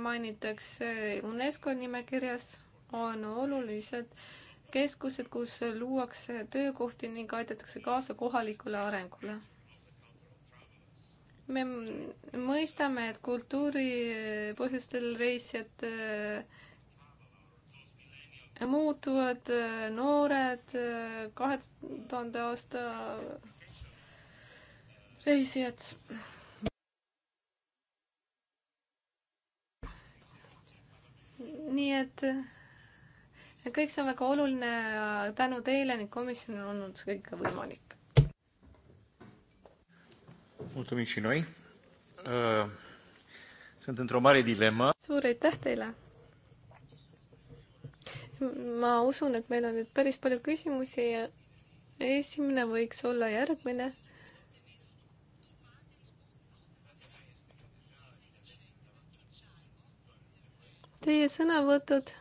mainitakse UNESCO nimekirjas, on olulised keskused, kus luuakse töökohti ning aidatakse kaasa kohalikule arengule. me mõistame, et kultuuri põhjustel reisijate äh, muutuvad noored kahe tuhande aasta reisijad. nii et kõik see on väga oluline ja tänu teile ning komisjonil on olnud see kõik võimalik. suur aitäh teile ma usun, et meil on nüüd päris palju küsimusi ja esimene võiks olla järgmine. Teie sõnavõtud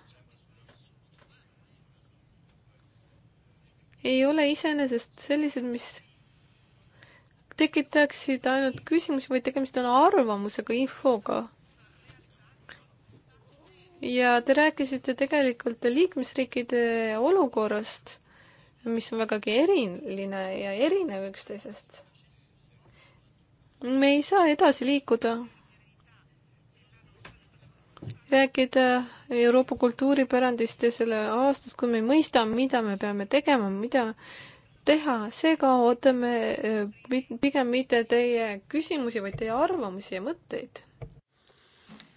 ei ole iseenesest sellised, mis tekitaksid ainult küsimusi, vaid tegemist on arvamusega, infoga ja te rääkisite tegelikult liikmesriikide olukorrast, mis on vägagi eriline ja erinev üksteisest. me ei saa edasi liikuda, rääkida Euroopa kultuuripärandist ja selle aastast, kui me ei mõista, mida me peame tegema, mida teha, seega ootame eh, pigem mitte teie küsimusi, vaid teie arvamusi ja mõtteid.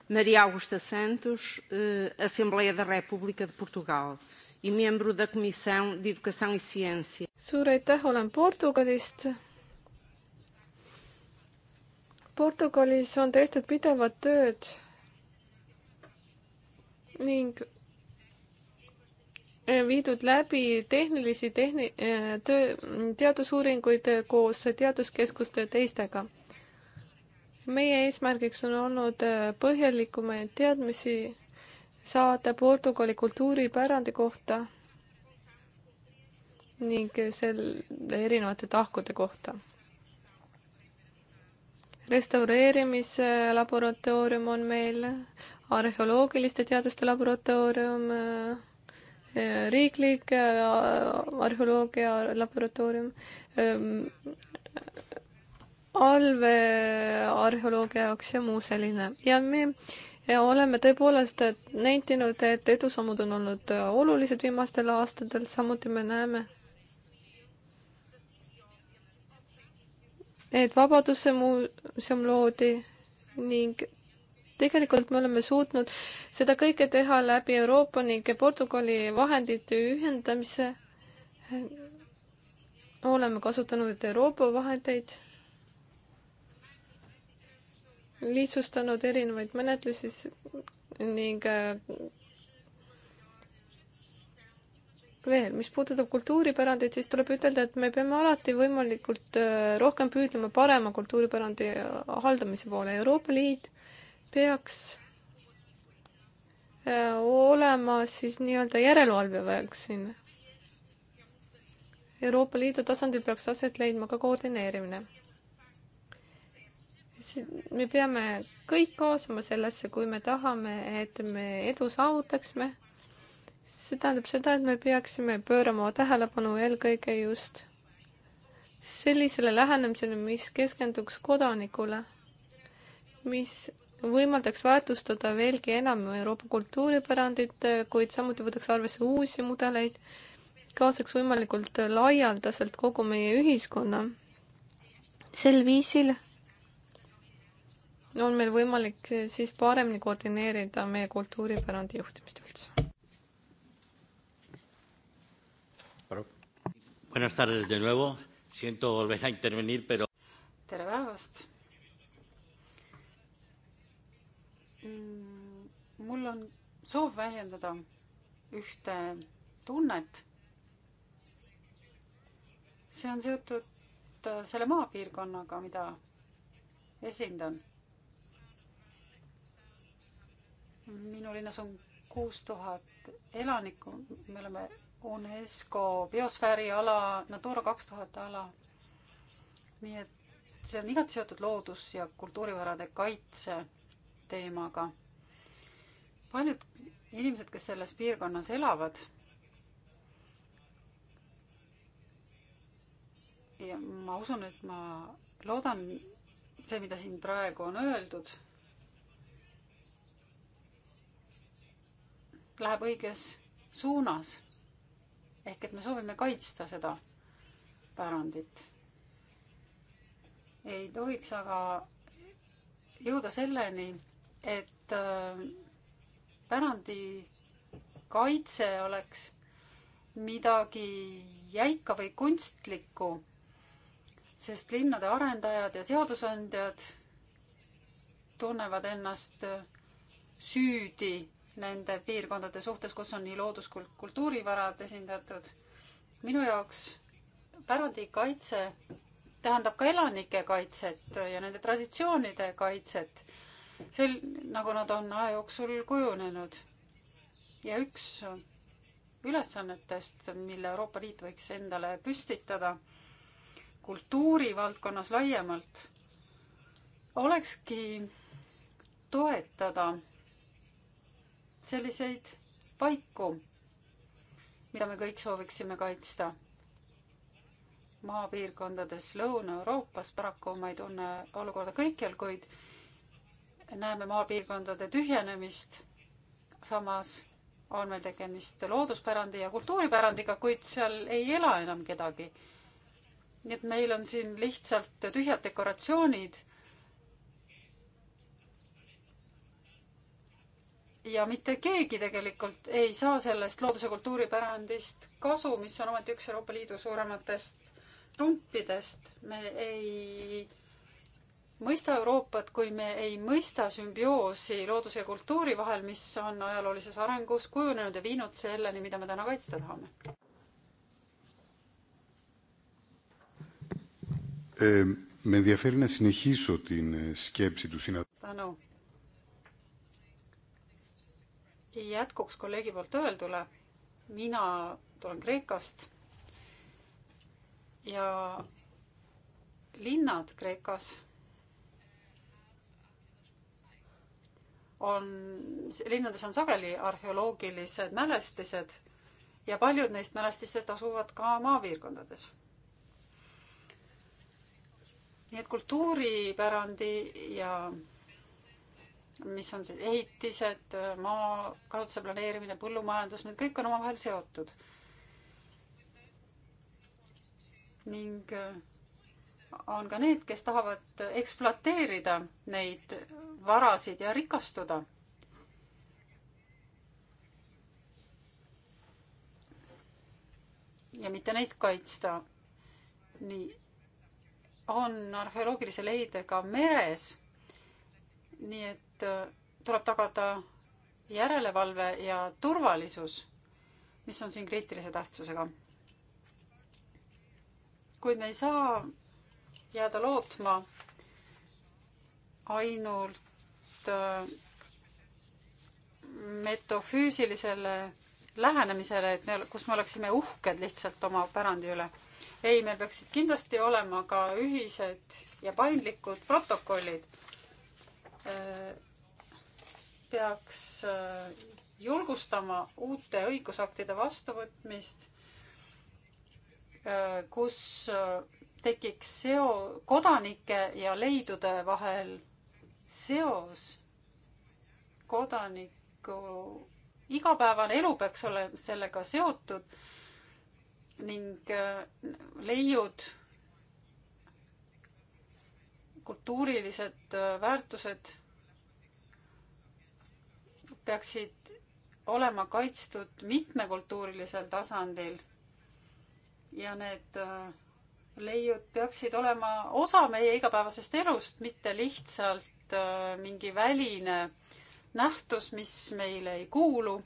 Maria Augusta Santos, eh, Assembleia da República de Portugal e membro da Comissão de Educação e Ciência. suur aitäh, olen Portugalist. Portugalis on tehtud pidevat tööd ning eh, viidud läbi tehnilisi tehni-, eh, töö, teadusuuringuid koos teaduskeskuste teistega meie eesmärgiks on olnud äh, põhjalikumaid teadmisi saada Portugali kultuuripärandi kohta ning äh, selle erinevate tahkude kohta. restaureerimise laboratoorium on meil, arheoloogiliste teaduste laboratoorium, äh, riiklik arheoloogia laboratoorium, ähm, allveearheoloogia jaoks ja muu selline ja me ja oleme tõepoolest nentinud, et edusammud on olnud olulised viimastel aastatel, samuti me näeme, et Vabaduse muuseum loodi ning tegelikult me oleme suutnud seda kõike teha läbi Euroopa ning Portugali vahendite ühendamise. oleme kasutanud Euroopa vahendeid lihtsustanud erinevaid menetlusi ning äh, veel, mis puudutab kultuuripärandit, siis tuleb ütelda, et me peame alati võimalikult äh, rohkem püüdlema parema kultuuripärandi äh, haldamise poole. Euroopa Liit peaks olema siis nii-öelda järelevalvajaks siin. Euroopa Liidu tasandil peaks aset leidma ka koordineerimine me peame kõik kaasama sellesse, kui me tahame, et me edu saavutaksime. see tähendab seda, et me peaksime pöörama tähelepanu eelkõige just sellisele lähenemisele, mis keskenduks kodanikule, mis võimaldaks väärtustada veelgi enam Euroopa kultuuripärandit, kuid samuti võtaks arvesse uusi mudeleid, kaasaks võimalikult laialdaselt kogu meie ühiskonna. sel viisil on meil võimalik eh, siis paremini koordineerida meie kultuuripärandi juhtimist üldse. Buenas tardes de nuevo. Siento volver a intervenir, pero. tere päevast. Mm, mul on soov väljendada ühte tunnet. see on seotud äh, selle maapiirkonnaga, mida esindan minu linnas on kuus tuhat elanikku, me oleme UNESCO biosfääri ala, Natura kaks tuhat ala. nii et see on igati seotud loodus- ja kultuurivarade kaitse teemaga. paljud inimesed, kes selles piirkonnas elavad ja ma usun, et ma loodan, see, mida siin praegu on öeldud läheb õiges suunas. ehk et me soovime kaitsta seda pärandit. ei tohiks aga jõuda selleni, et äh, pärandi kaitse oleks midagi jäika või kunstlikku, sest linnade arendajad ja seadusandjad tunnevad ennast süüdi nende piirkondade suhtes, kus on nii loodus- kui kultuurivarad esindatud. minu jaoks pärandikaitse tähendab ka elanike kaitset ja nende traditsioonide kaitset, sel-, nagu nad on aja jooksul kujunenud. ja üks ülesannetest, mille Euroopa Liit võiks endale püstitada kultuurivaldkonnas laiemalt, olekski toetada selliseid paiku, mida me kõik sooviksime kaitsta. maapiirkondades Lõuna-Euroopas paraku ma ei tunne olukorda kõikjal, kuid näeme maapiirkondade tühjenemist. samas on meil tegemist looduspärandi ja kultuuripärandiga, kuid seal ei ela enam kedagi. nii et meil on siin lihtsalt tühjad dekoratsioonid ja mitte keegi tegelikult ei saa sellest looduse kultuuripärandist kasu, mis on ometi üks Euroopa Liidu suurematest trumpidest. me ei mõista Euroopat, kui me ei mõista sümbioosi looduse ja kultuuri vahel, mis on ajaloolises arengus kujunenud ja viinud selleni, mida me täna kaitsta tahame. Me ενδιαφέρει να συνεχίσω την σκέψη του συναδέλφου jätkuks kolleegi poolt öeldule, mina tulen Kreekast ja linnad Kreekas on, linnades on sageli arheoloogilised mälestised ja paljud neist mälestistest asuvad ka maapiirkondades. nii et kultuuripärandi ja mis on siis ehitised, maa kasutuse planeerimine, põllumajandus, need kõik on omavahel seotud. ning äh, on ka need, kes tahavad ekspluateerida neid varasid ja rikastuda ja mitte neid kaitsta. nii on arheoloogilise leidega meres nii et äh, tuleb tagada järelevalve ja turvalisus, mis on siin kriitilise tähtsusega. kuid me ei saa jääda lootma ainult äh, metafüüsilisele lähenemisele, et me, kus me oleksime uhked lihtsalt oma pärandi üle. ei, meil peaksid kindlasti olema ka ühised ja paindlikud protokollid Äh, peaks äh, julgustama uute õigusaktide vastuvõtmist, äh, kus tekiks seo-, kodanike ja leidude vahel seos. kodaniku igapäevane elu peaks olema sellega seotud ning leiud kultuurilised äh, väärtused peaksid olema kaitstud mitmekultuurilisel tasandil. ja need äh, leiud peaksid olema osa meie igapäevasest elust, mitte lihtsalt äh, mingi väline nähtus, mis meile ei kuulu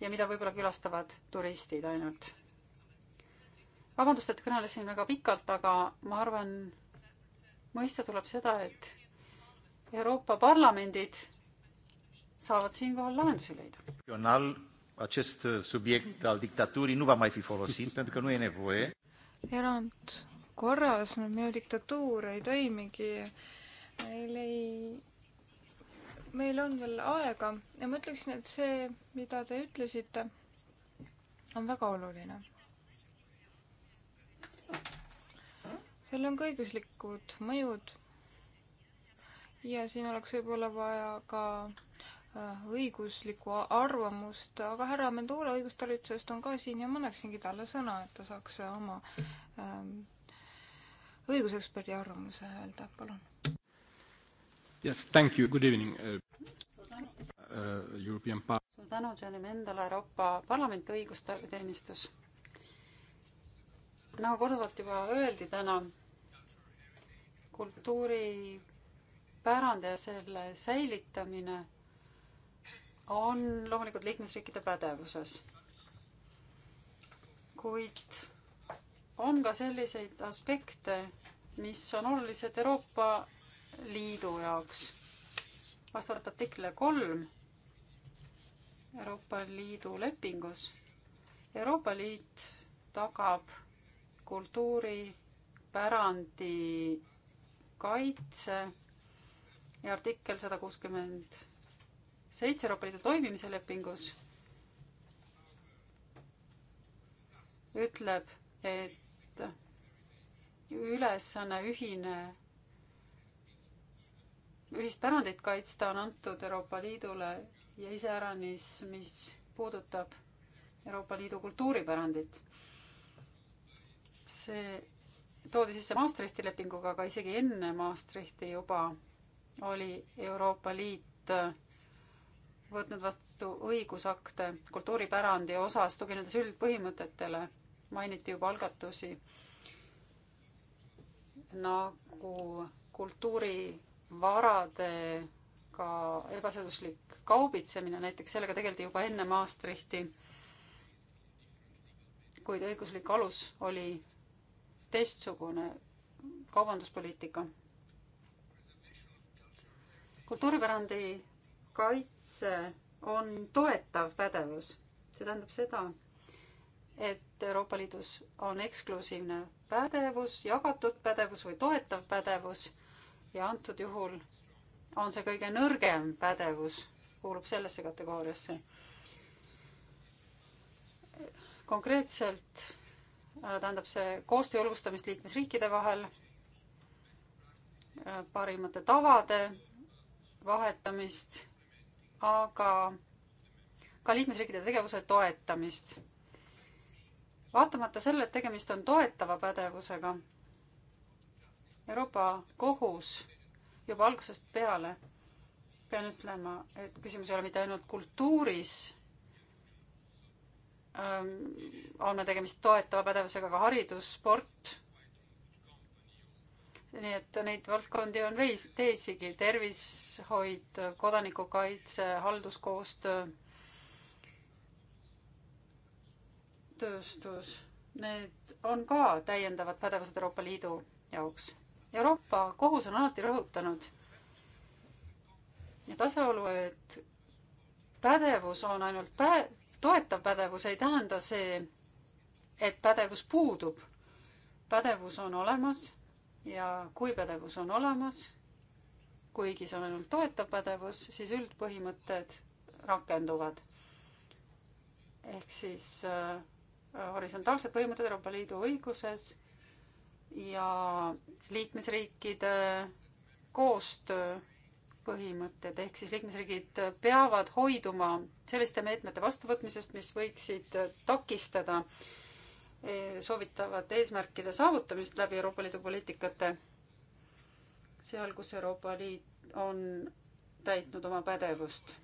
ja mida võib-olla külastavad turistid ainult. vabandust, et kõnelesin väga pikalt, aga ma arvan, mõista tuleb seda, et Euroopa parlamendid saavad siinkohal lahendusi leida. acest uh, subiect al dictaturii nu va mai fi folosit pentru că nu e nevoie. Erandkorras nüüd minu diktatuur ei toimigi. meil ei, meil on veel aega ja ma ütleksin, et see, mida te ütlesite, on väga oluline seal on ka õiguslikud mõjud ja siin oleks võib-olla vaja ka äh, õiguslikku arvamust, aga härra Mendoola õigustalitusest on ka siin ja ma annaksingi talle sõna, et ta saaks oma ähm, õiguseksperdi arvamuse öelda, palun. Yes, thank you, good evening uh,. uh European Par-. suur tänu, Gianni Mendola, Euroopa Parlamenti õigusteenistus. nagu korduvalt juba öeldi täna kultuuripärand ja selle säilitamine on loomulikult liikmesriikide pädevuses. kuid on ka selliseid aspekte, mis on olulised Euroopa Liidu jaoks. vastavalt artiklile kolm Euroopa Liidu lepingus Euroopa Liit tagab kultuuripärandi kaitse ja artikkel sada kuuskümmend seitse Euroopa Liidu toimimise lepingus ütleb, et ülesanne ühine, ühist pärandit kaitsta on antud Euroopa Liidule ja iseäranis, mis puudutab Euroopa Liidu kultuuripärandit. see toodi sisse Maastrichti lepinguga, aga isegi enne Maastrichti juba oli Euroopa Liit äh, võtnud vastu õigusakte kultuuripärandi osas, tuginedes üldpõhimõtetele, mainiti juba algatusi nagu kultuurivaradega ebaseaduslik kaubitsemine, näiteks sellega tegeldi juba enne Maastrichti, kuid õiguslik alus oli teistsugune kaubanduspoliitika. kultuuripärandi kaitse on toetav pädevus, see tähendab seda, et Euroopa Liidus on eksklusiivne pädevus, jagatud pädevus või toetav pädevus ja antud juhul on see kõige nõrgem pädevus, kuulub sellesse kategooriasse. konkreetselt Äh, tähendab see koostöö julgustamist liikmesriikide vahel, äh, parimate tavade vahetamist, aga ka liikmesriikide tegevuse toetamist. vaatamata sellele, et tegemist on toetava pädevusega, Euroopa Kohus juba algusest peale, pean ütlema, et küsimus ei ole mitte ainult kultuuris Ähm, on meil tegemist toetava pädevusega ka haridus, sport. nii et neid valdkondi on veis, teisigi, tervishoid, kodanikukaitse, halduskoostöö, tööstus, need on ka täiendavad pädevused Euroopa Liidu jaoks. Euroopa Kohus on alati rõhutanud, et asjaolu, et pädevus on ainult pä-, toetav pädevus ei tähenda see, et pädevus puudub. pädevus on olemas ja kui pädevus on olemas, kuigi see on ainult toetav pädevus, siis üldpõhimõtted rakenduvad. ehk siis äh, horisontaalsed põhimõtted Euroopa Liidu õiguses ja liikmesriikide koostöö põhimõtted, ehk siis liikmesriigid peavad hoiduma selliste meetmete vastuvõtmisest, mis võiksid takistada eh, soovitavate eesmärkide saavutamist läbi Euroopa Liidu poliitikate, seal, kus Euroopa Liit on täitnud oma pädevust.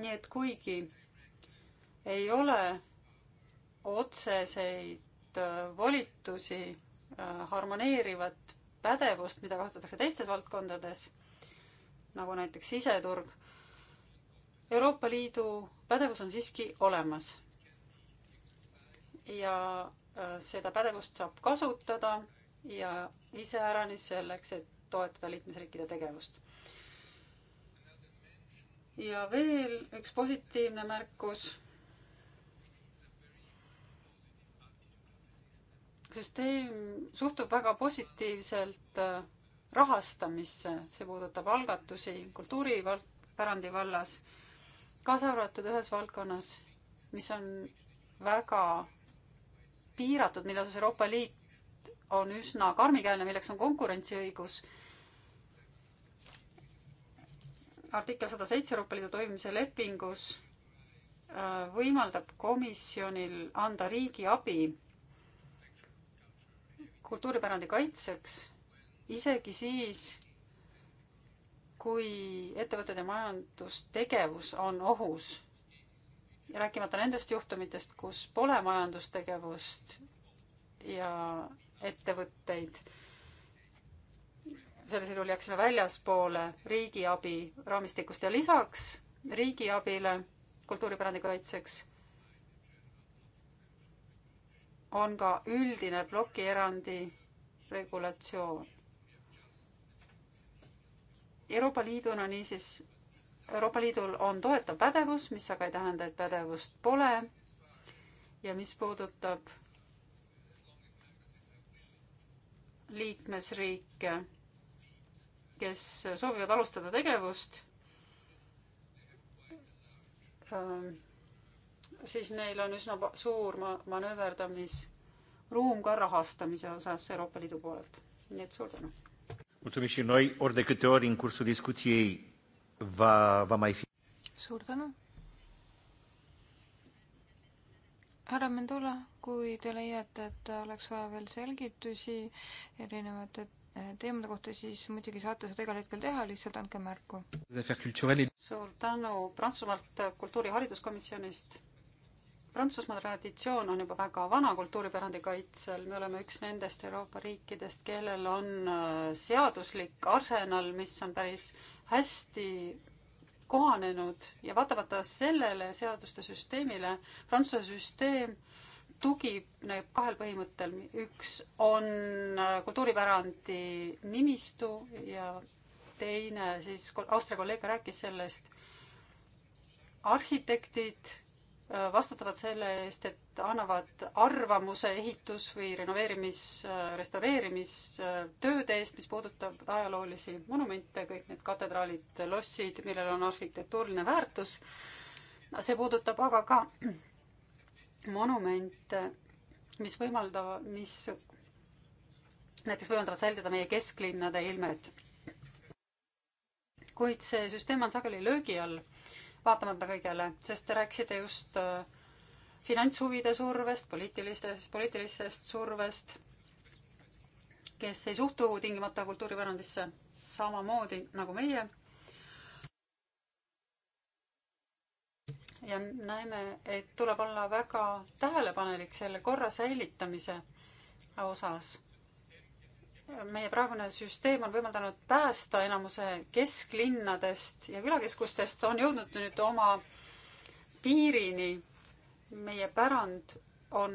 nii et kuigi ei ole otseseid äh, volitusi, äh, harmoneerivat pädevust, mida kasutatakse teistes valdkondades nagu näiteks siseturg, Euroopa Liidu pädevus on siiski olemas. ja äh, seda pädevust saab kasutada ja iseäranis selleks, et toetada liikmesriikide tegevust. ja veel üks positiivne märkus. süsteem suhtub väga positiivselt äh, rahastamisse, see puudutab algatusi kultuuripärandi vallas, kaasa arvatud ühes valdkonnas, mis on väga piiratud, mille osas Euroopa Liit on üsna karmikäelne, milleks on konkurentsiõigus. artikkel sada seitse Euroopa Liidu toimimise lepingus äh, võimaldab komisjonil anda riigiabi kultuuripärandi kaitseks isegi siis, kui ettevõtted ja majandustegevus on ohus. rääkimata nendest juhtumitest, kus pole majandustegevust ja ettevõtteid. sellisel juhul jääksime väljaspoole riigiabi raamistikust ja lisaks riigiabile kultuuripärandi kaitseks on ka üldine plokierandi regulatsioon Euroopa Liiduna niisiis, Euroopa Liidul on toetav pädevus, mis aga ei tähenda, et pädevust pole. ja mis puudutab liikmesriike, kes soovivad alustada tegevust, ähm, siis neil on üsna suur manööverdamisruum ka rahastamise osas Euroopa Liidu poolelt. nii et suur tänu. Mulțumim și noi, ori de câte ori în cursul discuției va, va mai fi. suur tänu. härra Mendula, kui te leiate, et oleks vaja veel selgitusi erinevate teemade kohta, siis muidugi saate seda igal hetkel teha, lihtsalt andke märku. suur tänu Prantsusmaalt kultuuri- ja hariduskomisjonist Prantsusmaa traditsioon on juba väga vana kultuuripärandi kaitsel, me oleme üks nendest Euroopa riikidest, kellel on äh, seaduslik arsenal, mis on päris hästi kohanenud ja vaatamata sellele seaduste süsteemile, Prantsuse süsteem tugineb kahel põhimõttel, üks on äh, kultuuripärandi nimistu ja teine siis, Austria kolleeg rääkis sellest, arhitektid vastutavad selle eest, et annavad arvamuse ehitus- või renoveerimis, restaureerimistööde eest, mis puudutab ajaloolisi monumente, kõik need katedraalid, lossid, millel on arhitektuuriline väärtus. see puudutab aga ka monumente, mis võimaldavad, mis näiteks võimaldavad säilitada meie kesklinnade ilmed. kuid see süsteem on sageli löögi all vaatamata kõigele, sest te rääkisite just äh, finantshuvide survest, poliitilistest, poliitilisest survest, kes ei suhtu tingimata kultuuripärandisse samamoodi nagu meie. ja näeme, et tuleb olla väga tähelepanelik selle korra säilitamise osas meie praegune süsteem on võimaldanud päästa enamuse kesklinnadest ja külakeskustest, on jõudnud nüüd oma piirini. meie pärand on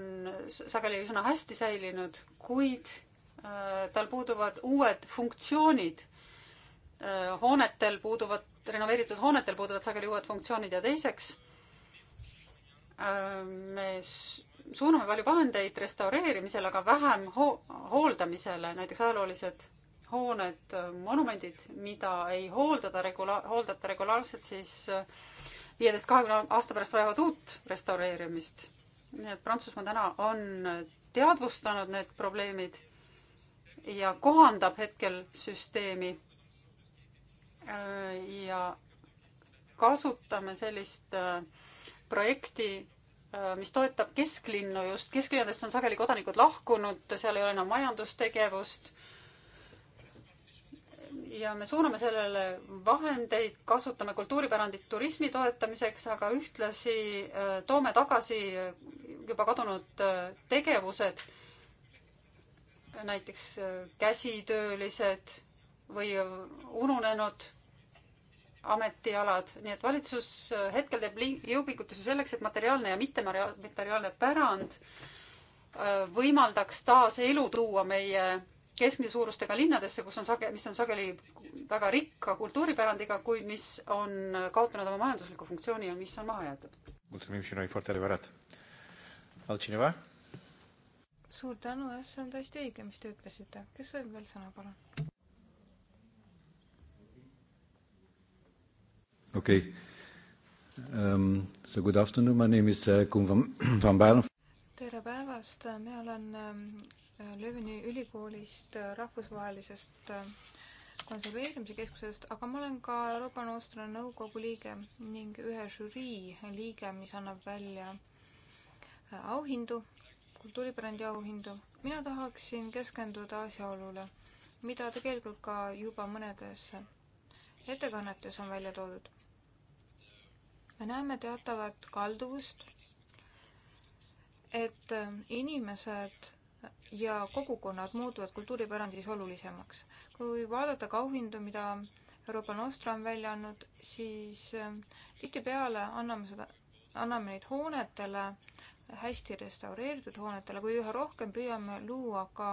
sageli üsna hästi säilinud, kuid äh, tal puuduvad uued funktsioonid. Äh, hoonetel puuduvad, renoveeritud hoonetel puuduvad sageli uued funktsioonid ja teiseks äh, me suuname palju vahendeid restaureerimisele, aga vähem ho-, hooldamisele, näiteks ajaloolised hooned, monumendid, mida ei hooldada regula-, hooldata regulaarselt, siis äh, viieteist, kahekümne aasta pärast vajavad uut restaureerimist. nii et Prantsusmaa täna on teadvustanud need probleemid ja kohandab hetkel süsteemi äh, ja kasutame sellist äh, projekti Äh, mis toetab kesklinnu just, kesklinnadest on sageli kodanikud lahkunud, seal ei ole enam majandustegevust. ja me suuname sellele vahendeid, kasutame kultuuripärandit turismi toetamiseks, aga ühtlasi äh, toome tagasi äh, juba kadunud tegevused, näiteks käsitöölised või ununenud ametialad, nii et valitsus äh, hetkel teeb jõupingutusi selleks, et materiaalne ja mittemateriaalne pärand äh, võimaldaks taas elu tuua meie keskmise suurustega linnadesse, kus on sage-, mis on sageli väga rikka kultuuripärandiga, kuid mis on kaotanud oma majandusliku funktsiooni ja mis on maha jäetud. suur tänu, jah, see on täiesti õige, mis te ütlesite. kes soovib veel sõna, palun? Okay. Um, so good afternoon, my name is uh, Koen van, van Baalen. tere päevast, mina olen äh, ehm, eh, Lööni ülikoolist äh, rahvusvahelisest äh, konserveerimise keskusest, aga ma olen ka Euroopa Nostra nõukogu liige ning ühe žürii liige, mis annab välja äh, auhindu, kultuuripärandi auhindu. mina tahaksin keskenduda asjaolule, mida tegelikult ka juba mõnedes ettekannetes on välja toodud me näeme teatavat kalduvust, et äh, inimesed ja kogukonnad muutuvad kultuuripärandis olulisemaks. kui vaadata kauhindu, mida Euroopa Nostra on välja andnud, siis äh, tihtipeale anname seda, anname neid hoonetele, hästi restaureeritud hoonetele, kuid üha rohkem püüame luua ka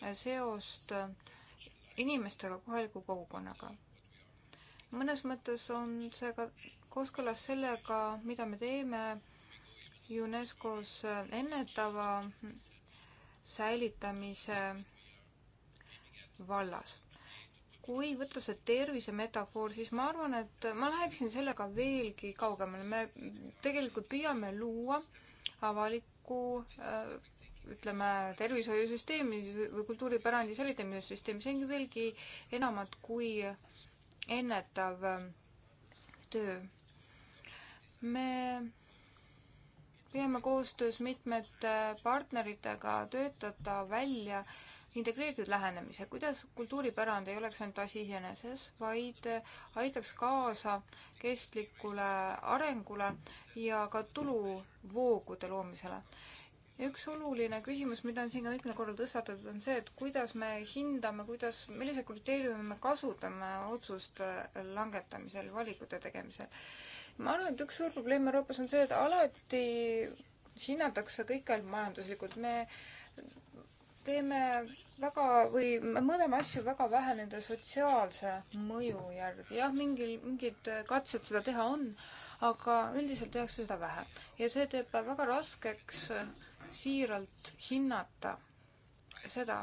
äh, seost inimestega, kohaliku kogukonnaga. mõnes mõttes on see ka kooskõlas sellega, mida me teeme UNESCO-s ennetava säilitamise vallas. kui võtta see tervisemetafoor, siis ma arvan, et ma läheksin sellega veelgi kaugemale. me tegelikult püüame luua avalikku äh, ütleme, tervishoiusüsteemi või kultuuripärandi säilitamise süsteemi, see ongi veelgi enamat kui ennetav äh, töö me püüame koostöös mitmete partneritega töötada välja integreeritud lähenemise, kuidas kultuuripärand ei oleks ainult asi iseeneses, vaid aitaks kaasa kestlikule arengule ja ka tuluvoogude loomisele. üks oluline küsimus, mida on siin ka mitmel korral tõstatatud, on see, et kuidas me hindame, kuidas, milliseid kriteeriume me kasutame otsuste langetamisel, valikute tegemisel ma arvan, et üks suur probleem Euroopas on see, et alati hinnatakse kõike ainult majanduslikult. me teeme väga või me mõõdame asju väga vähe nende sotsiaalse mõju järgi. jah, mingil, mingid katsed seda teha on, aga üldiselt tehakse seda vähe. ja see teeb väga raskeks siiralt hinnata seda,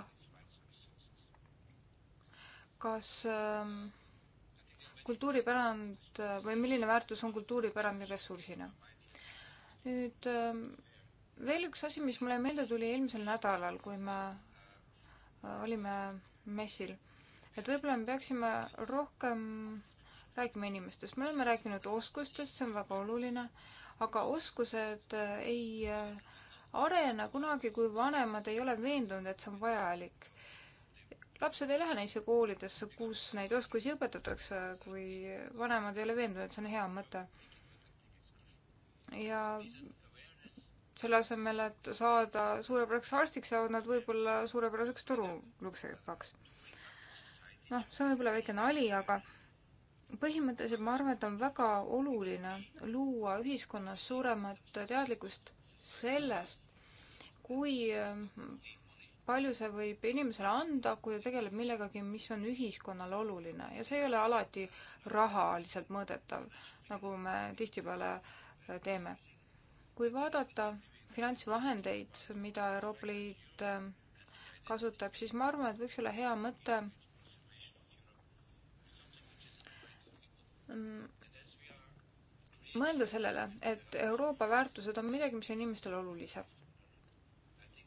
kas ähm, kultuuripärand või milline väärtus on kultuuripärandi ressursina. nüüd ähm, veel üks asi, mis mulle meelde tuli eelmisel nädalal, kui me äh, olime messil, et võib-olla me peaksime rohkem rääkima inimestest, me oleme rääkinud oskustest, see on väga oluline, aga oskused äh, ei äh, arene kunagi, kui vanemad ei ole veendunud, et see on vajalik lapsed ei lähe neisse koolidesse, kus neid oskusi õpetatakse, kui vanemad ei ole veendunud, et see on hea mõte. ja selle asemel, et saada suurepäraseks arstiks, saavad nad võib-olla suurepäraseks turuluksepaks. noh, see on võib-olla väike nali, aga põhimõtteliselt ma arvan, et on väga oluline luua ühiskonnas suuremat teadlikkust sellest, kui palju see võib inimesele anda, kui ta tegeleb millegagi, mis on ühiskonnale oluline ja see ei ole alati rahaliselt mõõdetav, nagu me tihtipeale äh, teeme. kui vaadata finantsvahendeid, mida Euroopa Liit äh, kasutab, siis ma arvan, et võiks olla hea mõte mm, mõelda sellele, et Euroopa väärtused on midagi, mis on inimestele olulised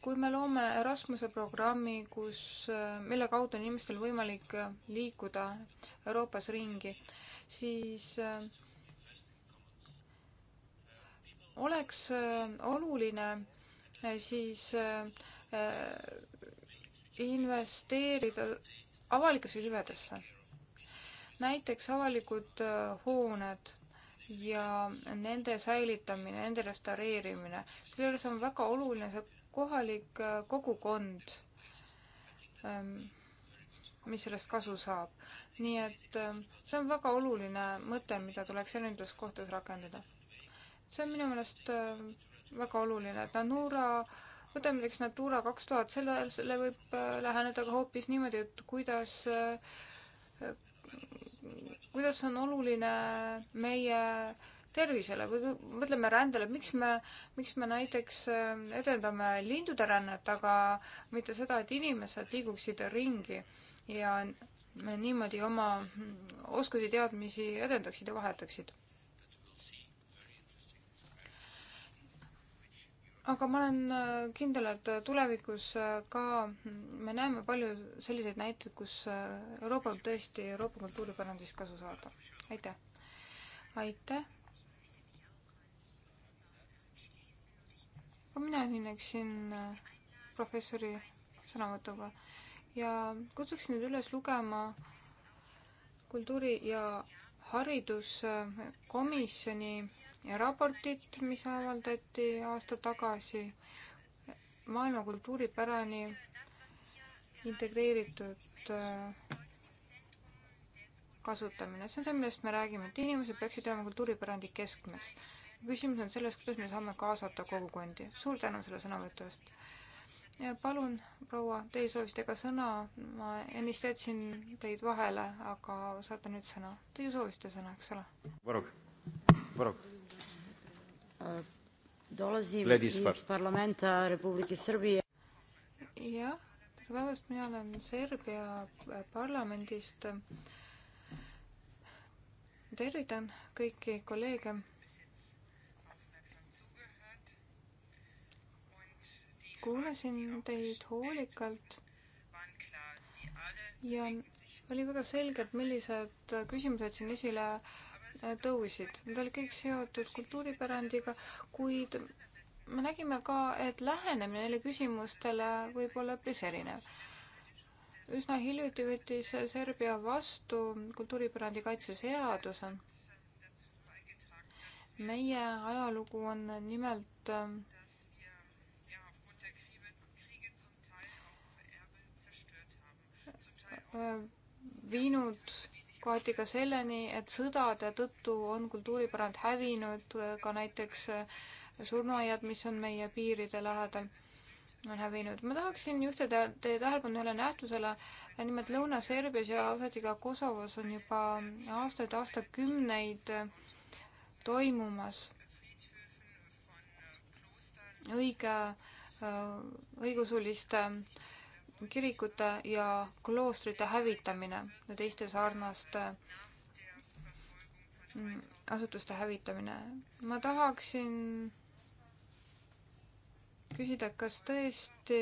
kui me loome Erasmuse programmi, kus, mille kaudu on inimestel võimalik liikuda Euroopas ringi, siis äh, oleks äh, oluline äh, siis investeerida avalikesse hüvedesse. näiteks avalikud hooned ja nende säilitamine, nende restaureerimine. selle juures on väga oluline see kohalik äh, kogukond, ähm, mis sellest kasu saab. nii et ähm, see on väga oluline mõte, mida tuleks erinevates kohtades rakendada. see on minu meelest äh, väga oluline, et Nanura võtame näiteks Natura kaks tuhat, selle, selle võib äh, läheneda ka hoopis niimoodi, et kuidas, kuidas on oluline meie äh, tervisele, kui mõtleme rändele, miks me, miks me näiteks äh, edendame lindude rännet, aga mitte seda, et inimesed liiguksid ringi ja me niimoodi oma mm, oskusi, teadmisi edendaksid ja vahetaksid. aga ma olen äh, kindel, et tulevikus äh, ka mm, me näeme palju selliseid näiteid, kus Euroopa on tõesti Euroopa kultuuripärandist kasu saada. aitäh! aitäh! ka mina ühineksin äh, professori sõnavõtuga ja kutsuksin nüüd üles lugema kultuuri ja hariduskomisjoni raportit, mis avaldati aasta tagasi maailma kultuuripärani integreeritud äh, kasutamine, see on see, millest me räägime, et inimesed peaksid olema kultuuripärandi keskmes küsimus on selles, kuidas me saame kaasata kogukondi. suur tänu selle sõnavõtu eest. palun, proua, teie soovisite ka sõna, ma ennist jätsin teid vahele, aga saate nüüd sõna. Teie soovisite sõna, eks ole? Varug, Varug. Äh, Dolazim iz parlamenta Republike Srbije. jah, tere päevast, mina olen Serbia parlamendist. tervitan kõiki kolleege kuulasin teid hoolikalt ja oli väga selge, et millised küsimused siin esile tõusid. Need olid kõik seotud kultuuripärandiga, kuid me nägime ka, et lähenemine neile küsimustele võib olla üpris erinev. üsna hiljuti võttis Serbia vastu kultuuripärandi kaitse seaduse. meie ajalugu on nimelt viinud kohati ka selleni, et sõdade tõttu on kultuuripärand hävinud, äh, ka näiteks äh, surnuaiad, mis on meie piiride lähedal, on hävinud. ma tahaksin juhtida teie tähelepanu ühele nähtusele, nimelt Lõuna-Serbias ja ausalt ka Kosovos on juba aastaid, aastakümneid äh, toimumas õige õigusuliste äh, kirikute ja kloostrite hävitamine ja teiste sarnaste mm, asutuste hävitamine. ma tahaksin küsida, kas tõesti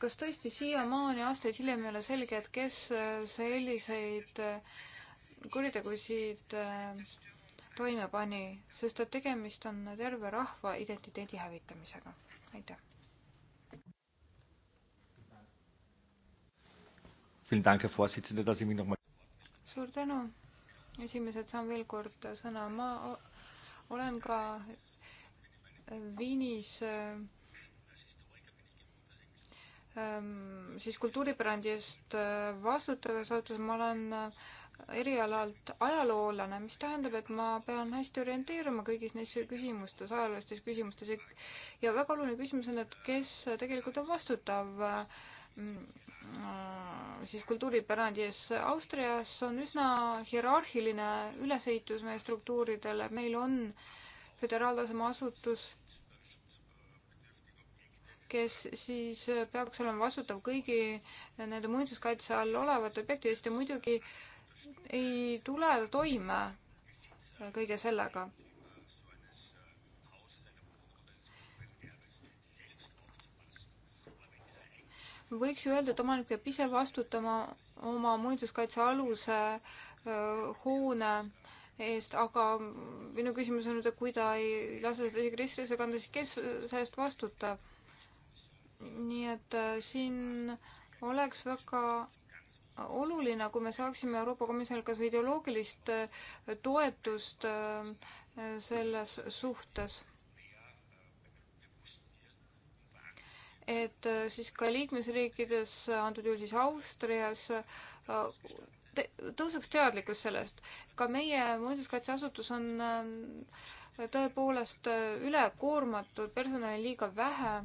kas tõesti siiamaani, aastaid hiljem ei ole selge, et kes selliseid äh, kuritegusid äh, toime pani, sest et tegemist on terve rahva identiteedi hävitamisega. aitäh. suur tänu, esimees, et saan veel kord sõna. ma olen ka Viinis äh, ähm, siis kultuuripärandi eest äh, vastutav ja saatus ma olen äh, erialalt ajaloolane, mis tähendab, et ma pean hästi orienteeruma kõigis neis küsimustes, ajaloolistes küsimustes ja väga oluline küsimus on, et kes tegelikult on vastutav mm, äh, siis kultuuripärandi ees. Austrias on üsna hierarhiline ülesehitus meie struktuuridele, meil on föderaaltaseme asutus, kes siis peaks olema vastutav kõigi nende muinsuskaitse all olevate objektide eest ja muidugi äh, ei tule toime kõige sellega. võiks ju öelda, et omanik peab ise vastutama oma muinsuskaitse aluse hoone eest, aga minu küsimus on nüüd, et kui ta ei lase seda isegi ristrisse kanda, siis kes selle eest vastutab? nii et äh, siin oleks väga oluline, kui me saaksime Euroopa Komisjonilt kas või ideoloogilist äh, toetust äh, selles suhtes. et äh, siis ka liikmesriikides, antud juhul siis Austrias, tõuseks teadlikkus sellest. ka meie muinsuskaitseasutus on tõepoolest üle koormatud, personali liiga vähe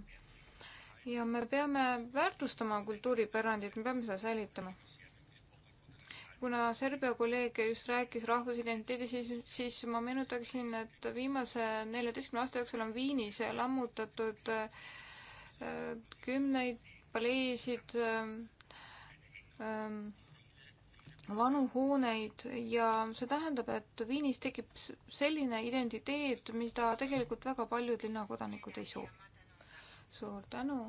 ja me peame väärtustama kultuuripärandit, me peame seda säilitama kuna Serbia kolleeg just rääkis rahvusidentiteedi, siis, siis ma meenutaksin, et viimase neljateistkümne aasta jooksul on Viinis lammutatud äh, kümneid paleesid, äh, äh, vanu hooneid ja see tähendab, et Viinis tekib selline identiteet, mida tegelikult väga paljud linnakodanikud ei soovi. suur tänu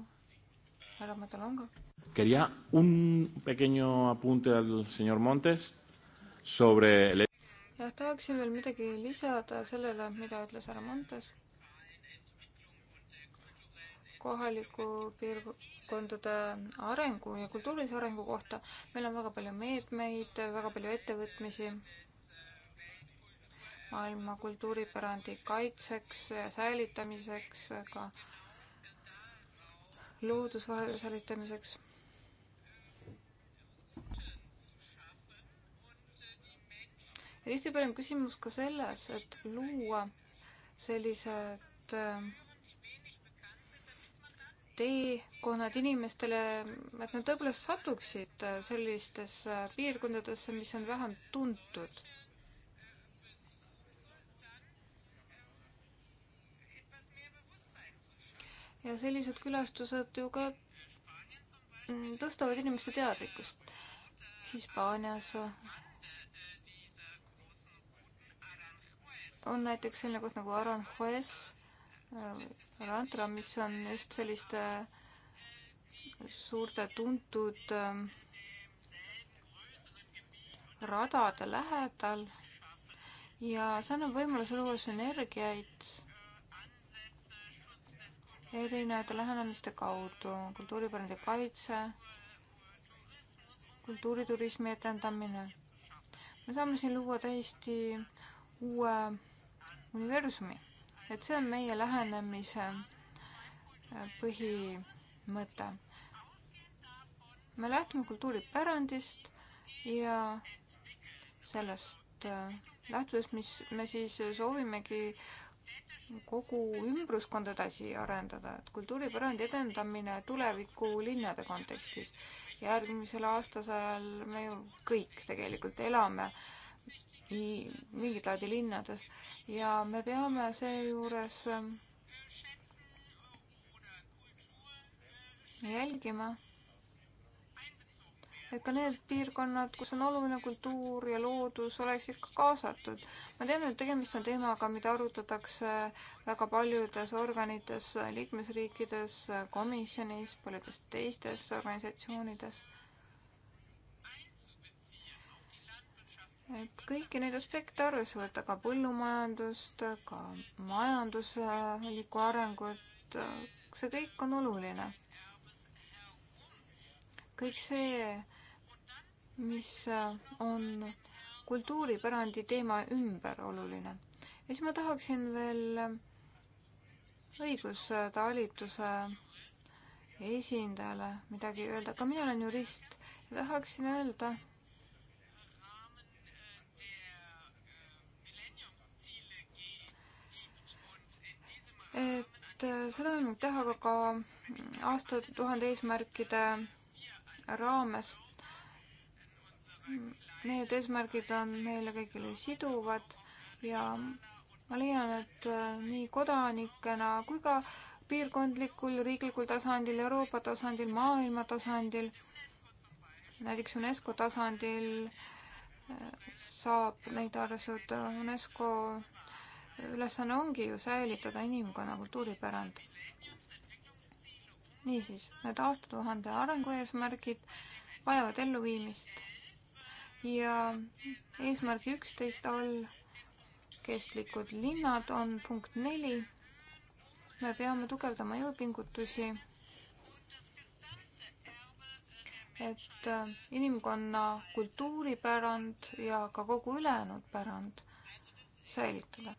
härra Madalonga. Quería un pequeño apunte al señor Montes sobre el... jah, tahaksin veel midagi lisada sellele, mida ütles härra Montes. kohaliku piirkondade arengu ja kultuurilise arengu kohta. meil on väga palju meetmeid, väga palju ettevõtmisi maailma kultuuripärandi kaitseks ja säilitamiseks, aga ka loodusvarade säilitamiseks. ja tihtipeale on küsimus ka selles, et luua sellised äh, teekonnad inimestele, et nad tõepoolest satuksid sellistesse piirkondadesse, mis on vähem tuntud ja sellised külastused ju ka tõstavad inimeste teadlikkust. Hispaanias on näiteks selline koht nagu Aranjuez, äh, Rantra, mis on just selliste suurte tuntud äh, radade lähedal ja see annab võimaluse luua sünergiaid erinevate lähenemiste kaudu, kultuuripärandi kaitse, kultuuriturismi etendamine. me saame siin luua täiesti uue universumi, et see on meie lähenemise äh, põhimõte. me lähtume kultuuripärandist ja sellest äh, lähtudes, mis me siis soovimegi äh, kogu ümbruskond edasi arendada, et kultuuripärandi edendamine tuleviku linnade kontekstis. järgmisel aastasajal me ju kõik tegelikult elame mingit laadi linnades ja me peame seejuures jälgima et ka need piirkonnad, kus on oluline kultuur ja loodus, oleksid ka kaasatud. ma tean, et tegemist on teemaga, mida arutatakse väga paljudes organites, liikmesriikides, komisjonis, paljudes teistes organisatsioonides. et kõiki neid aspekte arvesse võtta, ka põllumajandust, ka majanduslikku arengut, see kõik on oluline kõik see mis äh, on kultuuripärandi teema ümber oluline. ja siis ma tahaksin veel äh, õigustalituse esindajale midagi öelda, ka mina olen jurist ja tahaksin öelda, et äh, seda on teha ka, ka aastatuhande eesmärkide raames need eesmärgid on meile kõigile siduvad ja ma leian, et äh, nii kodanikena kui ka piirkondlikul, riiklikul tasandil, Euroopa tasandil, maailma tasandil, näiteks UNESCO tasandil äh, saab neid arvesse võtta. UNESCO ülesanne ongi ju säilitada inimkonna kultuuripärand. niisiis, need aastatuhande arengueesmärgid vajavad elluviimist ja eesmärk üksteist all kestlikud linnad on punkt neli. me peame tugevdama jõupingutusi, et äh, inimkonna kultuuripärand ja ka kogu ülejäänud pärand säilitada.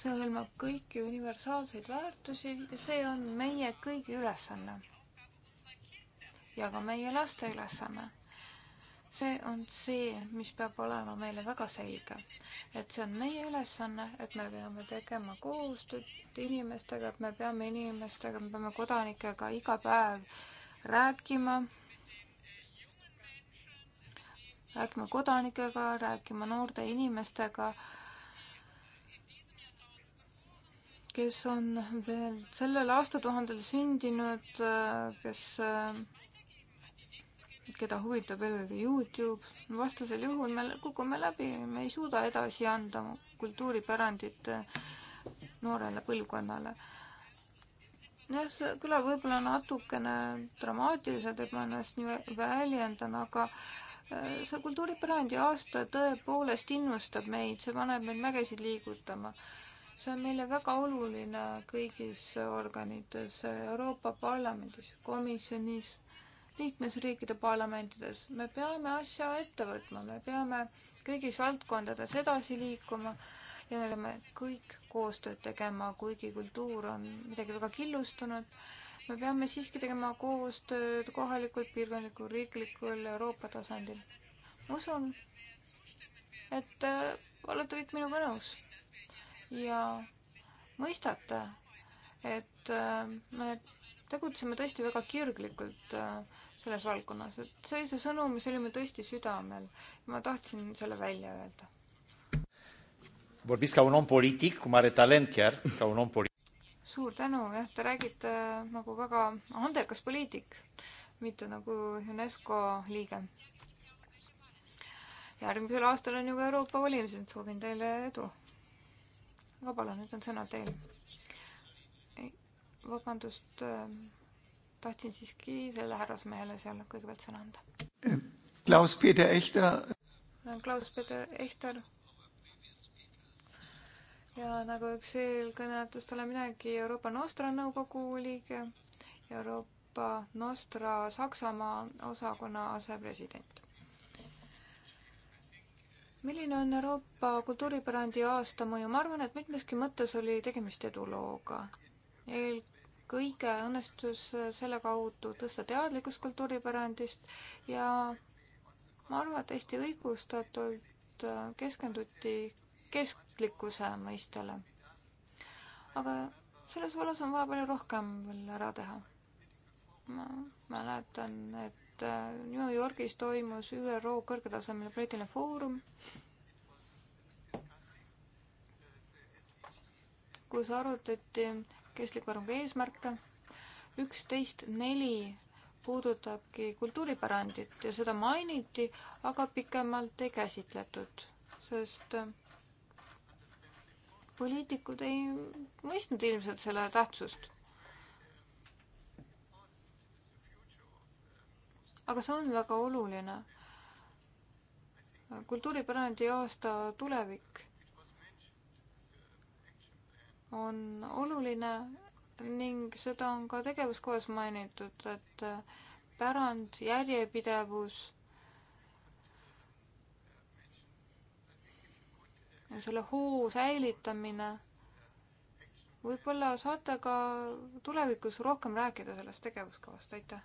see hõlmab kõiki universaalseid väärtusi ja see on meie kõigi ülesanne ja ka meie laste ülesanne. see on see, mis peab olema meile väga selge, et see on meie ülesanne, et me peame tegema koostööd inimestega, et me peame inimestega, me peame kodanikega iga päev rääkima, rääkima kodanikega, rääkima noorte inimestega kes on veel sellel aastatuhandel sündinud, kes keda huvitab eelkõige Youtube. vastasel juhul me kukume läbi, me ei suuda edasi anda kultuuripärandit eh, noorele põlvkonnale. jah, see kõlab võib-olla natukene dramaatiliselt, et ma ennast nii väljendan, aga eh, see kultuuripärandi aasta tõepoolest innustab meid, see paneb meid mägesid liigutama see on meile väga oluline kõigis organites, Euroopa Parlamendis, komisjonis liikmesriikide parlamentides. me peame asja ette võtma, me peame kõigis valdkondades edasi liikuma ja me peame kõik koostööd tegema, kuigi kultuur on midagi väga killustunud. me peame siiski tegema koostööd kohalikul, piirkondlikul, riiklikul, Euroopa tasandil. ma usun, et äh, olete kõik minuga nõus ja mõistate, et äh, me tegutseme tõesti väga kirglikult äh, selles valdkonnas, et see oli see sõnum, mis oli mul tõesti südamel. ma tahtsin selle välja öelda. suur tänu, jah, te räägite äh, nagu väga andekas poliitik, mitte nagu UNESCO liige. järgmisel aastal on ju ka Euroopa valimised, soovin teile edu. aga palun, nüüd on sõna teil vabandust, äh, tahtsin siiski selle härrasmehele seal kõigepealt sõna anda. Klaus-Peter Echter. olen Klaus-Peter Echter. ja nagu üks eelkõnelejatest olen minagi Euroopa Nostra nõukogu liige, Euroopa Nostra Saksamaa osakonna asepresident. milline on Euroopa kultuuripärandi aasta mõju? ma arvan, et mitmeski mõttes oli tegemist edulooga Eel kõige õnnestus selle kaudu tõsta teadlikkust kultuuripärandist ja ma arvan, et hästi õigustatult keskenduti kestlikkuse mõistele. aga selles vallas on vaja palju rohkem veel ära teha. ma mäletan, et New Yorgis toimus ÜRO kõrgetasemeline poliitiline foorum, kus arutati kestliku arengu eesmärke. üksteist neli puudutabki kultuuripärandit ja seda mainiti, aga pikemalt ei käsitletud, sest äh, poliitikud ei mõistnud ilmselt selle tähtsust. aga see on väga oluline. kultuuripärandi aasta tulevik on oluline ning seda on ka tegevuskohas mainitud, et pärand, järjepidevus ja selle hoo säilitamine. võib-olla saate ka tulevikus rohkem rääkida sellest tegevuskavast, aitäh.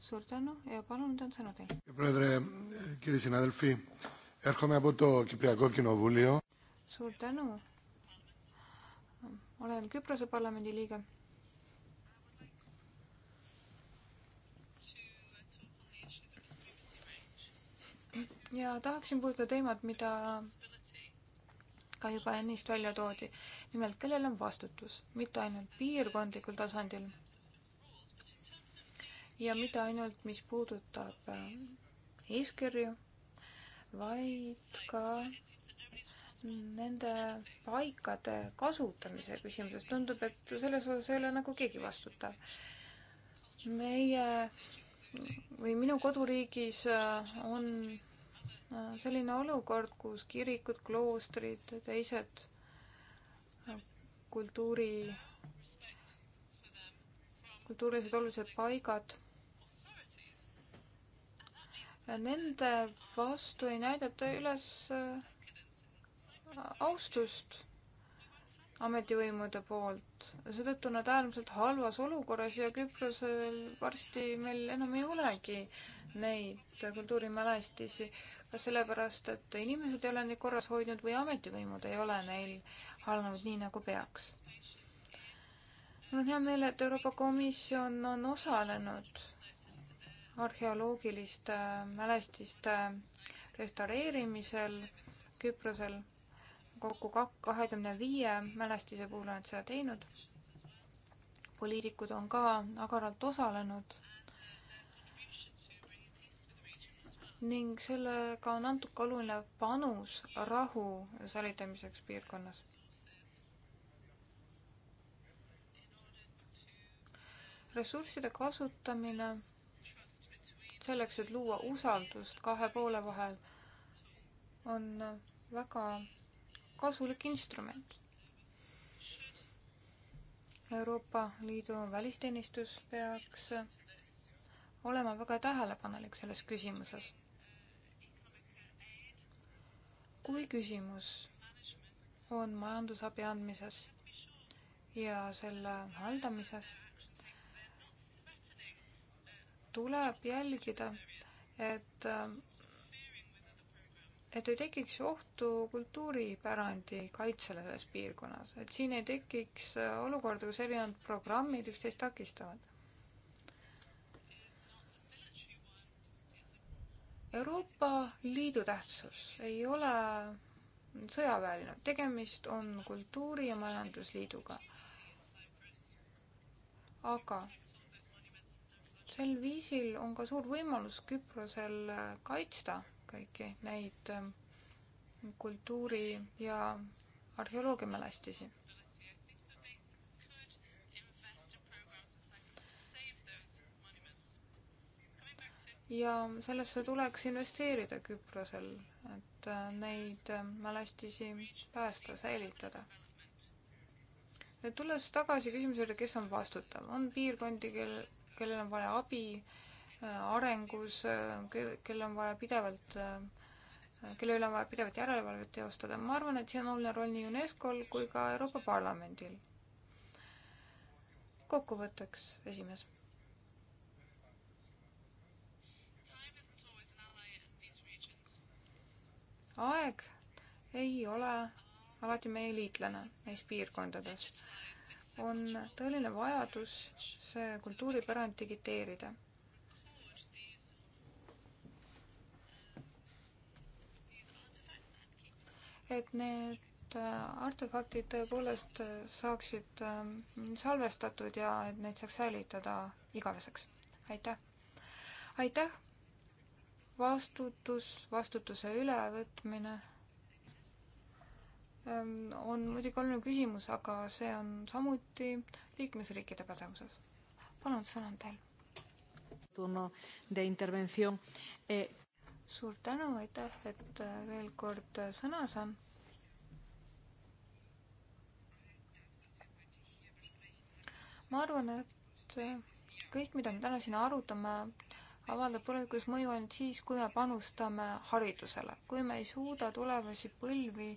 suur tänu ja palun, teil on sõna teil. Έρχομαι από το Κυπριακό Κοινοβούλιο. Suur tänu. Olen Küprose parlamendi liige. ja tahaksin puudutada teemat, mida ka juba ennist välja toodi. nimelt, kellel on vastutus, mitte ainult piirkondlikul tasandil ja mitte ainult, mis puudutab äh, eeskirju vaid ka nende paikade kasutamise küsimuses. tundub, et selles osas ei ole nagu keegi vastutav. meie või minu koduriigis äh, on äh, selline olukord, kus kirikud, kloostrid, teised äh, kultuuri, kultuurilised olulised paigad nende vastu ei näidata üles äh, austust ametivõimude poolt. seetõttu nad äärmiselt halvas olukorras ja Küprosel varsti meil enam ei olegi neid kultuurimälestisi. kas sellepärast, et inimesed ei ole neid korras hoidnud või ametivõimud ei ole neil halvanud nii, nagu peaks? mul on hea meel, et Euroopa Komisjon on osalenud arheoloogiliste äh, mälestiste äh, restaureerimisel Küprosel. kokku kahekümne viie mälestise puhul on seda teinud. poliitikud on ka agaralt osalenud. ning sellega on antud ka oluline panus rahu säilitamiseks piirkonnas ressursside kasutamine selleks, et luua usaldust kahe poole vahel, on väga kasulik instrument. Euroopa Liidu välisteenistus peaks olema väga tähelepanelik selles küsimuses. kui küsimus on majandusabi andmises ja selle haldamises tuleb jälgida, et, et ei tekiks ohtu kultuuripärandi kaitsele selles piirkonnas, et siin ei tekiks olukorda, kus erinevad programmid üksteist takistavad. Euroopa Liidu tähtsus ei ole sõjaväeline, tegemist on kultuuri- ja majandusliiduga. aga sel viisil on ka suur võimalus Küprosel kaitsta kõiki neid ähm, kultuuri- ja arheoloogiamälestisi. ja sellesse tuleks investeerida Küprosel, et äh, neid äh, mälestisi päästa, säilitada tulles tagasi küsimuse juurde, kes on vastutav, on piirkondi, kel, kellel on vaja abi äh, arengus, äh, kellel on vaja pidevalt, äh, kelle üle on vaja pidevalt järelevalvet teostada. ma arvan, et siin on oluline roll nii UNESCO-l kui ka Euroopa Parlamendil. kokkuvõtteks, esimees aeg ei ole alati meie liitlane neis piirkondades on tõeline vajadus see kultuuripärand digiteerida. et need äh, artefaktid tõepoolest äh, saaksid ähm, salvestatud ja et neid saaks säilitada igaveseks. aitäh! aitäh! vastutus, vastutuse ülevõtmine Ehm, on muidugi oluline küsimus, aga see on samuti liikmesriikide pädevuses. palun, sõna on teil. Eh, suur tänu, aitäh, et eh, veel kord eh, sõna saan. ma arvan, et kõik, mida me täna siin arutame, avaldab tulevikus mõju ainult siis, kui me panustame haridusele, kui me ei suuda tulevasi põlvi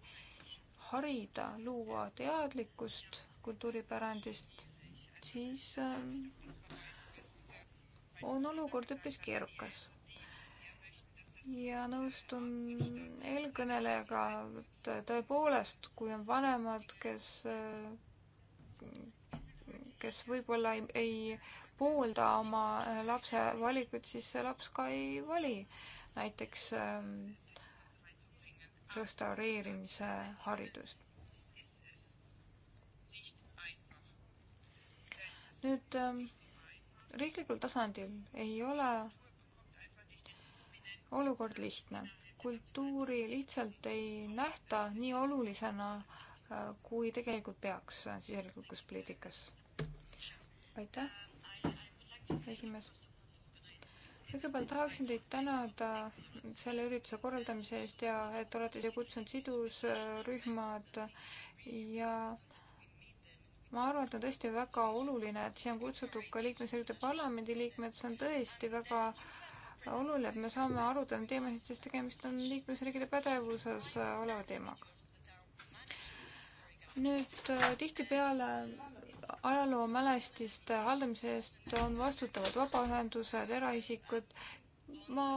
harida, luua teadlikkust kultuuripärandist, siis ähm, on olukord hoopis keerukas. ja nõustun eelkõnelejaga, et tõepoolest, kui on vanemad, kes, äh, kes võib-olla ei, ei poolda oma lapse valikut, siis see laps ka ei vali näiteks ähm, restaureerimise haridust. nüüd ähm, riiklikul tasandil ei ole olukord lihtne. kultuuri lihtsalt ei nähta nii olulisena, äh, kui tegelikult peaks äh, siseriiklikus poliitikas. aitäh, esimees kõigepealt tahaksin teid tänada selle ürituse korraldamise eest ja et olete siia kutsunud sidusrühmad ja ma arvan, et on tõesti väga oluline, et siia on kutsutud ka liikmesriikide parlamendiliikmed, see on tõesti väga oluline, et me saame arutada teemasid, sest tegemist on liikmesriikide pädevuses oleva teemaga. nüüd tihtipeale ajaloomälestiste haldamise eest on vastutavad vabaühendused, eraisikud. ma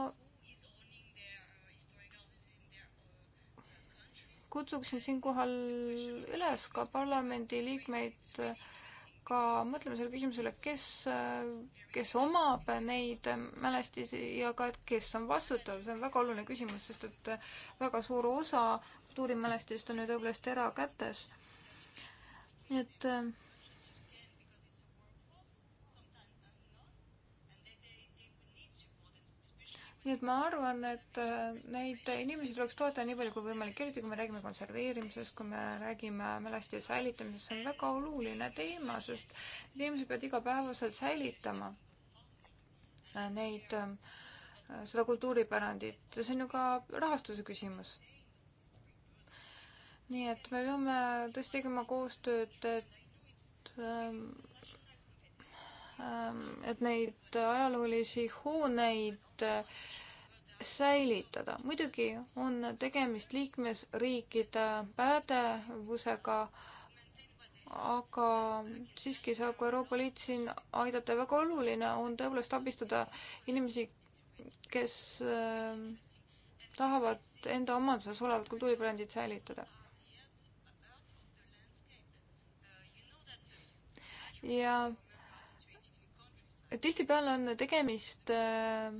kutsuksin siinkohal üles ka parlamendiliikmeid ka mõtlema selle küsimusele, kes, kes omab neid mälestisi ja ka, et kes on vastutav, see on väga oluline küsimus, sest et väga suur osa kultuurimälestist on ju tõepoolest erakätes. nii et äh, nii et ma arvan, et äh, neid inimesi tuleks toetada nii palju kui võimalik, eriti kui me räägime konserveerimisest, kui me räägime mälestise säilitamisest, see on väga oluline teema, sest inimesed peavad igapäevaselt säilitama äh, neid, äh, seda kultuuripärandit ja see on ju ka rahastuse küsimus. nii et me peame tõesti tegema koostööd, et Ähm, et neid ajaloolisi hooneid äh, säilitada. muidugi on tegemist liikmesriikide pädevusega, aga siiski saab ka Euroopa Liit siin aidata. väga oluline on tõepoolest abistada inimesi, kes ähm, tahavad enda omanduses olevat kultuuripärandit säilitada. ja tihtipeale on tegemist äh,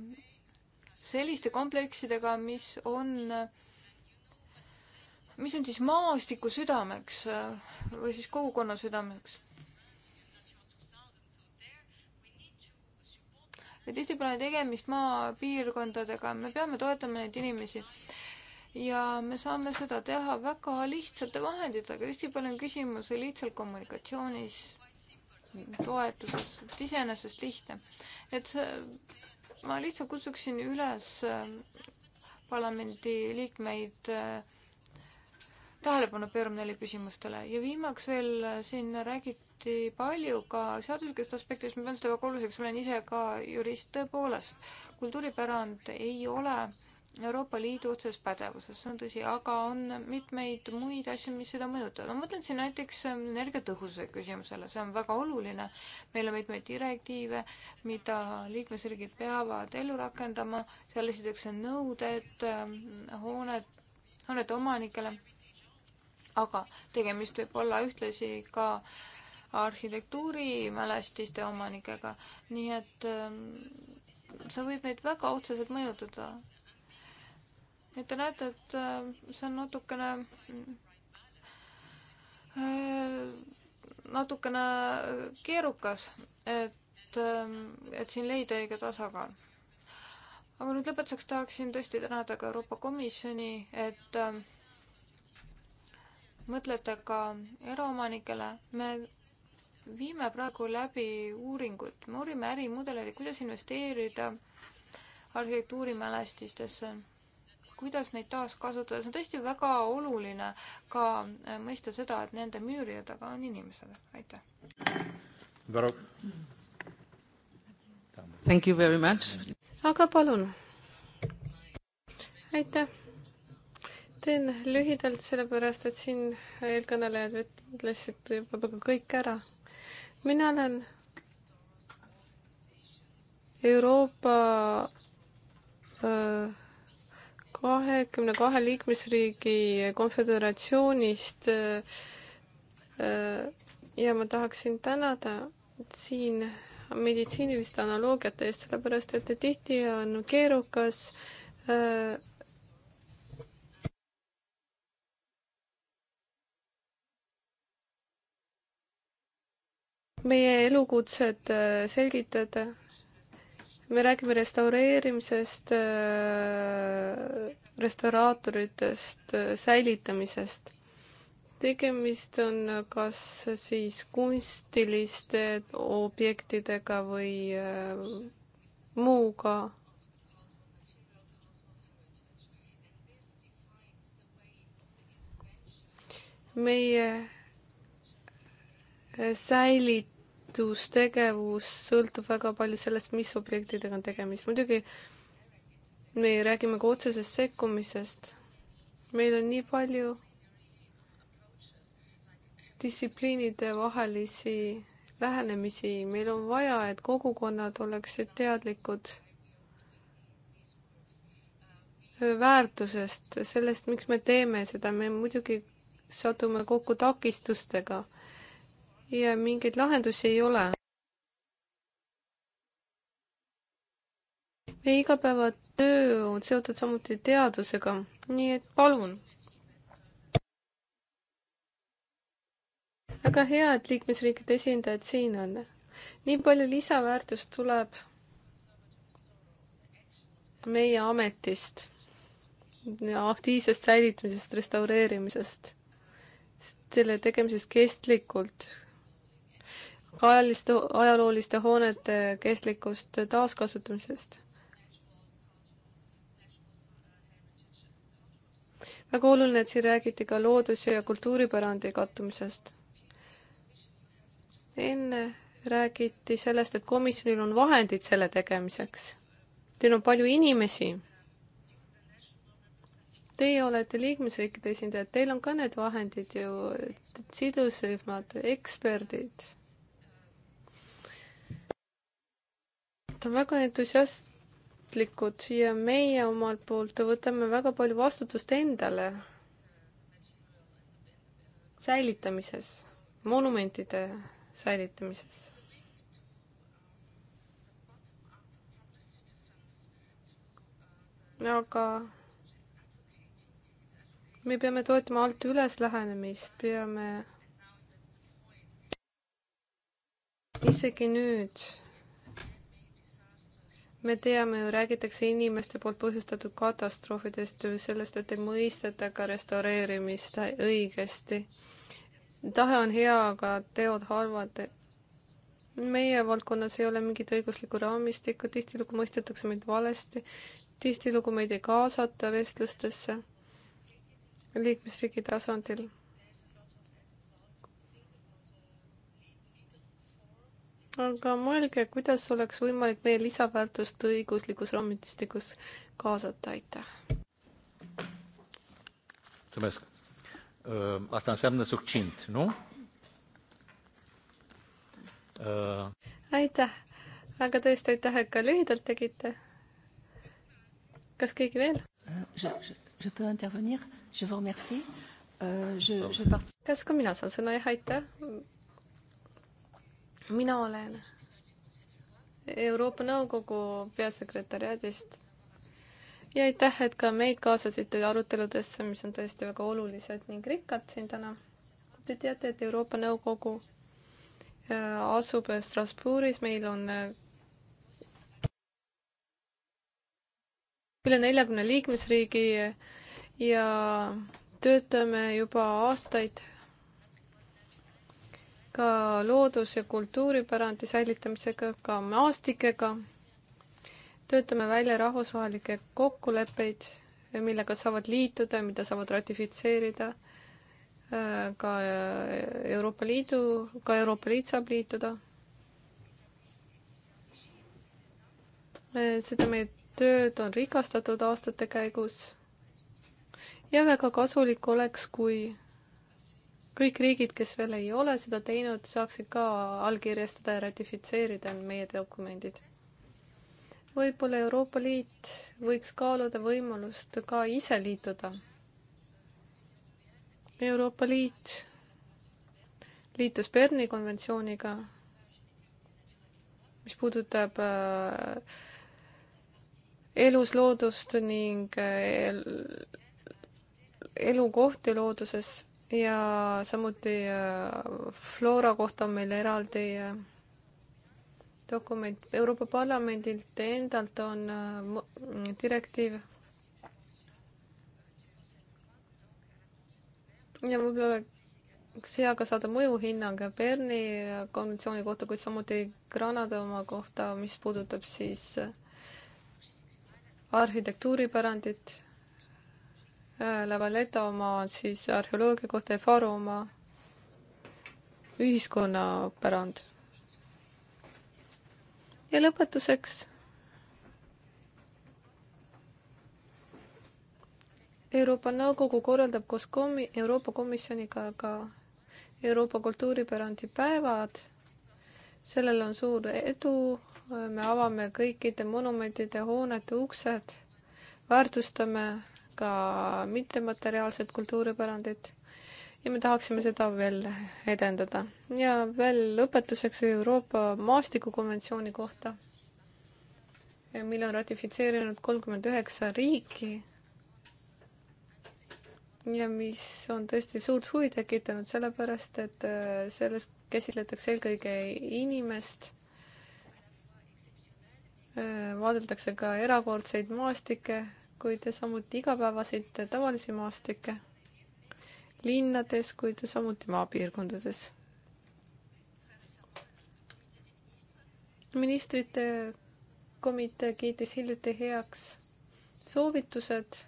selliste kompleksidega, mis on, äh, mis on siis maastiku südameks äh, või siis kogukonna südameks. ja tihtipeale tegemist maapiirkondadega, me peame toetama neid inimesi ja me saame seda teha väga lihtsate vahenditega, tihtipeale on küsimus lihtsalt kommunikatsioonis toetusest, iseenesest lihtne. et ma lihtsalt kutsuksin üles äh, parlamendi liikmeid äh, tähelepanu pöörama neile küsimustele ja viimaks veel äh, siin räägiti palju ka seaduslikest aspektidest, ma pean seda väga oluliseks, olen ise ka jurist tõepoolest. kultuuripärand ei ole äh, Euroopa Liidu otses pädevuses, see on tõsi, aga on mitmeid muid asju, mis seda mõjutavad. ma mõtlen siin näiteks ähm, energiatõhususe küsimusele, see on väga oluline. meil on mitmeid direktiive, mida liikmesriigid peavad ellu rakendama, seal esiteks on nõuded ähm, hooned, hoonete omanikele, aga tegemist võib olla ühtlasi ka arhitektuurimälestiste omanikega, nii et ähm, see võib meid väga otseselt mõjutada et te näete, et äh, see on natukene äh, natukene keerukas, et, äh, et siin leida õige tasakaal. aga nüüd lõpetuseks tahaksin tõesti tänada ka Euroopa Komisjoni, et mõtlete ka eraomanikele, me viime praegu läbi uuringut, me uurime ärimudeleid, kuidas investeerida arhitektuurimälestistesse kuidas neid taaskasutada, see on tõesti väga oluline ka äh, mõista seda, et nende müüride taga on inimesed, aitäh. Thank you very much. aga palun. aitäh. teen lühidalt, sellepärast et siin eelkõnelejad ütlesid juba peaaegu kõik ära. mina olen Euroopa öö, äh, kahekümne kahe liikmesriigi konföderatsioonist. Äh, ja ma tahaksin tänada siin meditsiiniliste analoogiate eest, sellepärast et tihti on keerukas äh, meie elukutsed äh, selgitada me räägime restaureerimisest, äh, restauraatoritest, äh, säilitamisest. tegemist on kas siis kunstiliste objektidega või äh, muuga. meie säilit-, arendustegevus sõltub väga palju sellest, mis objektidega on tegemist. muidugi me räägime ka otsesest sekkumisest. meil on nii palju distsipliinide vahelisi lähenemisi, meil on vaja, et kogukonnad oleksid teadlikud väärtusest, sellest, miks me teeme seda, me muidugi satume kokku takistustega ja mingeid lahendusi ei ole. meie igapäevatöö on seotud samuti teadusega, nii et palun. väga hea, et liikmesriikide esindajad siin on. nii palju lisaväärtust tuleb meie ametist ja aktiivsest säilitamisest, restaureerimisest, selle tegemisest kestlikult ajaliste, ajalooliste hoonete kestlikust taaskasutamisest. väga oluline, et siin räägiti ka looduse ja kultuuripärandi kattumisest. enne räägiti sellest, et komisjonil on vahendid selle tegemiseks. Teil on palju inimesi. Teie olete liikmesriikide esindajad, teil on ka need vahendid ju, sidusrühmad, eksperdid Nad on väga entusiastlikud ja meie omalt poolt võtame väga palju vastutust endale säilitamises, monumentide säilitamises aga me peame toetama alt üles lähenemist, peame isegi nüüd me teame ju, räägitakse inimeste poolt põhjustatud katastroofidest, sellest, et ei mõisteta ka restaureerimist õigesti. tahe on hea, aga teod halvad meie valdkonnas ei ole mingit õiguslikku raamistikku, tihtilugu mõistetakse meid valesti, tihtilugu meid ei kaasata vestlustesse liikmesriigi tasandil. aga mõelge, kuidas oleks võimalik meie lisaväärtust õiguslikus raamistikus kaasata, aitäh. Mulțumesc. Asta înseamnă succint, nu? aitäh, aga tõesti aitäh, et ka lühidalt tegite. kas keegi veel? kas ka mina saan sõna, jah, aitäh mina olen Euroopa Nõukogu peasekretäriadist ja aitäh, et ka meid kaasasite aruteludesse, mis on tõesti väga olulised ning rikkad siin täna. Te teate, et Euroopa Nõukogu äh, asub Strasbourgis, meil on äh, üle neljakümne liikmesriigi äh, ja töötame juba aastaid ka loodus- ja kultuuripärandi säilitamisega, ka maastikega. töötame välja rahvusvahelikke kokkuleppeid, millega saavad liituda, mida saavad ratifitseerida äh, ka äh, Euroopa Liidu, ka Euroopa Liit saab liituda. Äh, seda meie tööd on rikastatud aastate käigus. ja väga kasulik oleks, kui kõik riigid, kes veel ei ole seda teinud, saaksid ka allkirjastada ja ratifitseerida meie dokumendid. võib-olla Euroopa Liit võiks kaaluda võimalust ka ise liituda. Euroopa Liit liitus Berni konventsiooniga, mis puudutab äh, elusloodust ning äh, elukohti looduses ja samuti äh, Flora kohta on meil eraldi äh, dokument Euroopa Parlamendilt endalt on äh, direktiiv. ja võib-olla oleks hea ka saada mõjuhinnang Berni konventsiooni kohta, kuid samuti Granada oma kohta, mis puudutab siis arhitektuuripärandit Äh, La Valletta oma on siis arheoloogia kohta ja Faro oma ühiskonnapärand. ja lõpetuseks. Euroopa Nõukogu korraldab koos komi-, Euroopa Komisjoniga ka Euroopa kultuuripärandi päevad. sellel on suur edu, me avame kõikide monumentide, hoonete uksed, väärtustame ka mittemateriaalset kultuuripärandit ja me tahaksime seda veel edendada. ja veel lõpetuseks Euroopa maastikukonventsiooni kohta, mille on ratifitseerinud kolmkümmend üheksa riiki ja mis on tõesti suurt huvi tekitanud, sellepärast et äh, selles käsitletakse eelkõige inimest, äh, vaadeldakse ka erakordseid maastikke kuid samuti igapäevaseid tavalisi maastikke linnades, kuid samuti maapiirkondades. ministrite komitee kiitis hiljuti heaks soovitused,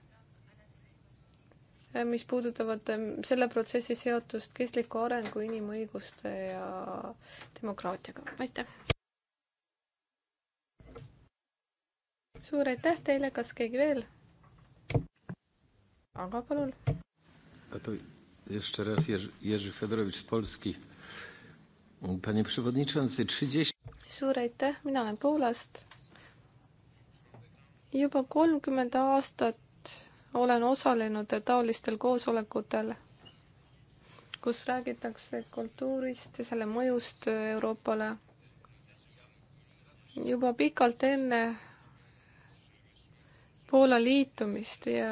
mis puudutavad ähm, selle protsessi seotust kestliku arengu, inimõiguste ja demokraatiaga. aitäh! suur aitäh teile, kas keegi veel? aga palun. Jeszcze raz Jerzy, Jerzy Fedorowicz z Polski. Panie Przewodniczący, 30... Suur aitäh, mina olen Poolast. juba kolmkümmend aastat olen osalenud taolistel koosolekutel, kus räägitakse kultuurist ja selle mõjust Euroopale. juba pikalt enne Poola liitumist ja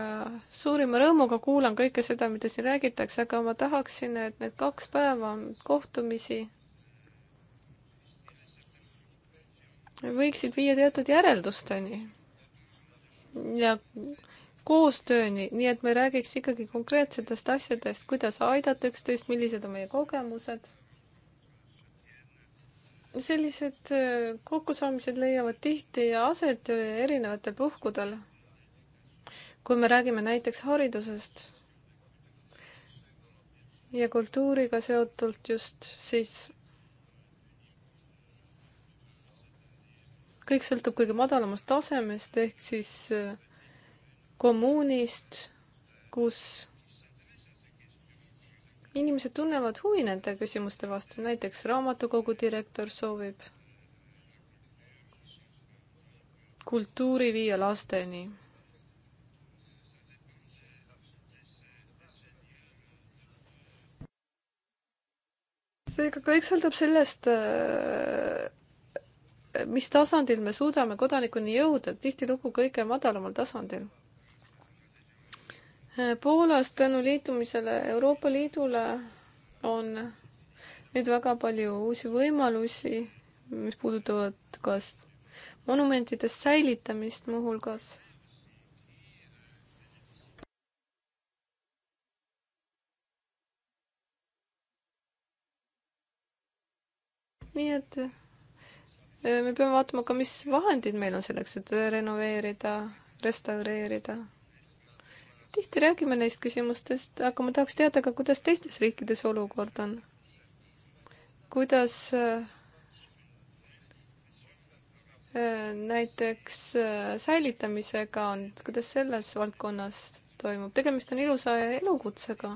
suurima rõõmuga kuulan kõike seda, mida siin räägitakse, aga ma tahaksin, et need kaks päeva kohtumisi võiksid viia teatud järeldusteni ja koostööni, nii et me räägiks ikkagi konkreetsetest asjadest, kuidas aidata üksteist, millised on meie kogemused. sellised äh, kokkusaamised leiavad tihti aset erinevatel puhkudel kui me räägime näiteks haridusest ja kultuuriga seotult just, siis kõik sõltub kõige madalamast tasemest ehk siis äh, kommuunist, kus inimesed tunnevad huvi nende küsimuste vastu, näiteks raamatukogu direktor soovib kultuuri viia lasteni seega kõik sõltub sellest, äh, mis tasandil me suudame kodanikuni jõuda, tihtilugu kõige madalamal tasandil. Äh, Poolas tänu liitumisele Euroopa Liidule on nüüd väga palju uusi võimalusi, mis puudutavad kas monumentide säilitamist muuhulgas nii et äh, me peame vaatama ka, mis vahendid meil on selleks, et renoveerida, restaureerida. tihti räägime neist küsimustest, aga ma tahaks teada ka, kuidas teistes riikides olukord on. kuidas äh, äh, näiteks säilitamisega on, kuidas selles valdkonnas toimub, tegemist on ilusa elukutsega.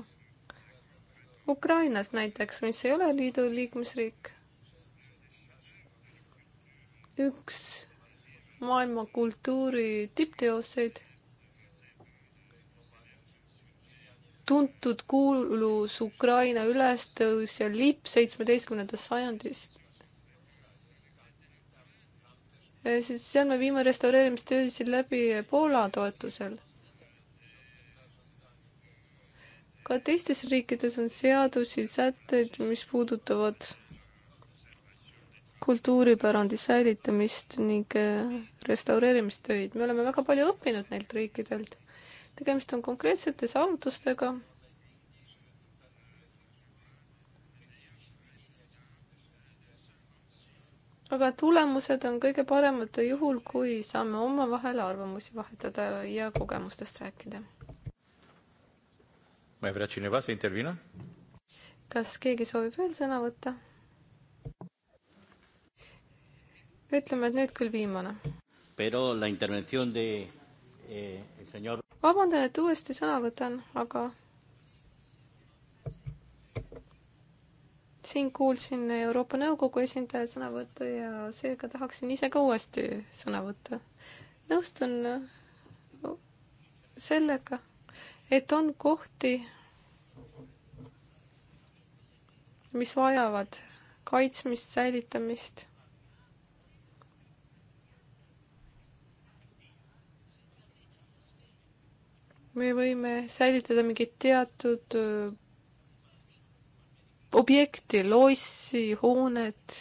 Ukrainas näiteks, mis ei ole liidu liikmesriik üks maailma kultuuri tippteoseid, tuntud kuulus Ukraina ülestõus ja lipp seitsmeteistkümnendast sajandist. siis seal me viime restaureerimistöösid läbi Poola toetusel ka teistes riikides on seadusi, sätteid, mis puudutavad kultuuripärandi säilitamist ning äh, restaureerimistöid. me oleme väga palju õppinud neilt riikidelt. tegemist on konkreetsete saavutustega. aga tulemused on kõige paremad juhul, kui saame omavahel arvamusi vahetada ja kogemustest rääkida. kas keegi soovib veel sõna võtta? ütleme, et nüüd küll viimane. Eh, vabandan, et uuesti sõna võtan, aga siin kuulsin Euroopa Nõukogu esindaja sõnavõttu ja seega tahaksin ise ka uuesti sõna võtta. nõustun oh, sellega, et on kohti, mis vajavad kaitsmist, säilitamist me võime säilitada mingit teatud äh, objekti, lossi, hoonet.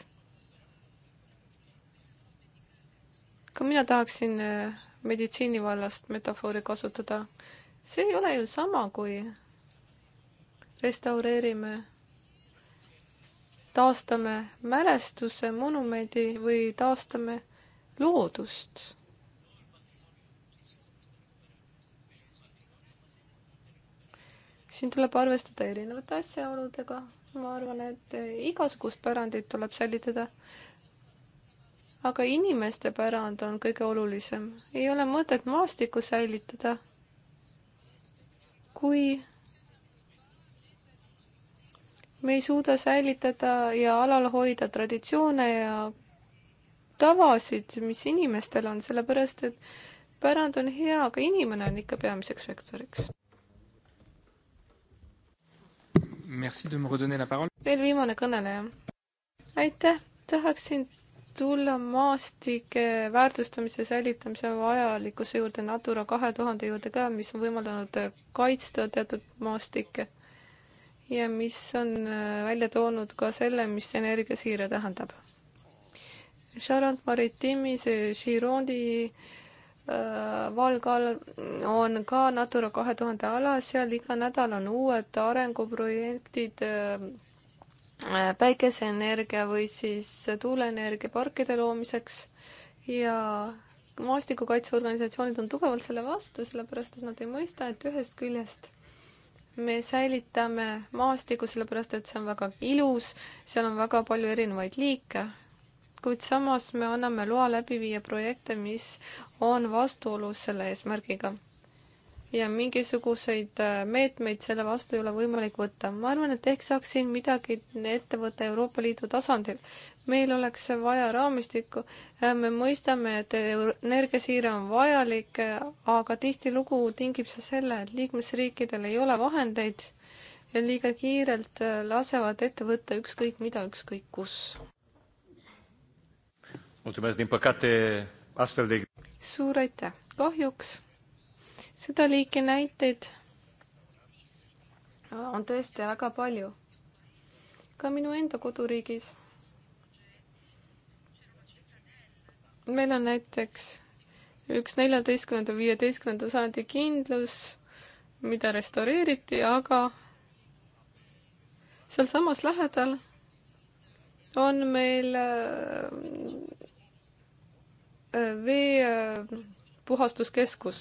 ka mina tahaksin äh, meditsiinivallast metafoori kasutada. see ei ole ju sama, kui restaureerime, taastame mälestuse, monumendi või taastame loodust siin tuleb arvestada erinevate asjaoludega. ma arvan, et igasugust pärandit tuleb säilitada. aga inimeste pärand on kõige olulisem. ei ole mõtet maastikku säilitada, kui me ei suuda säilitada ja alal hoida traditsioone ja tavasid, mis inimestel on, sellepärast et pärand on hea, aga inimene on ikka peamiseks vektoriks. veel viimane kõneleja. aitäh, tahaksin tulla maastike väärtustamise säilitamise vajalikkuse juurde, Natura kahe tuhande juurde ka, mis on võimaldanud kaitsta teatud maastikke. ja mis on äh, välja toonud ka selle, mis energiasiire tähendab. Charente Maritimis, Girondi äh, Äh, valge all on ka Natura kahe tuhande ala, seal iga nädal on uued arenguprojektid äh, äh, päikeseenergia või siis tuuleenergiaparkide loomiseks ja maastikukaitseorganisatsioonid on tugevalt selle vastu, sellepärast et nad ei mõista, et ühest küljest me säilitame maastikku, sellepärast et see on väga ilus, seal on väga palju erinevaid liike kuid samas me anname loa läbi viia projekte, mis on vastuolus selle eesmärgiga. ja mingisuguseid äh, meetmeid selle vastu ei ole võimalik võtta. ma arvan, et ehk saaks siin midagi ette võtta Euroopa Liidu tasandil. meil oleks vaja raamistikku, äh, me mõistame, et energiasiire on vajalik, äh, aga tihtilugu tingib see selle, et liikmesriikidel ei ole vahendeid ja liiga kiirelt lasevad ette võtta ükskõik mida, ükskõik kus suur aitäh, kahjuks seda liiki näiteid on tõesti väga palju. ka minu enda koduriigis. meil on näiteks üks neljateistkümnenda, viieteistkümnenda sajandi kindlus, mida restaureeriti, aga sealsamas lähedal on meil äh, Äh, veepuhastuskeskus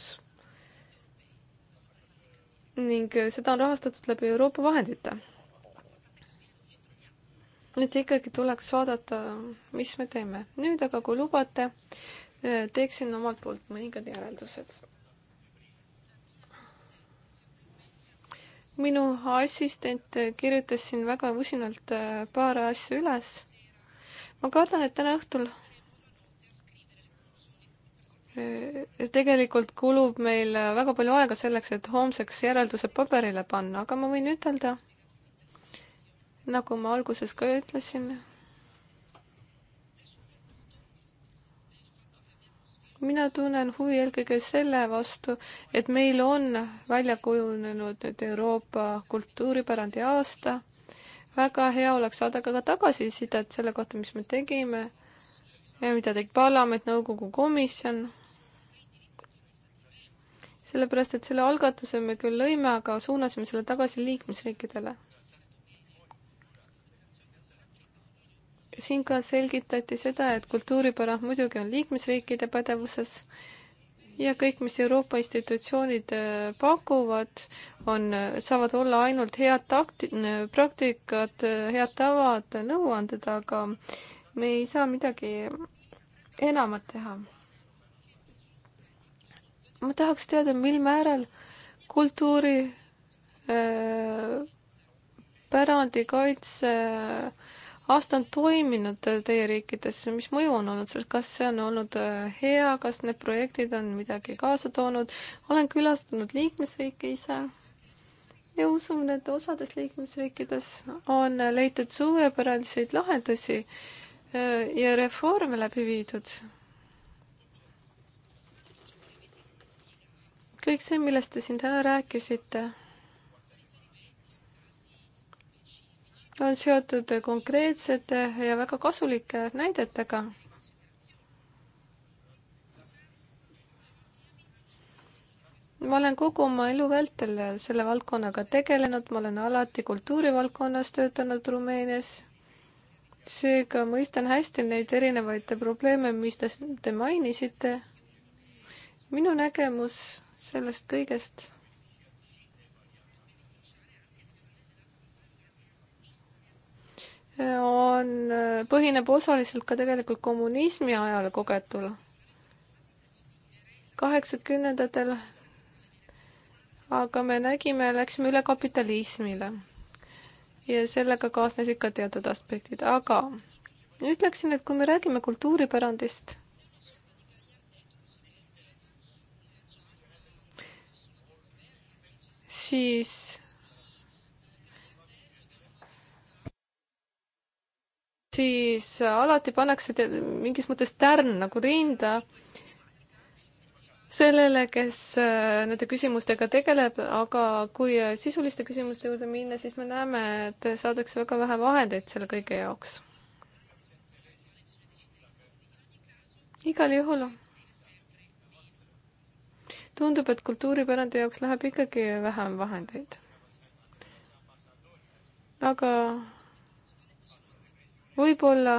äh, ning äh, seda on rahastatud läbi Euroopa vahendite. et ikkagi tuleks vaadata, mis me teeme. nüüd aga, kui lubate, teeksin omalt poolt mõningad järeldused. minu assistent kirjutas siin väga usinalt paar asja üles. ma kardan, et täna õhtul Äh, tegelikult kulub meil äh, väga palju aega selleks, et homseks järeldused paberile panna, aga ma võin ütelda, nagu ma alguses ka ütlesin, mina tunnen huvi eelkõige selle vastu, et meil on välja kujunenud nüüd Euroopa kultuuripärandi aasta. väga hea oleks saada ka tagasisidet selle kohta, mis me tegime, mida tegi parlament, nõukogu komisjon sellepärast, et selle algatuse me küll lõime, aga suunasime selle tagasi liikmesriikidele. siin ka selgitati seda, et kultuuripärand muidugi on liikmesriikide pädevuses ja kõik, mis Euroopa institutsioonid äh, pakuvad, on, saavad olla ainult head takti-, praktikad, head tavad, nõuanded, aga me ei saa midagi enamat teha ma tahaks teada, mil määral kultuuri äh, pärandi kaitse äh, aasta on toiminud teie riikides, mis mõju on olnud sellel, kas see on olnud äh, hea, kas need projektid on midagi kaasa toonud? olen külastanud liikmesriike ise ja usun, et osades liikmesriikides on leitud suurepäraseid lahendusi ja reforme läbi viidud kõik see, millest te siin täna rääkisite, on seotud konkreetsete ja väga kasulike näidetega ma olen kogu oma elu vältel selle valdkonnaga tegelenud, ma olen alati kultuurivaldkonnas töötanud Rumeenias. seega mõistan hästi neid erinevaid probleeme, mis te, te mainisite. minu nägemus sellest kõigest on, põhineb osaliselt ka tegelikult kommunismi ajal kogetul. kaheksakümnendatel aga me nägime, läksime üle kapitalismile. ja sellega kaasnesid ka teatud aspektid, aga ütleksin, et kui me räägime kultuuripärandist siis siis alati pannakse mingis mõttes tärn nagu rinda sellele, kes äh, nende küsimustega tegeleb, aga kui äh, sisuliste küsimuste juurde minna, siis me näeme, et saadakse väga vähe vahendeid selle kõige jaoks. igal juhul tundub, et kultuuripärandi jaoks läheb ikkagi vähem vahendeid. aga võib-olla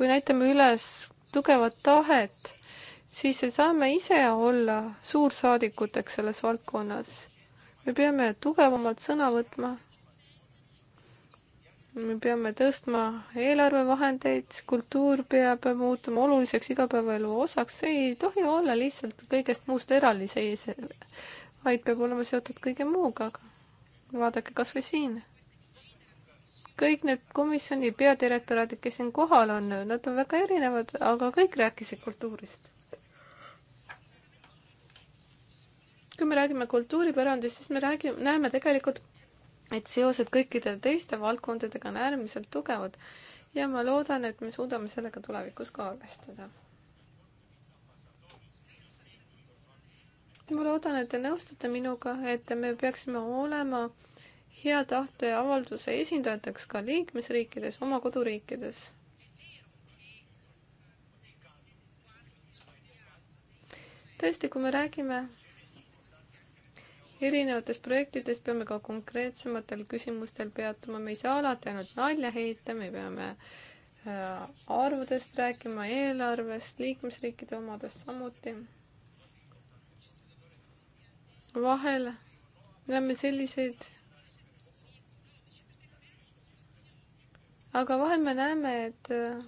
kui näitame üles tugevat tahet, siis saame ise olla suursaadikuteks selles valdkonnas. me peame tugevamalt sõna võtma me peame tõstma eelarvevahendeid, kultuur peab muutuma oluliseks igapäevaelu osaks, see ei tohi olla lihtsalt kõigest muust eraldiseisev, vaid peab olema seotud kõige muuga. vaadake kas või siin. kõik need komisjoni peadirektoraadid, kes siin kohal on, nad on väga erinevad, aga kõik rääkisid kultuurist. kui me räägime kultuuripärandist, siis me räägime, näeme tegelikult et seosed kõikide teiste valdkondadega on äärmiselt tugevad ja ma loodan, et me suudame sellega tulevikus ka arvestada. ma loodan, et te nõustute minuga, et me peaksime olema hea tahte avalduse esindajateks ka liikmesriikides, oma koduriikides. tõesti, kui me räägime erinevates projektides peame ka konkreetsematel küsimustel peatuma, me ei saa alati ainult nalja heita, me peame äh, arvudest rääkima, eelarvest, liikmesriikide omadest samuti. vahel näeme selliseid aga vahel me näeme, et äh,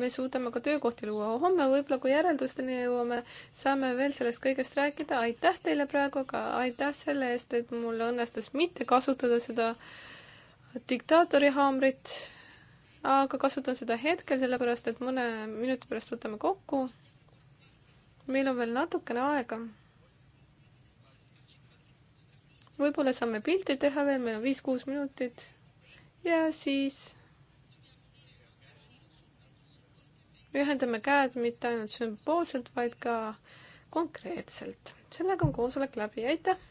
me suudame ka töökohti luua. homme võib-olla, kui järeldusteni jõuame, saame veel sellest kõigest rääkida. aitäh teile praegu, aga aitäh selle eest, et mul õnnestus mitte kasutada seda diktaatori haamrit. aga kasutan seda hetkel, sellepärast et mõne minuti pärast võtame kokku. meil on veel natukene aega võib-olla saame pilti teha veel, meil on viis-kuus minutit. ja siis ühendame käed mitte ainult sümboolselt, vaid ka konkreetselt. sellega on koosolek läbi, aitäh!